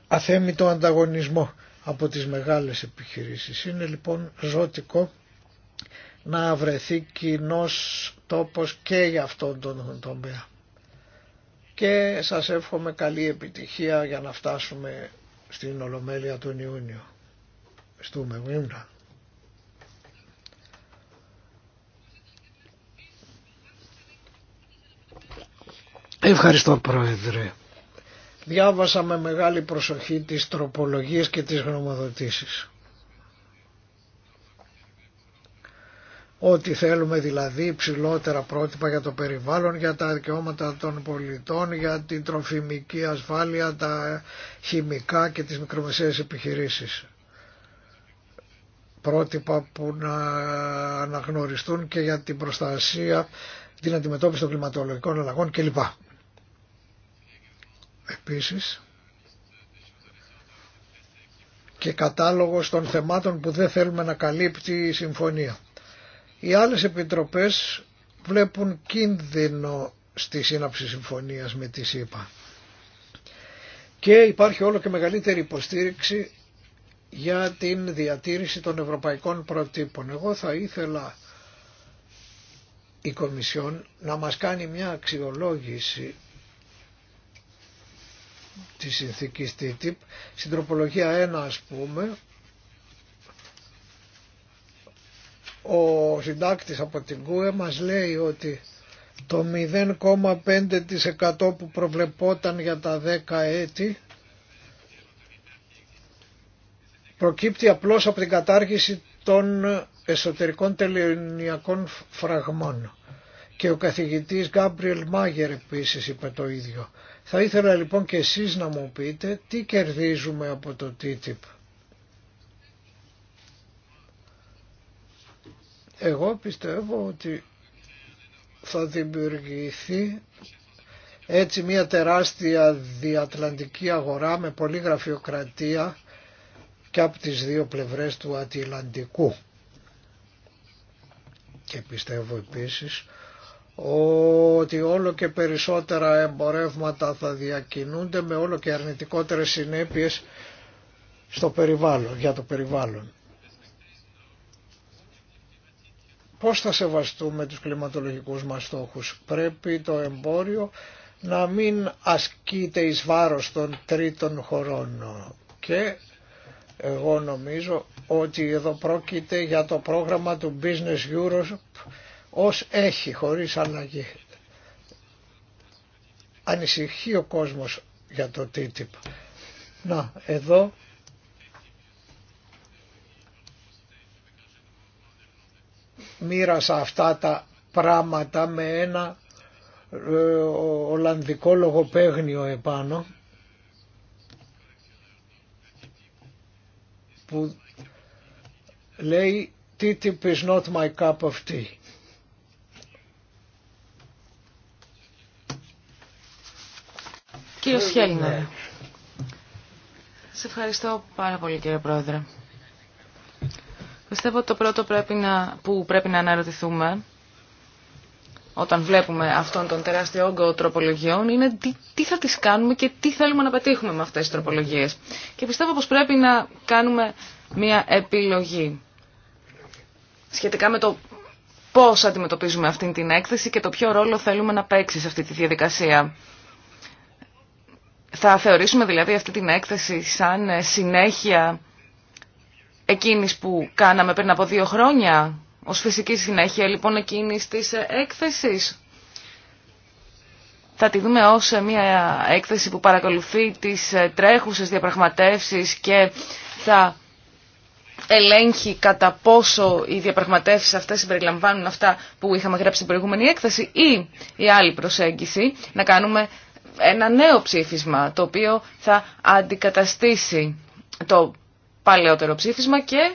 αθέμητο ανταγωνισμό από τις μεγάλες επιχειρήσεις. Είναι λοιπόν ζωτικό να βρεθεί κοινό τόπος και για αυτόν τον τομέα. Και σας εύχομαι καλή επιτυχία για να φτάσουμε στην Ολομέλεια του Ιούνιο. Στούμε Βίμνα. Ευχαριστώ Πρόεδρε. Διάβασα με μεγάλη προσοχή τις τροπολογίες και τις γνωμοδοτήσεις. ότι θέλουμε δηλαδή ψηλότερα πρότυπα για το περιβάλλον, για τα δικαιώματα των πολιτών, για την τροφιμική ασφάλεια, τα χημικά και τις μικρομεσαίες επιχειρήσεις. Πρότυπα που να αναγνωριστούν και για την προστασία, την αντιμετώπιση των κλιματολογικών αλλαγών κλπ. Επίσης, και κατάλογος των θεμάτων που δεν θέλουμε να καλύπτει η συμφωνία. Οι άλλες επιτροπές βλέπουν κίνδυνο στη σύναψη συμφωνίας με τη ΣΥΠΑ. Και υπάρχει όλο και μεγαλύτερη υποστήριξη για την διατήρηση των ευρωπαϊκών προτύπων. Εγώ θα ήθελα η Κομισιόν να μας κάνει μια αξιολόγηση της συνθήκης TTIP στην τροπολογία 1 ας πούμε Ο συντάκτης από την ΚΟΕ μας λέει ότι το 0,5% που προβλεπόταν για τα 10 έτη προκύπτει απλώς από την κατάργηση των εσωτερικών τελειωνιακών φραγμών. Και ο καθηγητής Γκάμπριελ Μάγερ επίσης είπε το ίδιο. Θα ήθελα λοιπόν και εσείς να μου πείτε τι κερδίζουμε από το TTIP. Εγώ πιστεύω ότι θα δημιουργηθεί έτσι μια τεράστια διατλαντική αγορά με πολλή γραφειοκρατία και από τις δύο πλευρές του Ατλαντικού. Και πιστεύω επίσης ότι όλο και περισσότερα εμπορεύματα θα διακινούνται με όλο και αρνητικότερες συνέπειες στο περιβάλλον, για το περιβάλλον. Πώς θα σεβαστούμε τους κλιματολογικούς μας στόχους. Πρέπει το εμπόριο να μην ασκείται εις βάρος των τρίτων χωρών. Και εγώ νομίζω ότι εδώ πρόκειται για το πρόγραμμα του Business Europe ως έχει, χωρίς αλλαγή. Ανησυχεί ο κόσμος για το TTIP. Να, εδώ μοίρασα αυτά τα πράγματα με ένα ε, Ολλανδικό λογοπαίγνιο επάνω που λέει TTIP is not my cup of tea. Κύριε σε ευχαριστώ πάρα πολύ κύριε Πρόεδρε. Πιστεύω ότι το πρώτο πρέπει να, που πρέπει να αναρωτηθούμε όταν βλέπουμε αυτόν τον τεράστιο όγκο τροπολογιών είναι τι, τι θα τις κάνουμε και τι θέλουμε να πετύχουμε με αυτές τις τροπολογίες. Και πιστεύω πως πρέπει να κάνουμε μια επιλογή σχετικά με το πώς αντιμετωπίζουμε αυτή την έκθεση και το ποιο ρόλο θέλουμε να παίξει σε αυτή τη διαδικασία. Θα θεωρήσουμε δηλαδή αυτή την έκθεση σαν συνέχεια εκείνης που κάναμε πριν από δύο χρόνια, ως φυσική συνέχεια λοιπόν εκείνης της ε, έκθεσης. Θα τη δούμε ως ε, μια έκθεση που παρακολουθεί τις ε, τρέχουσες διαπραγματεύσεις και θα ελέγχει κατά πόσο οι διαπραγματεύσεις αυτές συμπεριλαμβάνουν αυτά που είχαμε γράψει στην προηγούμενη έκθεση ή η άλλη προσέγγιση να κάνουμε ένα νέο ψήφισμα το οποίο θα αντικαταστήσει το παλαιότερο ψήφισμα και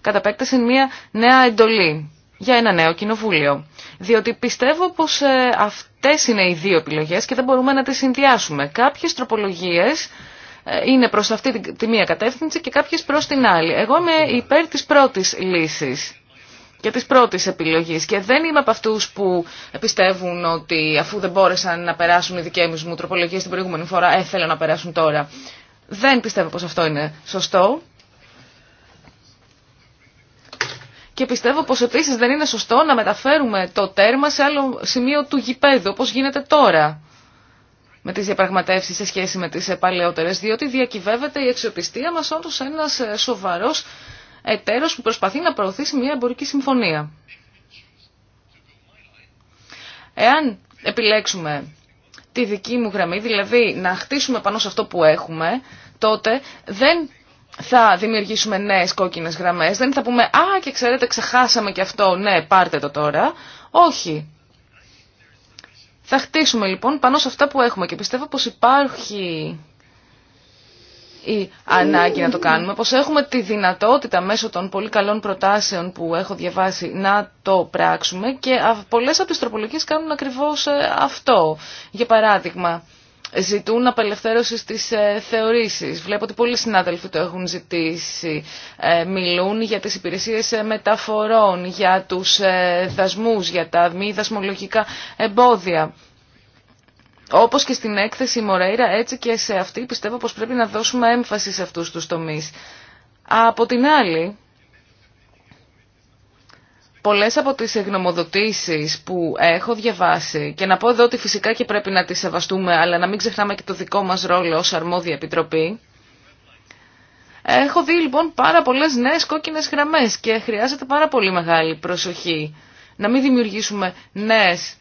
κατά μια νέα εντολή για ένα νέο κοινοβούλιο. Διότι πιστεύω πως ε, αυτές είναι οι δύο επιλογές και δεν μπορούμε να τις συνδυάσουμε. Κάποιες τροπολογίες ε, είναι προς αυτή τη μία κατεύθυνση και κάποιες προς την άλλη. Εγώ είμαι υπέρ της πρώτης λύσης και της πρώτης επιλογής και δεν είμαι από αυτούς που πιστεύουν ότι αφού δεν μπόρεσαν να περάσουν οι δικές μου τροπολογίες την προηγούμενη φορά, ε, να περάσουν τώρα. Δεν πιστεύω πως αυτό είναι σωστό. Και πιστεύω πως επίσης δεν είναι σωστό να μεταφέρουμε το τέρμα σε άλλο σημείο του γηπέδου, όπως γίνεται τώρα με τις διαπραγματεύσεις σε σχέση με τις παλαιότερες, διότι διακυβεύεται η αξιοπιστία μας όντως ένας ε, σοβαρός εταίρος που προσπαθεί να προωθήσει μια εμπορική συμφωνία. Εάν επιλέξουμε τη δική μου γραμμή, δηλαδή να χτίσουμε πάνω σε αυτό που έχουμε, τότε δεν θα δημιουργήσουμε νέες κόκκινες γραμμές, δεν θα πούμε «Α, και ξέρετε, ξεχάσαμε και αυτό, ναι, πάρτε το τώρα». Όχι. Θα χτίσουμε λοιπόν πάνω σε αυτά που έχουμε και πιστεύω πως υπάρχει η ανάγκη να το κάνουμε, πως έχουμε τη δυνατότητα μέσω των πολύ καλών προτάσεων που έχω διαβάσει να το πράξουμε και πολλές από τις τροπολογίες κάνουν ακριβώς ε, αυτό. Για παράδειγμα, ζητούν απελευθέρωση στις ε, θεωρήσεις. Βλέπω ότι πολλοί συνάδελφοι το έχουν ζητήσει. Ε, μιλούν για τις υπηρεσίες ε, μεταφορών, για τους δασμούς, για τα μη δασμολογικά εμπόδια. Όπως και στην έκθεση Μορέιρα, έτσι και σε αυτή πιστεύω πως πρέπει να δώσουμε έμφαση σε αυτούς τους τομείς. Από την άλλη, πολλές από τις εγνωμοδοτήσεις που έχω διαβάσει και να πω εδώ ότι φυσικά και πρέπει να τις σεβαστούμε αλλά να μην ξεχνάμε και το δικό μας ρόλο ως αρμόδια επιτροπή έχω δει λοιπόν πάρα πολλές νέες κόκκινες γραμμές και χρειάζεται πάρα πολύ μεγάλη προσοχή να μην δημιουργήσουμε νέες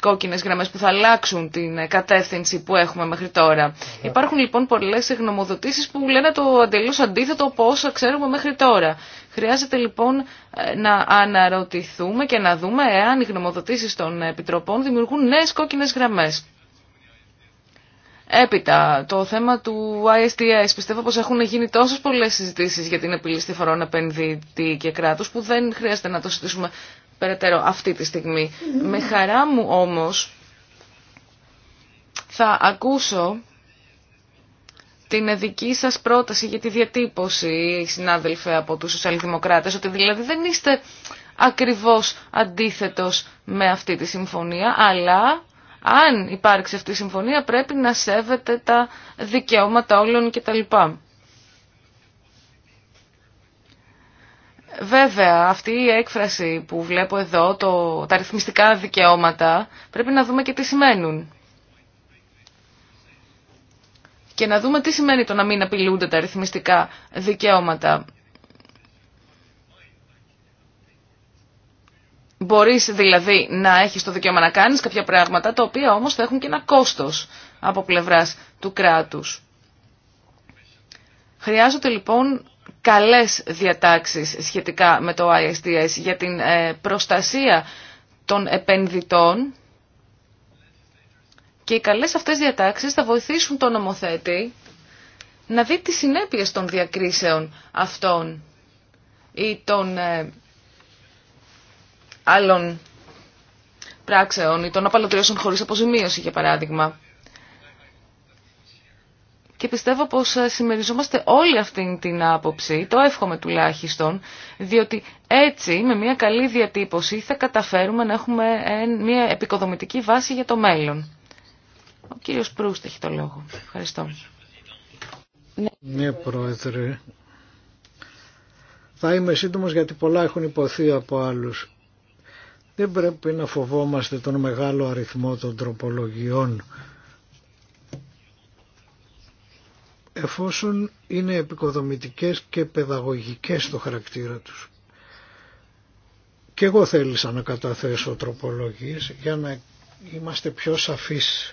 κόκκινες γραμμές που θα αλλάξουν την κατεύθυνση που έχουμε μέχρι τώρα. Υπάρχουν λοιπόν πολλές εγνωμοδοτήσεις που λένε το αντελώς αντίθετο από όσα ξέρουμε μέχρι τώρα. Χρειάζεται λοιπόν ε, να αναρωτηθούμε και να δούμε εάν οι γνωμοδοτήσει των επιτροπών δημιουργούν νέες κόκκινες γραμμές. Έπειτα, το θέμα του ISDS. Πιστεύω πως έχουν γίνει τόσες πολλές συζητήσεις για την επιλύστη φορών επενδυτή και κράτους που δεν χρειάζεται να το συζητήσουμε περαιτέρω αυτή τη στιγμή. Με χαρά μου όμως θα ακούσω την δική σας πρόταση για τη διατύπωση, συνάδελφε από τους σοσιαλδημοκράτες, ότι δηλαδή δεν είστε ακριβώς αντίθετος με αυτή τη συμφωνία, αλλά αν υπάρξει αυτή η συμφωνία πρέπει να σέβεται τα δικαιώματα όλων κτλ. Βέβαια, αυτή η έκφραση που βλέπω εδώ, το, τα ρυθμιστικά δικαιώματα, πρέπει να δούμε και τι σημαίνουν και να δούμε τι σημαίνει το να μην απειλούνται τα ρυθμιστικά δικαιώματα. Μπορεί δηλαδή να έχει το δικαίωμα να κάνει κάποια πράγματα τα οποία όμως θα έχουν και ένα κόστος από πλευρά του κράτους. Χρειάζονται λοιπόν καλές διατάξεις σχετικά με το ISDS για την ε, προστασία των επενδυτών και οι καλές αυτές διατάξεις θα βοηθήσουν τον νομοθέτη να δει τις συνέπειες των διακρίσεων αυτών ή των ε, άλλων πράξεων ή των απαλωτριώσεων χωρίς αποζημίωση, για παράδειγμα. Και πιστεύω πως ε, συμμεριζόμαστε όλη αυτή την άποψη, το εύχομαι τουλάχιστον, διότι έτσι με μια καλή διατύπωση θα καταφέρουμε να έχουμε ε, μια επικοδομητική βάση για το μέλλον. Ο κύριος Προύστ έχει το λόγο. Ευχαριστώ. Ναι. ναι, Πρόεδρε. Θα είμαι σύντομος γιατί πολλά έχουν υποθεί από άλλους. Δεν πρέπει να φοβόμαστε τον μεγάλο αριθμό των τροπολογιών. εφόσον είναι επικοδομητικές και παιδαγωγικές στο χαρακτήρα τους. Και εγώ θέλησα να καταθέσω τροπολογίες για να είμαστε πιο σαφείς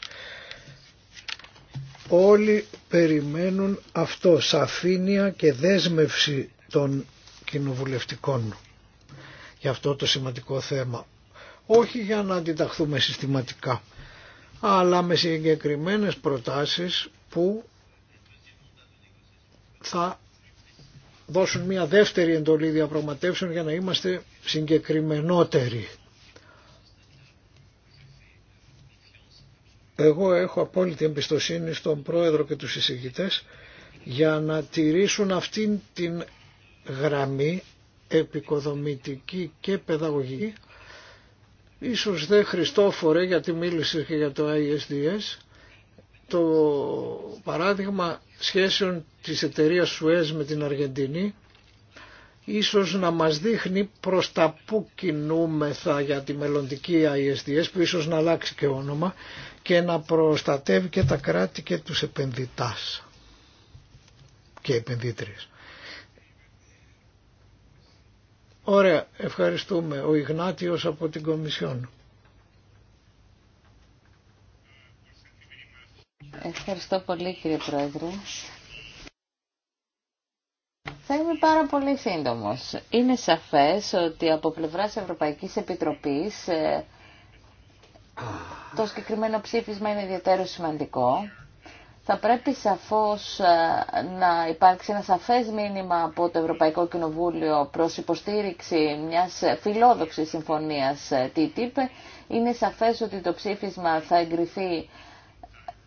Όλοι περιμένουν αυτό, σαφήνεια και δέσμευση των κοινοβουλευτικών για αυτό το σημαντικό θέμα. Όχι για να αντιταχθούμε συστηματικά, αλλά με συγκεκριμένες προτάσεις που θα δώσουν μια δεύτερη εντολή διαπραγματεύσεων για να είμαστε συγκεκριμενότεροι. Εγώ έχω απόλυτη εμπιστοσύνη στον πρόεδρο και τους εισηγητές για να τηρήσουν αυτήν την γραμμή επικοδομητική και παιδαγωγική. Ίσως δεν Χριστόφορε γιατί μίλησε και για το ISDS. Το παράδειγμα σχέσεων της εταιρείας Σουέζ με την Αργεντινή ίσως να μας δείχνει προς τα που κινούμεθα για τη μελλοντική ISDS που ίσως να αλλάξει και όνομα και να προστατεύει και τα κράτη και τους επενδυτάς και επενδύτριες. Ωραία, ευχαριστούμε. Ο Ιγνάτιος από την Κομισιόν. Ευχαριστώ πολύ κύριε Πρόεδρε. Θα είμαι πάρα πολύ σύντομος. Είναι σαφές ότι από πλευράς Ευρωπαϊκής Επιτροπής ε, το συγκεκριμένο ψήφισμα είναι ιδιαίτερο σημαντικό. Θα πρέπει σαφώς ε, να υπάρξει ένα σαφές μήνυμα από το Ευρωπαϊκό Κοινοβούλιο προς υποστήριξη μιας φιλόδοξης συμφωνίας ε, TTIP. Είναι σαφές ότι το ψήφισμα θα εγκριθεί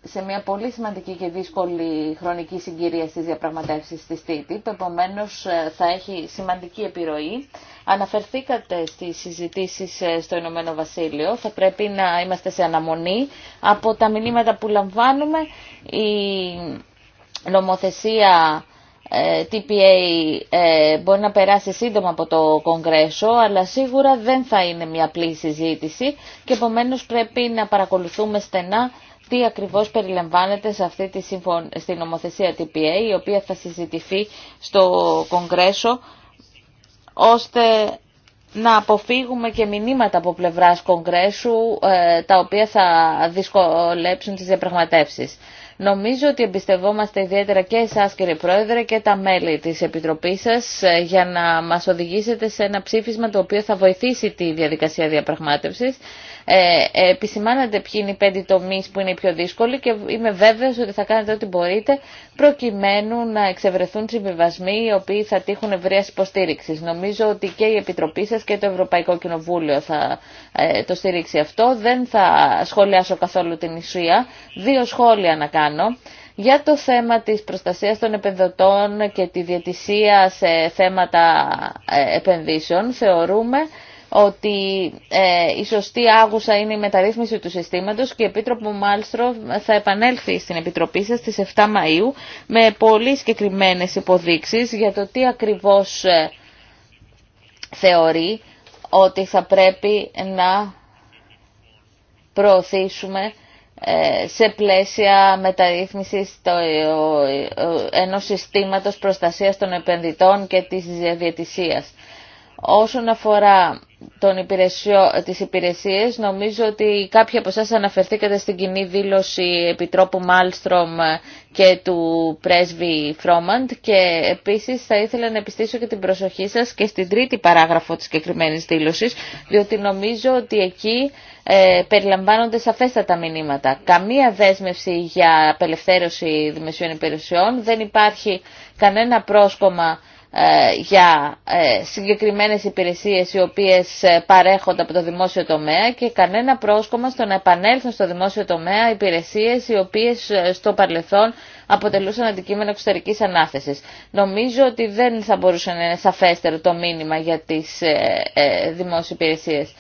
σε μια πολύ σημαντική και δύσκολη χρονική συγκυρία στις διαπραγματεύσεις της ΤΤΙΠ, επομένως ε, θα έχει σημαντική επιρροή. Αναφερθήκατε στις συζητήσεις ε, στο Ηνωμένο Βασίλειο, θα πρέπει να είμαστε σε αναμονή. Από τα μηνύματα που λαμβάνουμε, η νομοθεσία ε, TPA μπορεί να περάσει σύντομα από το Κογκρέσο, αλλά σίγουρα δεν θα είναι μια απλή συζήτηση και επομένως πρέπει να παρακολουθούμε στενά τι ακριβώς περιλαμβάνεται σε αυτή τη συμφων... στην νομοθεσία TPA, η οποία θα συζητηθεί στο Κογκρέσο, ώστε να αποφύγουμε και μηνύματα από πλευράς Κογκρέσου, ε, τα οποία θα δυσκολέψουν τις διαπραγματεύσεις. Νομίζω ότι εμπιστευόμαστε ιδιαίτερα και εσά κύριε Πρόεδρε και τα μέλη της Επιτροπής σας ε, για να μας οδηγήσετε σε ένα ψήφισμα το οποίο θα βοηθήσει τη διαδικασία διαπραγμάτευσης ε, επισημάνατε ποιοι είναι οι πέντε τομεί που είναι οι πιο δύσκολοι και είμαι βέβαιος ότι θα κάνετε ό,τι μπορείτε προκειμένου να εξευρεθούν συμβιβασμοί οι οποίοι θα τύχουν ευρεία υποστήριξη. Νομίζω ότι και η Επιτροπή σας και το Ευρωπαϊκό Κοινοβούλιο θα ε, το στηρίξει αυτό. Δεν θα σχολιάσω καθόλου την ισουία. Δύο σχόλια να κάνω. Για το θέμα της προστασίας των επενδυτών και τη διατησία σε θέματα ε, επενδύσεων θεωρούμε ότι ε, η σωστή άγουσα είναι η μεταρρύθμιση του συστήματος και η Επίτροπο Μάλστρο θα επανέλθει στην Επιτροπή σας στις 7 Μαΐου με πολύ συγκεκριμένες υποδείξεις για το τι ακριβώς ε, θεωρεί ότι θα πρέπει να προωθήσουμε ε, σε πλαίσια μεταρρύθμισης ενός συστήματος προστασίας των επενδυτών και της διαδιαιτησίας. Όσον αφορά των υπηρεσιο... τις υπηρεσίες. Νομίζω ότι κάποιοι από εσάς αναφερθήκατε στην κοινή δήλωση Επιτρόπου Μάλστρομ και του πρέσβη Φρόμαντ και επίσης θα ήθελα να επιστήσω και την προσοχή σας και στην τρίτη παράγραφο της συγκεκριμένη δήλωσης διότι νομίζω ότι εκεί ε, περιλαμβάνονται σαφέστατα μηνύματα. Καμία δέσμευση για απελευθέρωση δημοσίων υπηρεσιών, δεν υπάρχει κανένα πρόσκομα ε, για ε, συγκεκριμένες υπηρεσίες οι οποίες ε, παρέχονται από το δημόσιο τομέα και κανένα πρόσκομα στο να επανέλθουν στο δημόσιο τομέα υπηρεσίες οι οποίες στο παρελθόν αποτελούσαν αντικείμενο εξωτερικής ανάθεσης. Νομίζω ότι δεν θα μπορούσε να είναι σαφέστερο το μήνυμα για τις δημόσιες υπηρεσίες.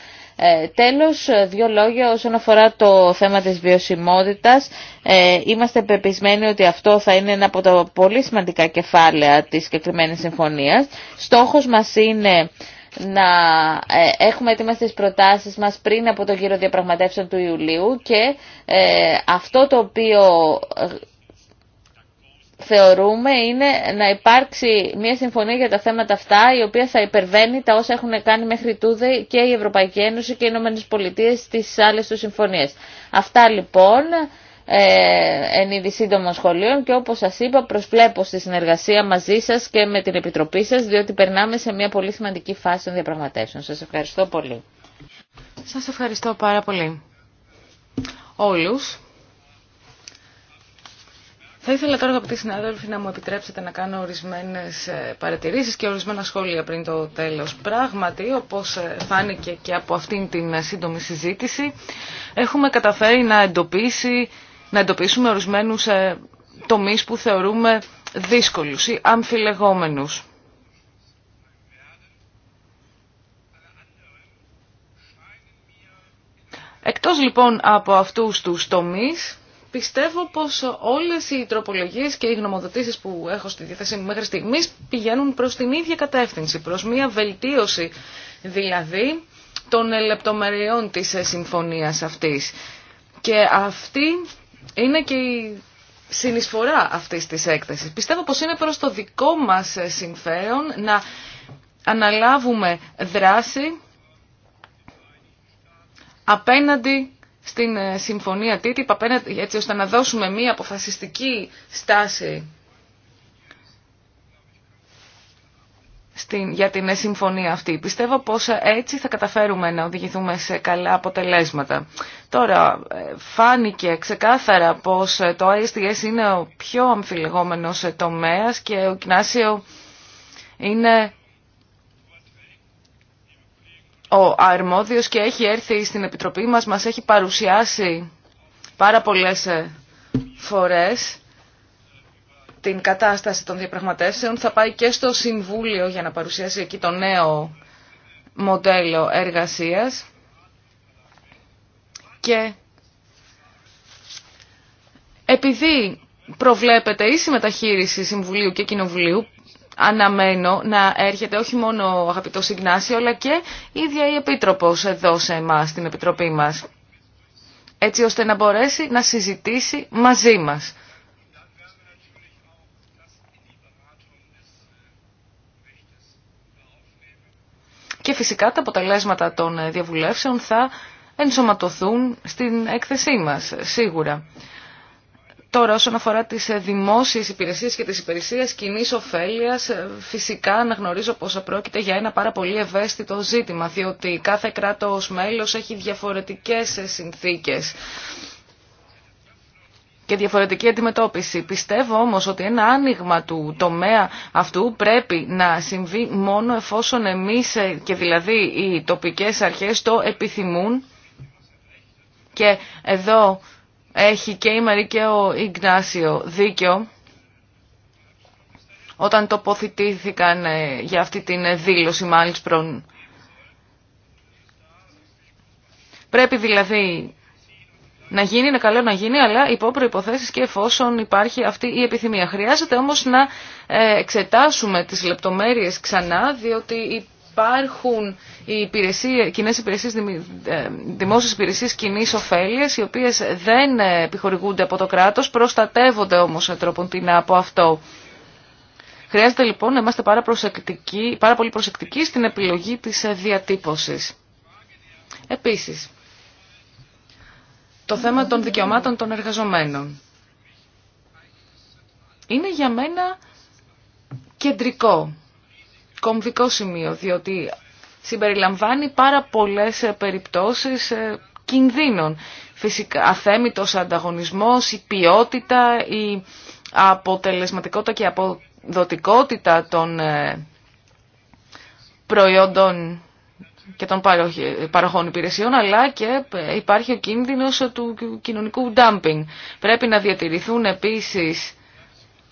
Ε, τέλος, δύο λόγια όσον αφορά το θέμα της βιωσιμότητας. Ε, είμαστε πεπισμένοι ότι αυτό θα είναι ένα από τα πολύ σημαντικά κεφάλαια της συγκεκριμένη συμφωνίας. Στόχος μας είναι να ε, έχουμε έτοιμα στις προτάσεις μας πριν από το γύρο διαπραγματεύσεων του Ιουλίου και αυτό το οποίο θεωρούμε είναι να υπάρξει μια συμφωνία για τα θέματα αυτά η οποία θα υπερβαίνει τα όσα έχουν κάνει μέχρι τούδε και η Ευρωπαϊκή Ένωση και οι Ηνωμένες Πολιτείες στις άλλες του συμφωνίες. Αυτά λοιπόν ε, εν είδη σύντομων σχολείων και όπως σας είπα προσβλέπω στη συνεργασία μαζί σας και με την Επιτροπή σας διότι περνάμε σε μια πολύ σημαντική φάση των διαπραγματεύσεων. Σας ευχαριστώ πολύ. Σας ευχαριστώ πάρα πολύ. Όλους. Θα ήθελα τώρα, αγαπητοί συνάδελφοι, να μου επιτρέψετε να κάνω ορισμένε παρατηρήσει και ορισμένα σχόλια πριν το τέλο. Πράγματι, όπω ε, φάνηκε και από αυτήν την ε, σύντομη συζήτηση, έχουμε καταφέρει να, εντοπίσει, να εντοπίσουμε ορισμένου ε, τομεί που θεωρούμε δύσκολου ή αμφιλεγόμενου. Εκτός λοιπόν από αυτούς τους τομείς, Πιστεύω πως όλες οι τροπολογίες και οι γνωμοδοτήσεις που έχω στη διάθεση μέχρι στιγμής πηγαίνουν προς την ίδια κατεύθυνση, προς μια βελτίωση δηλαδή των λεπτομεριών της συμφωνίας αυτής. Και αυτή είναι και η συνεισφορά αυτής της έκθεσης. Πιστεύω πως είναι προς το δικό μας συμφέρον να αναλάβουμε δράση απέναντι στην ε, συμφωνία TTIP έτσι ώστε να δώσουμε μία αποφασιστική στάση στην, για την ε, συμφωνία αυτή. Πιστεύω πως ε, έτσι θα καταφέρουμε να οδηγηθούμε σε καλά αποτελέσματα. Τώρα, φάνηκε ξεκάθαρα πως το ISTS είναι ο πιο αμφιλεγόμενος τομέας και ο Κινάσιο είναι ο αρμόδιος και έχει έρθει στην Επιτροπή μας, μας έχει παρουσιάσει πάρα πολλές ε, φορές την κατάσταση των διαπραγματεύσεων. Θα πάει και στο Συμβούλιο για να παρουσιάσει εκεί το νέο μοντέλο εργασίας και επειδή προβλέπεται η συμμεταχείριση Συμβουλίου και Κοινοβουλίου αναμένω να έρχεται όχι μόνο ο αγαπητός Ιγνάσιο, αλλά και η ίδια η Επίτροπος εδώ σε εμάς, στην Επιτροπή μας, έτσι ώστε να μπορέσει να συζητήσει μαζί μας. Και φυσικά τα αποτελέσματα των διαβουλεύσεων θα ενσωματωθούν στην έκθεσή μας, σίγουρα. Τώρα, όσον αφορά τις ε, δημόσιες υπηρεσίες και τις υπηρεσίες κοινή ωφέλεια, ε, φυσικά αναγνωρίζω πω πρόκειται για ένα πάρα πολύ ευαίσθητο ζήτημα, διότι κάθε κράτος μέλος έχει διαφορετικές ε, συνθήκες και διαφορετική αντιμετώπιση. Πιστεύω όμως ότι ένα άνοιγμα του τομέα αυτού πρέπει να συμβεί μόνο εφόσον εμείς και δηλαδή οι τοπικές αρχές το επιθυμούν και εδώ έχει και η Μαρή ο Ιγνάσιο δίκιο όταν τοποθετήθηκαν ε, για αυτή την ε, δήλωση μάλιστα Πρέπει δηλαδή να γίνει, είναι καλό να γίνει, αλλά υπό προϋποθέσεις και εφόσον υπάρχει αυτή η επιθυμία. Χρειάζεται όμως να ε, εξετάσουμε τις λεπτομέρειες ξανά, διότι υπάρχουν οι υπηρεσίες, κοινές υπηρεσίες, ε, δημόσιες υπηρεσίες κοινή ωφέλεια, οι οποίες δεν επιχορηγούνται από το κράτος, προστατεύονται όμως τρόπον την από αυτό. Χρειάζεται λοιπόν να είμαστε πάρα, πάρα πολύ προσεκτικοί στην επιλογή της διατύπωσης. Επίσης, το θέμα των δικαιωμάτων των εργαζομένων. Είναι για μένα κεντρικό κομβικό σημείο, διότι συμπεριλαμβάνει πάρα πολλές ε, περιπτώσεις ε, κινδύνων. Φυσικά, αθέμητος ανταγωνισμός, η ποιότητα, η αποτελεσματικότητα και αποδοτικότητα των ε, προϊόντων και των παροχών υπηρεσιών, αλλά και υπάρχει ο κίνδυνος του κοινωνικού ντάμπινγκ. Πρέπει να διατηρηθούν επίσης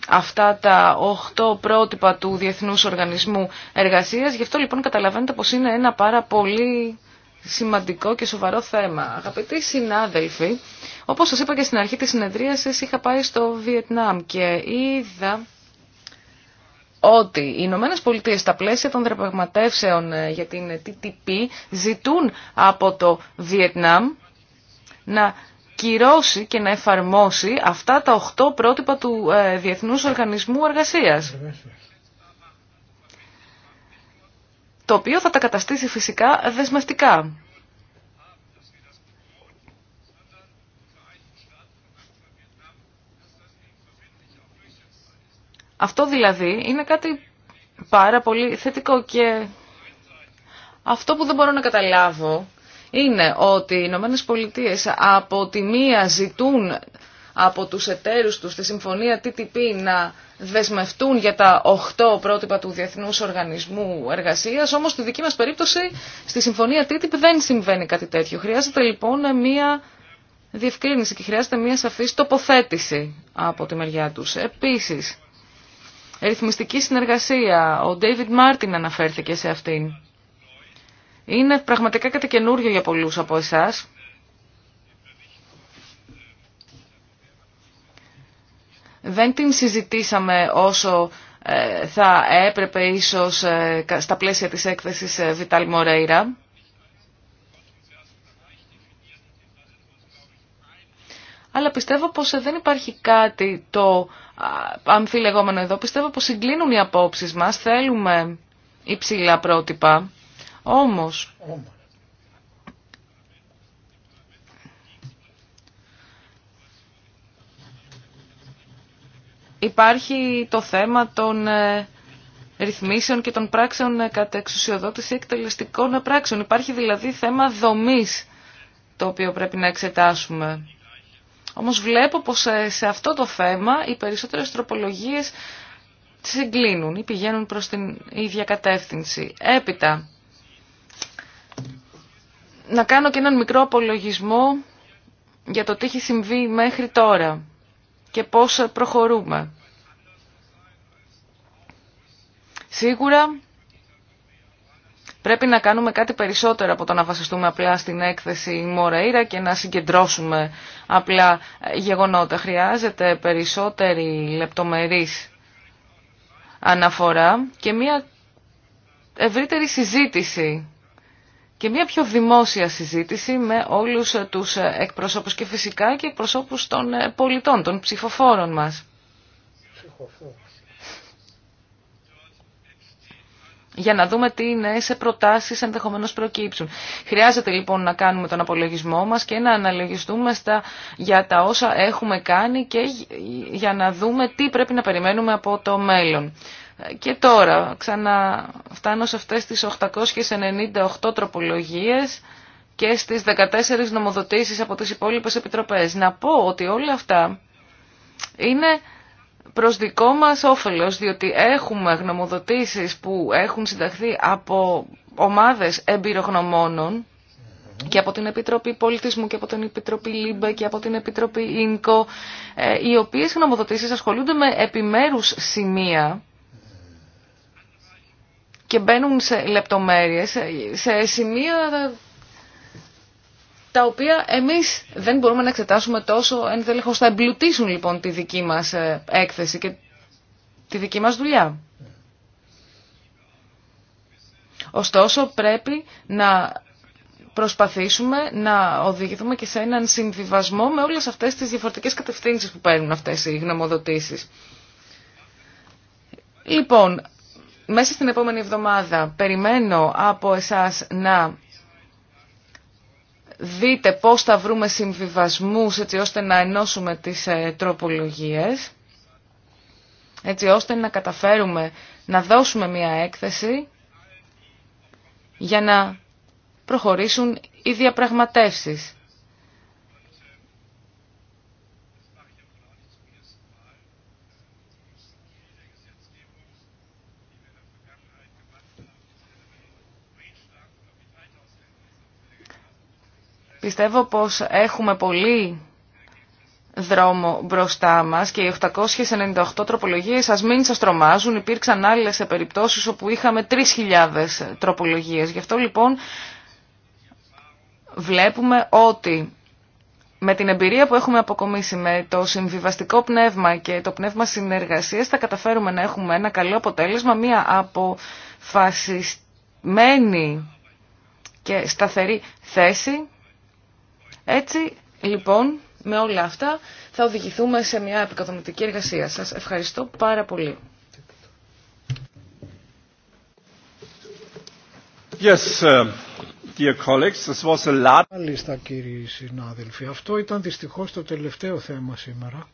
αυτά τα 8 πρότυπα του Διεθνούς Οργανισμού Εργασίας. Γι' αυτό λοιπόν καταλαβαίνετε πως είναι ένα πάρα πολύ σημαντικό και σοβαρό θέμα. Αγαπητοί συνάδελφοι, όπως σας είπα και στην αρχή της συνεδρίασης, είχα πάει στο Βιετνάμ και είδα ότι οι Ηνωμένε Πολιτείε στα πλαίσια των διαπραγματεύσεων για την TTP ζητούν από το Βιετνάμ να κυρώσει και να εφαρμόσει αυτά τα οχτώ πρότυπα του ε, Διεθνούς Οργανισμού Εργασίας. Το οποίο θα τα καταστήσει φυσικά δεσμευτικά. Αυτό δηλαδή είναι κάτι πάρα πολύ θετικό και αυτό που δεν μπορώ να καταλάβω είναι ότι οι Ηνωμένε Πολιτείε από τη μία ζητούν από τους εταίρους τους στη συμφωνία TTP να δεσμευτούν για τα 8 πρότυπα του Διεθνούς Οργανισμού Εργασίας, όμως στη δική μας περίπτωση στη συμφωνία TTIP δεν συμβαίνει κάτι τέτοιο. Χρειάζεται λοιπόν μία διευκρίνηση και χρειάζεται μία σαφή τοποθέτηση από τη μεριά τους. Επίσης, ρυθμιστική συνεργασία. Ο David Μάρτιν αναφέρθηκε σε αυτήν. Είναι πραγματικά κάτι καινούριο για πολλούς από εσάς. Δεν την συζητήσαμε όσο ε, θα έπρεπε ίσως ε, στα πλαίσια της έκθεσης ε, Βιτάλ Μορέιρα. αλλά πιστεύω πως δεν υπάρχει κάτι το αμφιλεγόμενο εδώ. Πιστεύω πως συγκλίνουν οι απόψεις μας, θέλουμε υψηλά πρότυπα. Όμως, υπάρχει το θέμα των ε, ρυθμίσεων και των πράξεων ε, κατά εξουσιοδότηση εκτελεστικών ε, πράξεων. Υπάρχει δηλαδή θέμα δομής το οποίο πρέπει να εξετάσουμε. Όμως βλέπω πως σε αυτό το θέμα οι περισσότερες τροπολογίες συγκλίνουν ή πηγαίνουν προς την ίδια κατεύθυνση. Έπειτα, να κάνω και έναν μικρό απολογισμό για το τι έχει συμβεί μέχρι τώρα και πώς προχωρούμε. Σίγουρα πρέπει να κάνουμε κάτι περισσότερο από το να βασιστούμε απλά στην έκθεση Μοραΐρα και να συγκεντρώσουμε απλά γεγονότα. Χρειάζεται περισσότερη λεπτομερής αναφορά και μια ευρύτερη συζήτηση και μια πιο δημόσια συζήτηση με όλους τους εκπροσώπους και φυσικά και εκπροσώπους των ε, πολιτών, των ψηφοφόρων μας. για να δούμε τι σε προτάσεις ενδεχομένως προκύψουν. Χρειάζεται λοιπόν να κάνουμε τον απολογισμό μας και να αναλογιστούμε για τα όσα έχουμε κάνει και για να δούμε τι πρέπει να περιμένουμε από το μέλλον. Και τώρα ξαναφτάνω σε αυτές τις 898 τροπολογίες και στις 14 νομοδοτήσεις από τις υπόλοιπες επιτροπές. Να πω ότι όλα αυτά είναι προς δικό μας όφελος, διότι έχουμε γνωμοδοτήσεις που έχουν συνταχθεί από ομάδες εμπειρογνωμόνων και από την Επιτροπή Πολιτισμού και από την Επιτροπή ΛΥΜΠΕ και από την Επιτροπή ΙΝΚΟ, ε, οι οποίες γνωμοδοτήσεις ασχολούνται με επιμέρους σημεία και μπαίνουν σε λεπτομέρειες, σε σημεία τα οποία εμείς δεν μπορούμε να εξετάσουμε τόσο ενδελεχώς. Θα εμπλουτίσουν λοιπόν τη δική μας ε, έκθεση και τη δική μας δουλειά. Ωστόσο πρέπει να προσπαθήσουμε να οδηγηθούμε και σε έναν συμβιβασμό με όλες αυτές τις διαφορετικές κατευθύνσεις που παίρνουν αυτές οι γνωμοδοτήσεις. Λοιπόν, μέσα στην επόμενη εβδομάδα περιμένω από εσάς να δείτε πώς θα βρούμε συμβιβασμούς έτσι ώστε να ενώσουμε τις ε, τροπολογίες, έτσι ώστε να καταφέρουμε να δώσουμε μια έκθεση για να προχωρήσουν οι διαπραγματεύσεις. Πιστεύω πως έχουμε πολύ δρόμο μπροστά μας και οι 898 τροπολογίες σας μην σας τρομάζουν. Υπήρξαν άλλες σε περιπτώσεις όπου είχαμε 3.000 τροπολογίες. Γι' αυτό λοιπόν βλέπουμε ότι με την εμπειρία που έχουμε αποκομίσει, με το συμβιβαστικό πνεύμα και το πνεύμα συνεργασίας θα καταφέρουμε να έχουμε ένα καλό αποτέλεσμα, μια αποφασισμένη και σταθερή θέση έτσι, λοιπόν, με όλα αυτά θα οδηγηθούμε σε μια επικοδομητική εργασία. Σας ευχαριστώ πάρα πολύ. Yes, uh, dear colleagues, this was a lot. κύριοι συνάδελφοι, αυτό ήταν δυστυχώς το τελευταίο θέμα σήμερα.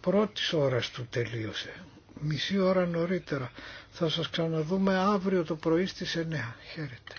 Πρώτης ώρας του τελείωσε. Μισή ώρα νωρίτερα. Θα σας ξαναδούμε αύριο το πρωί στις 9. Χαίρετε.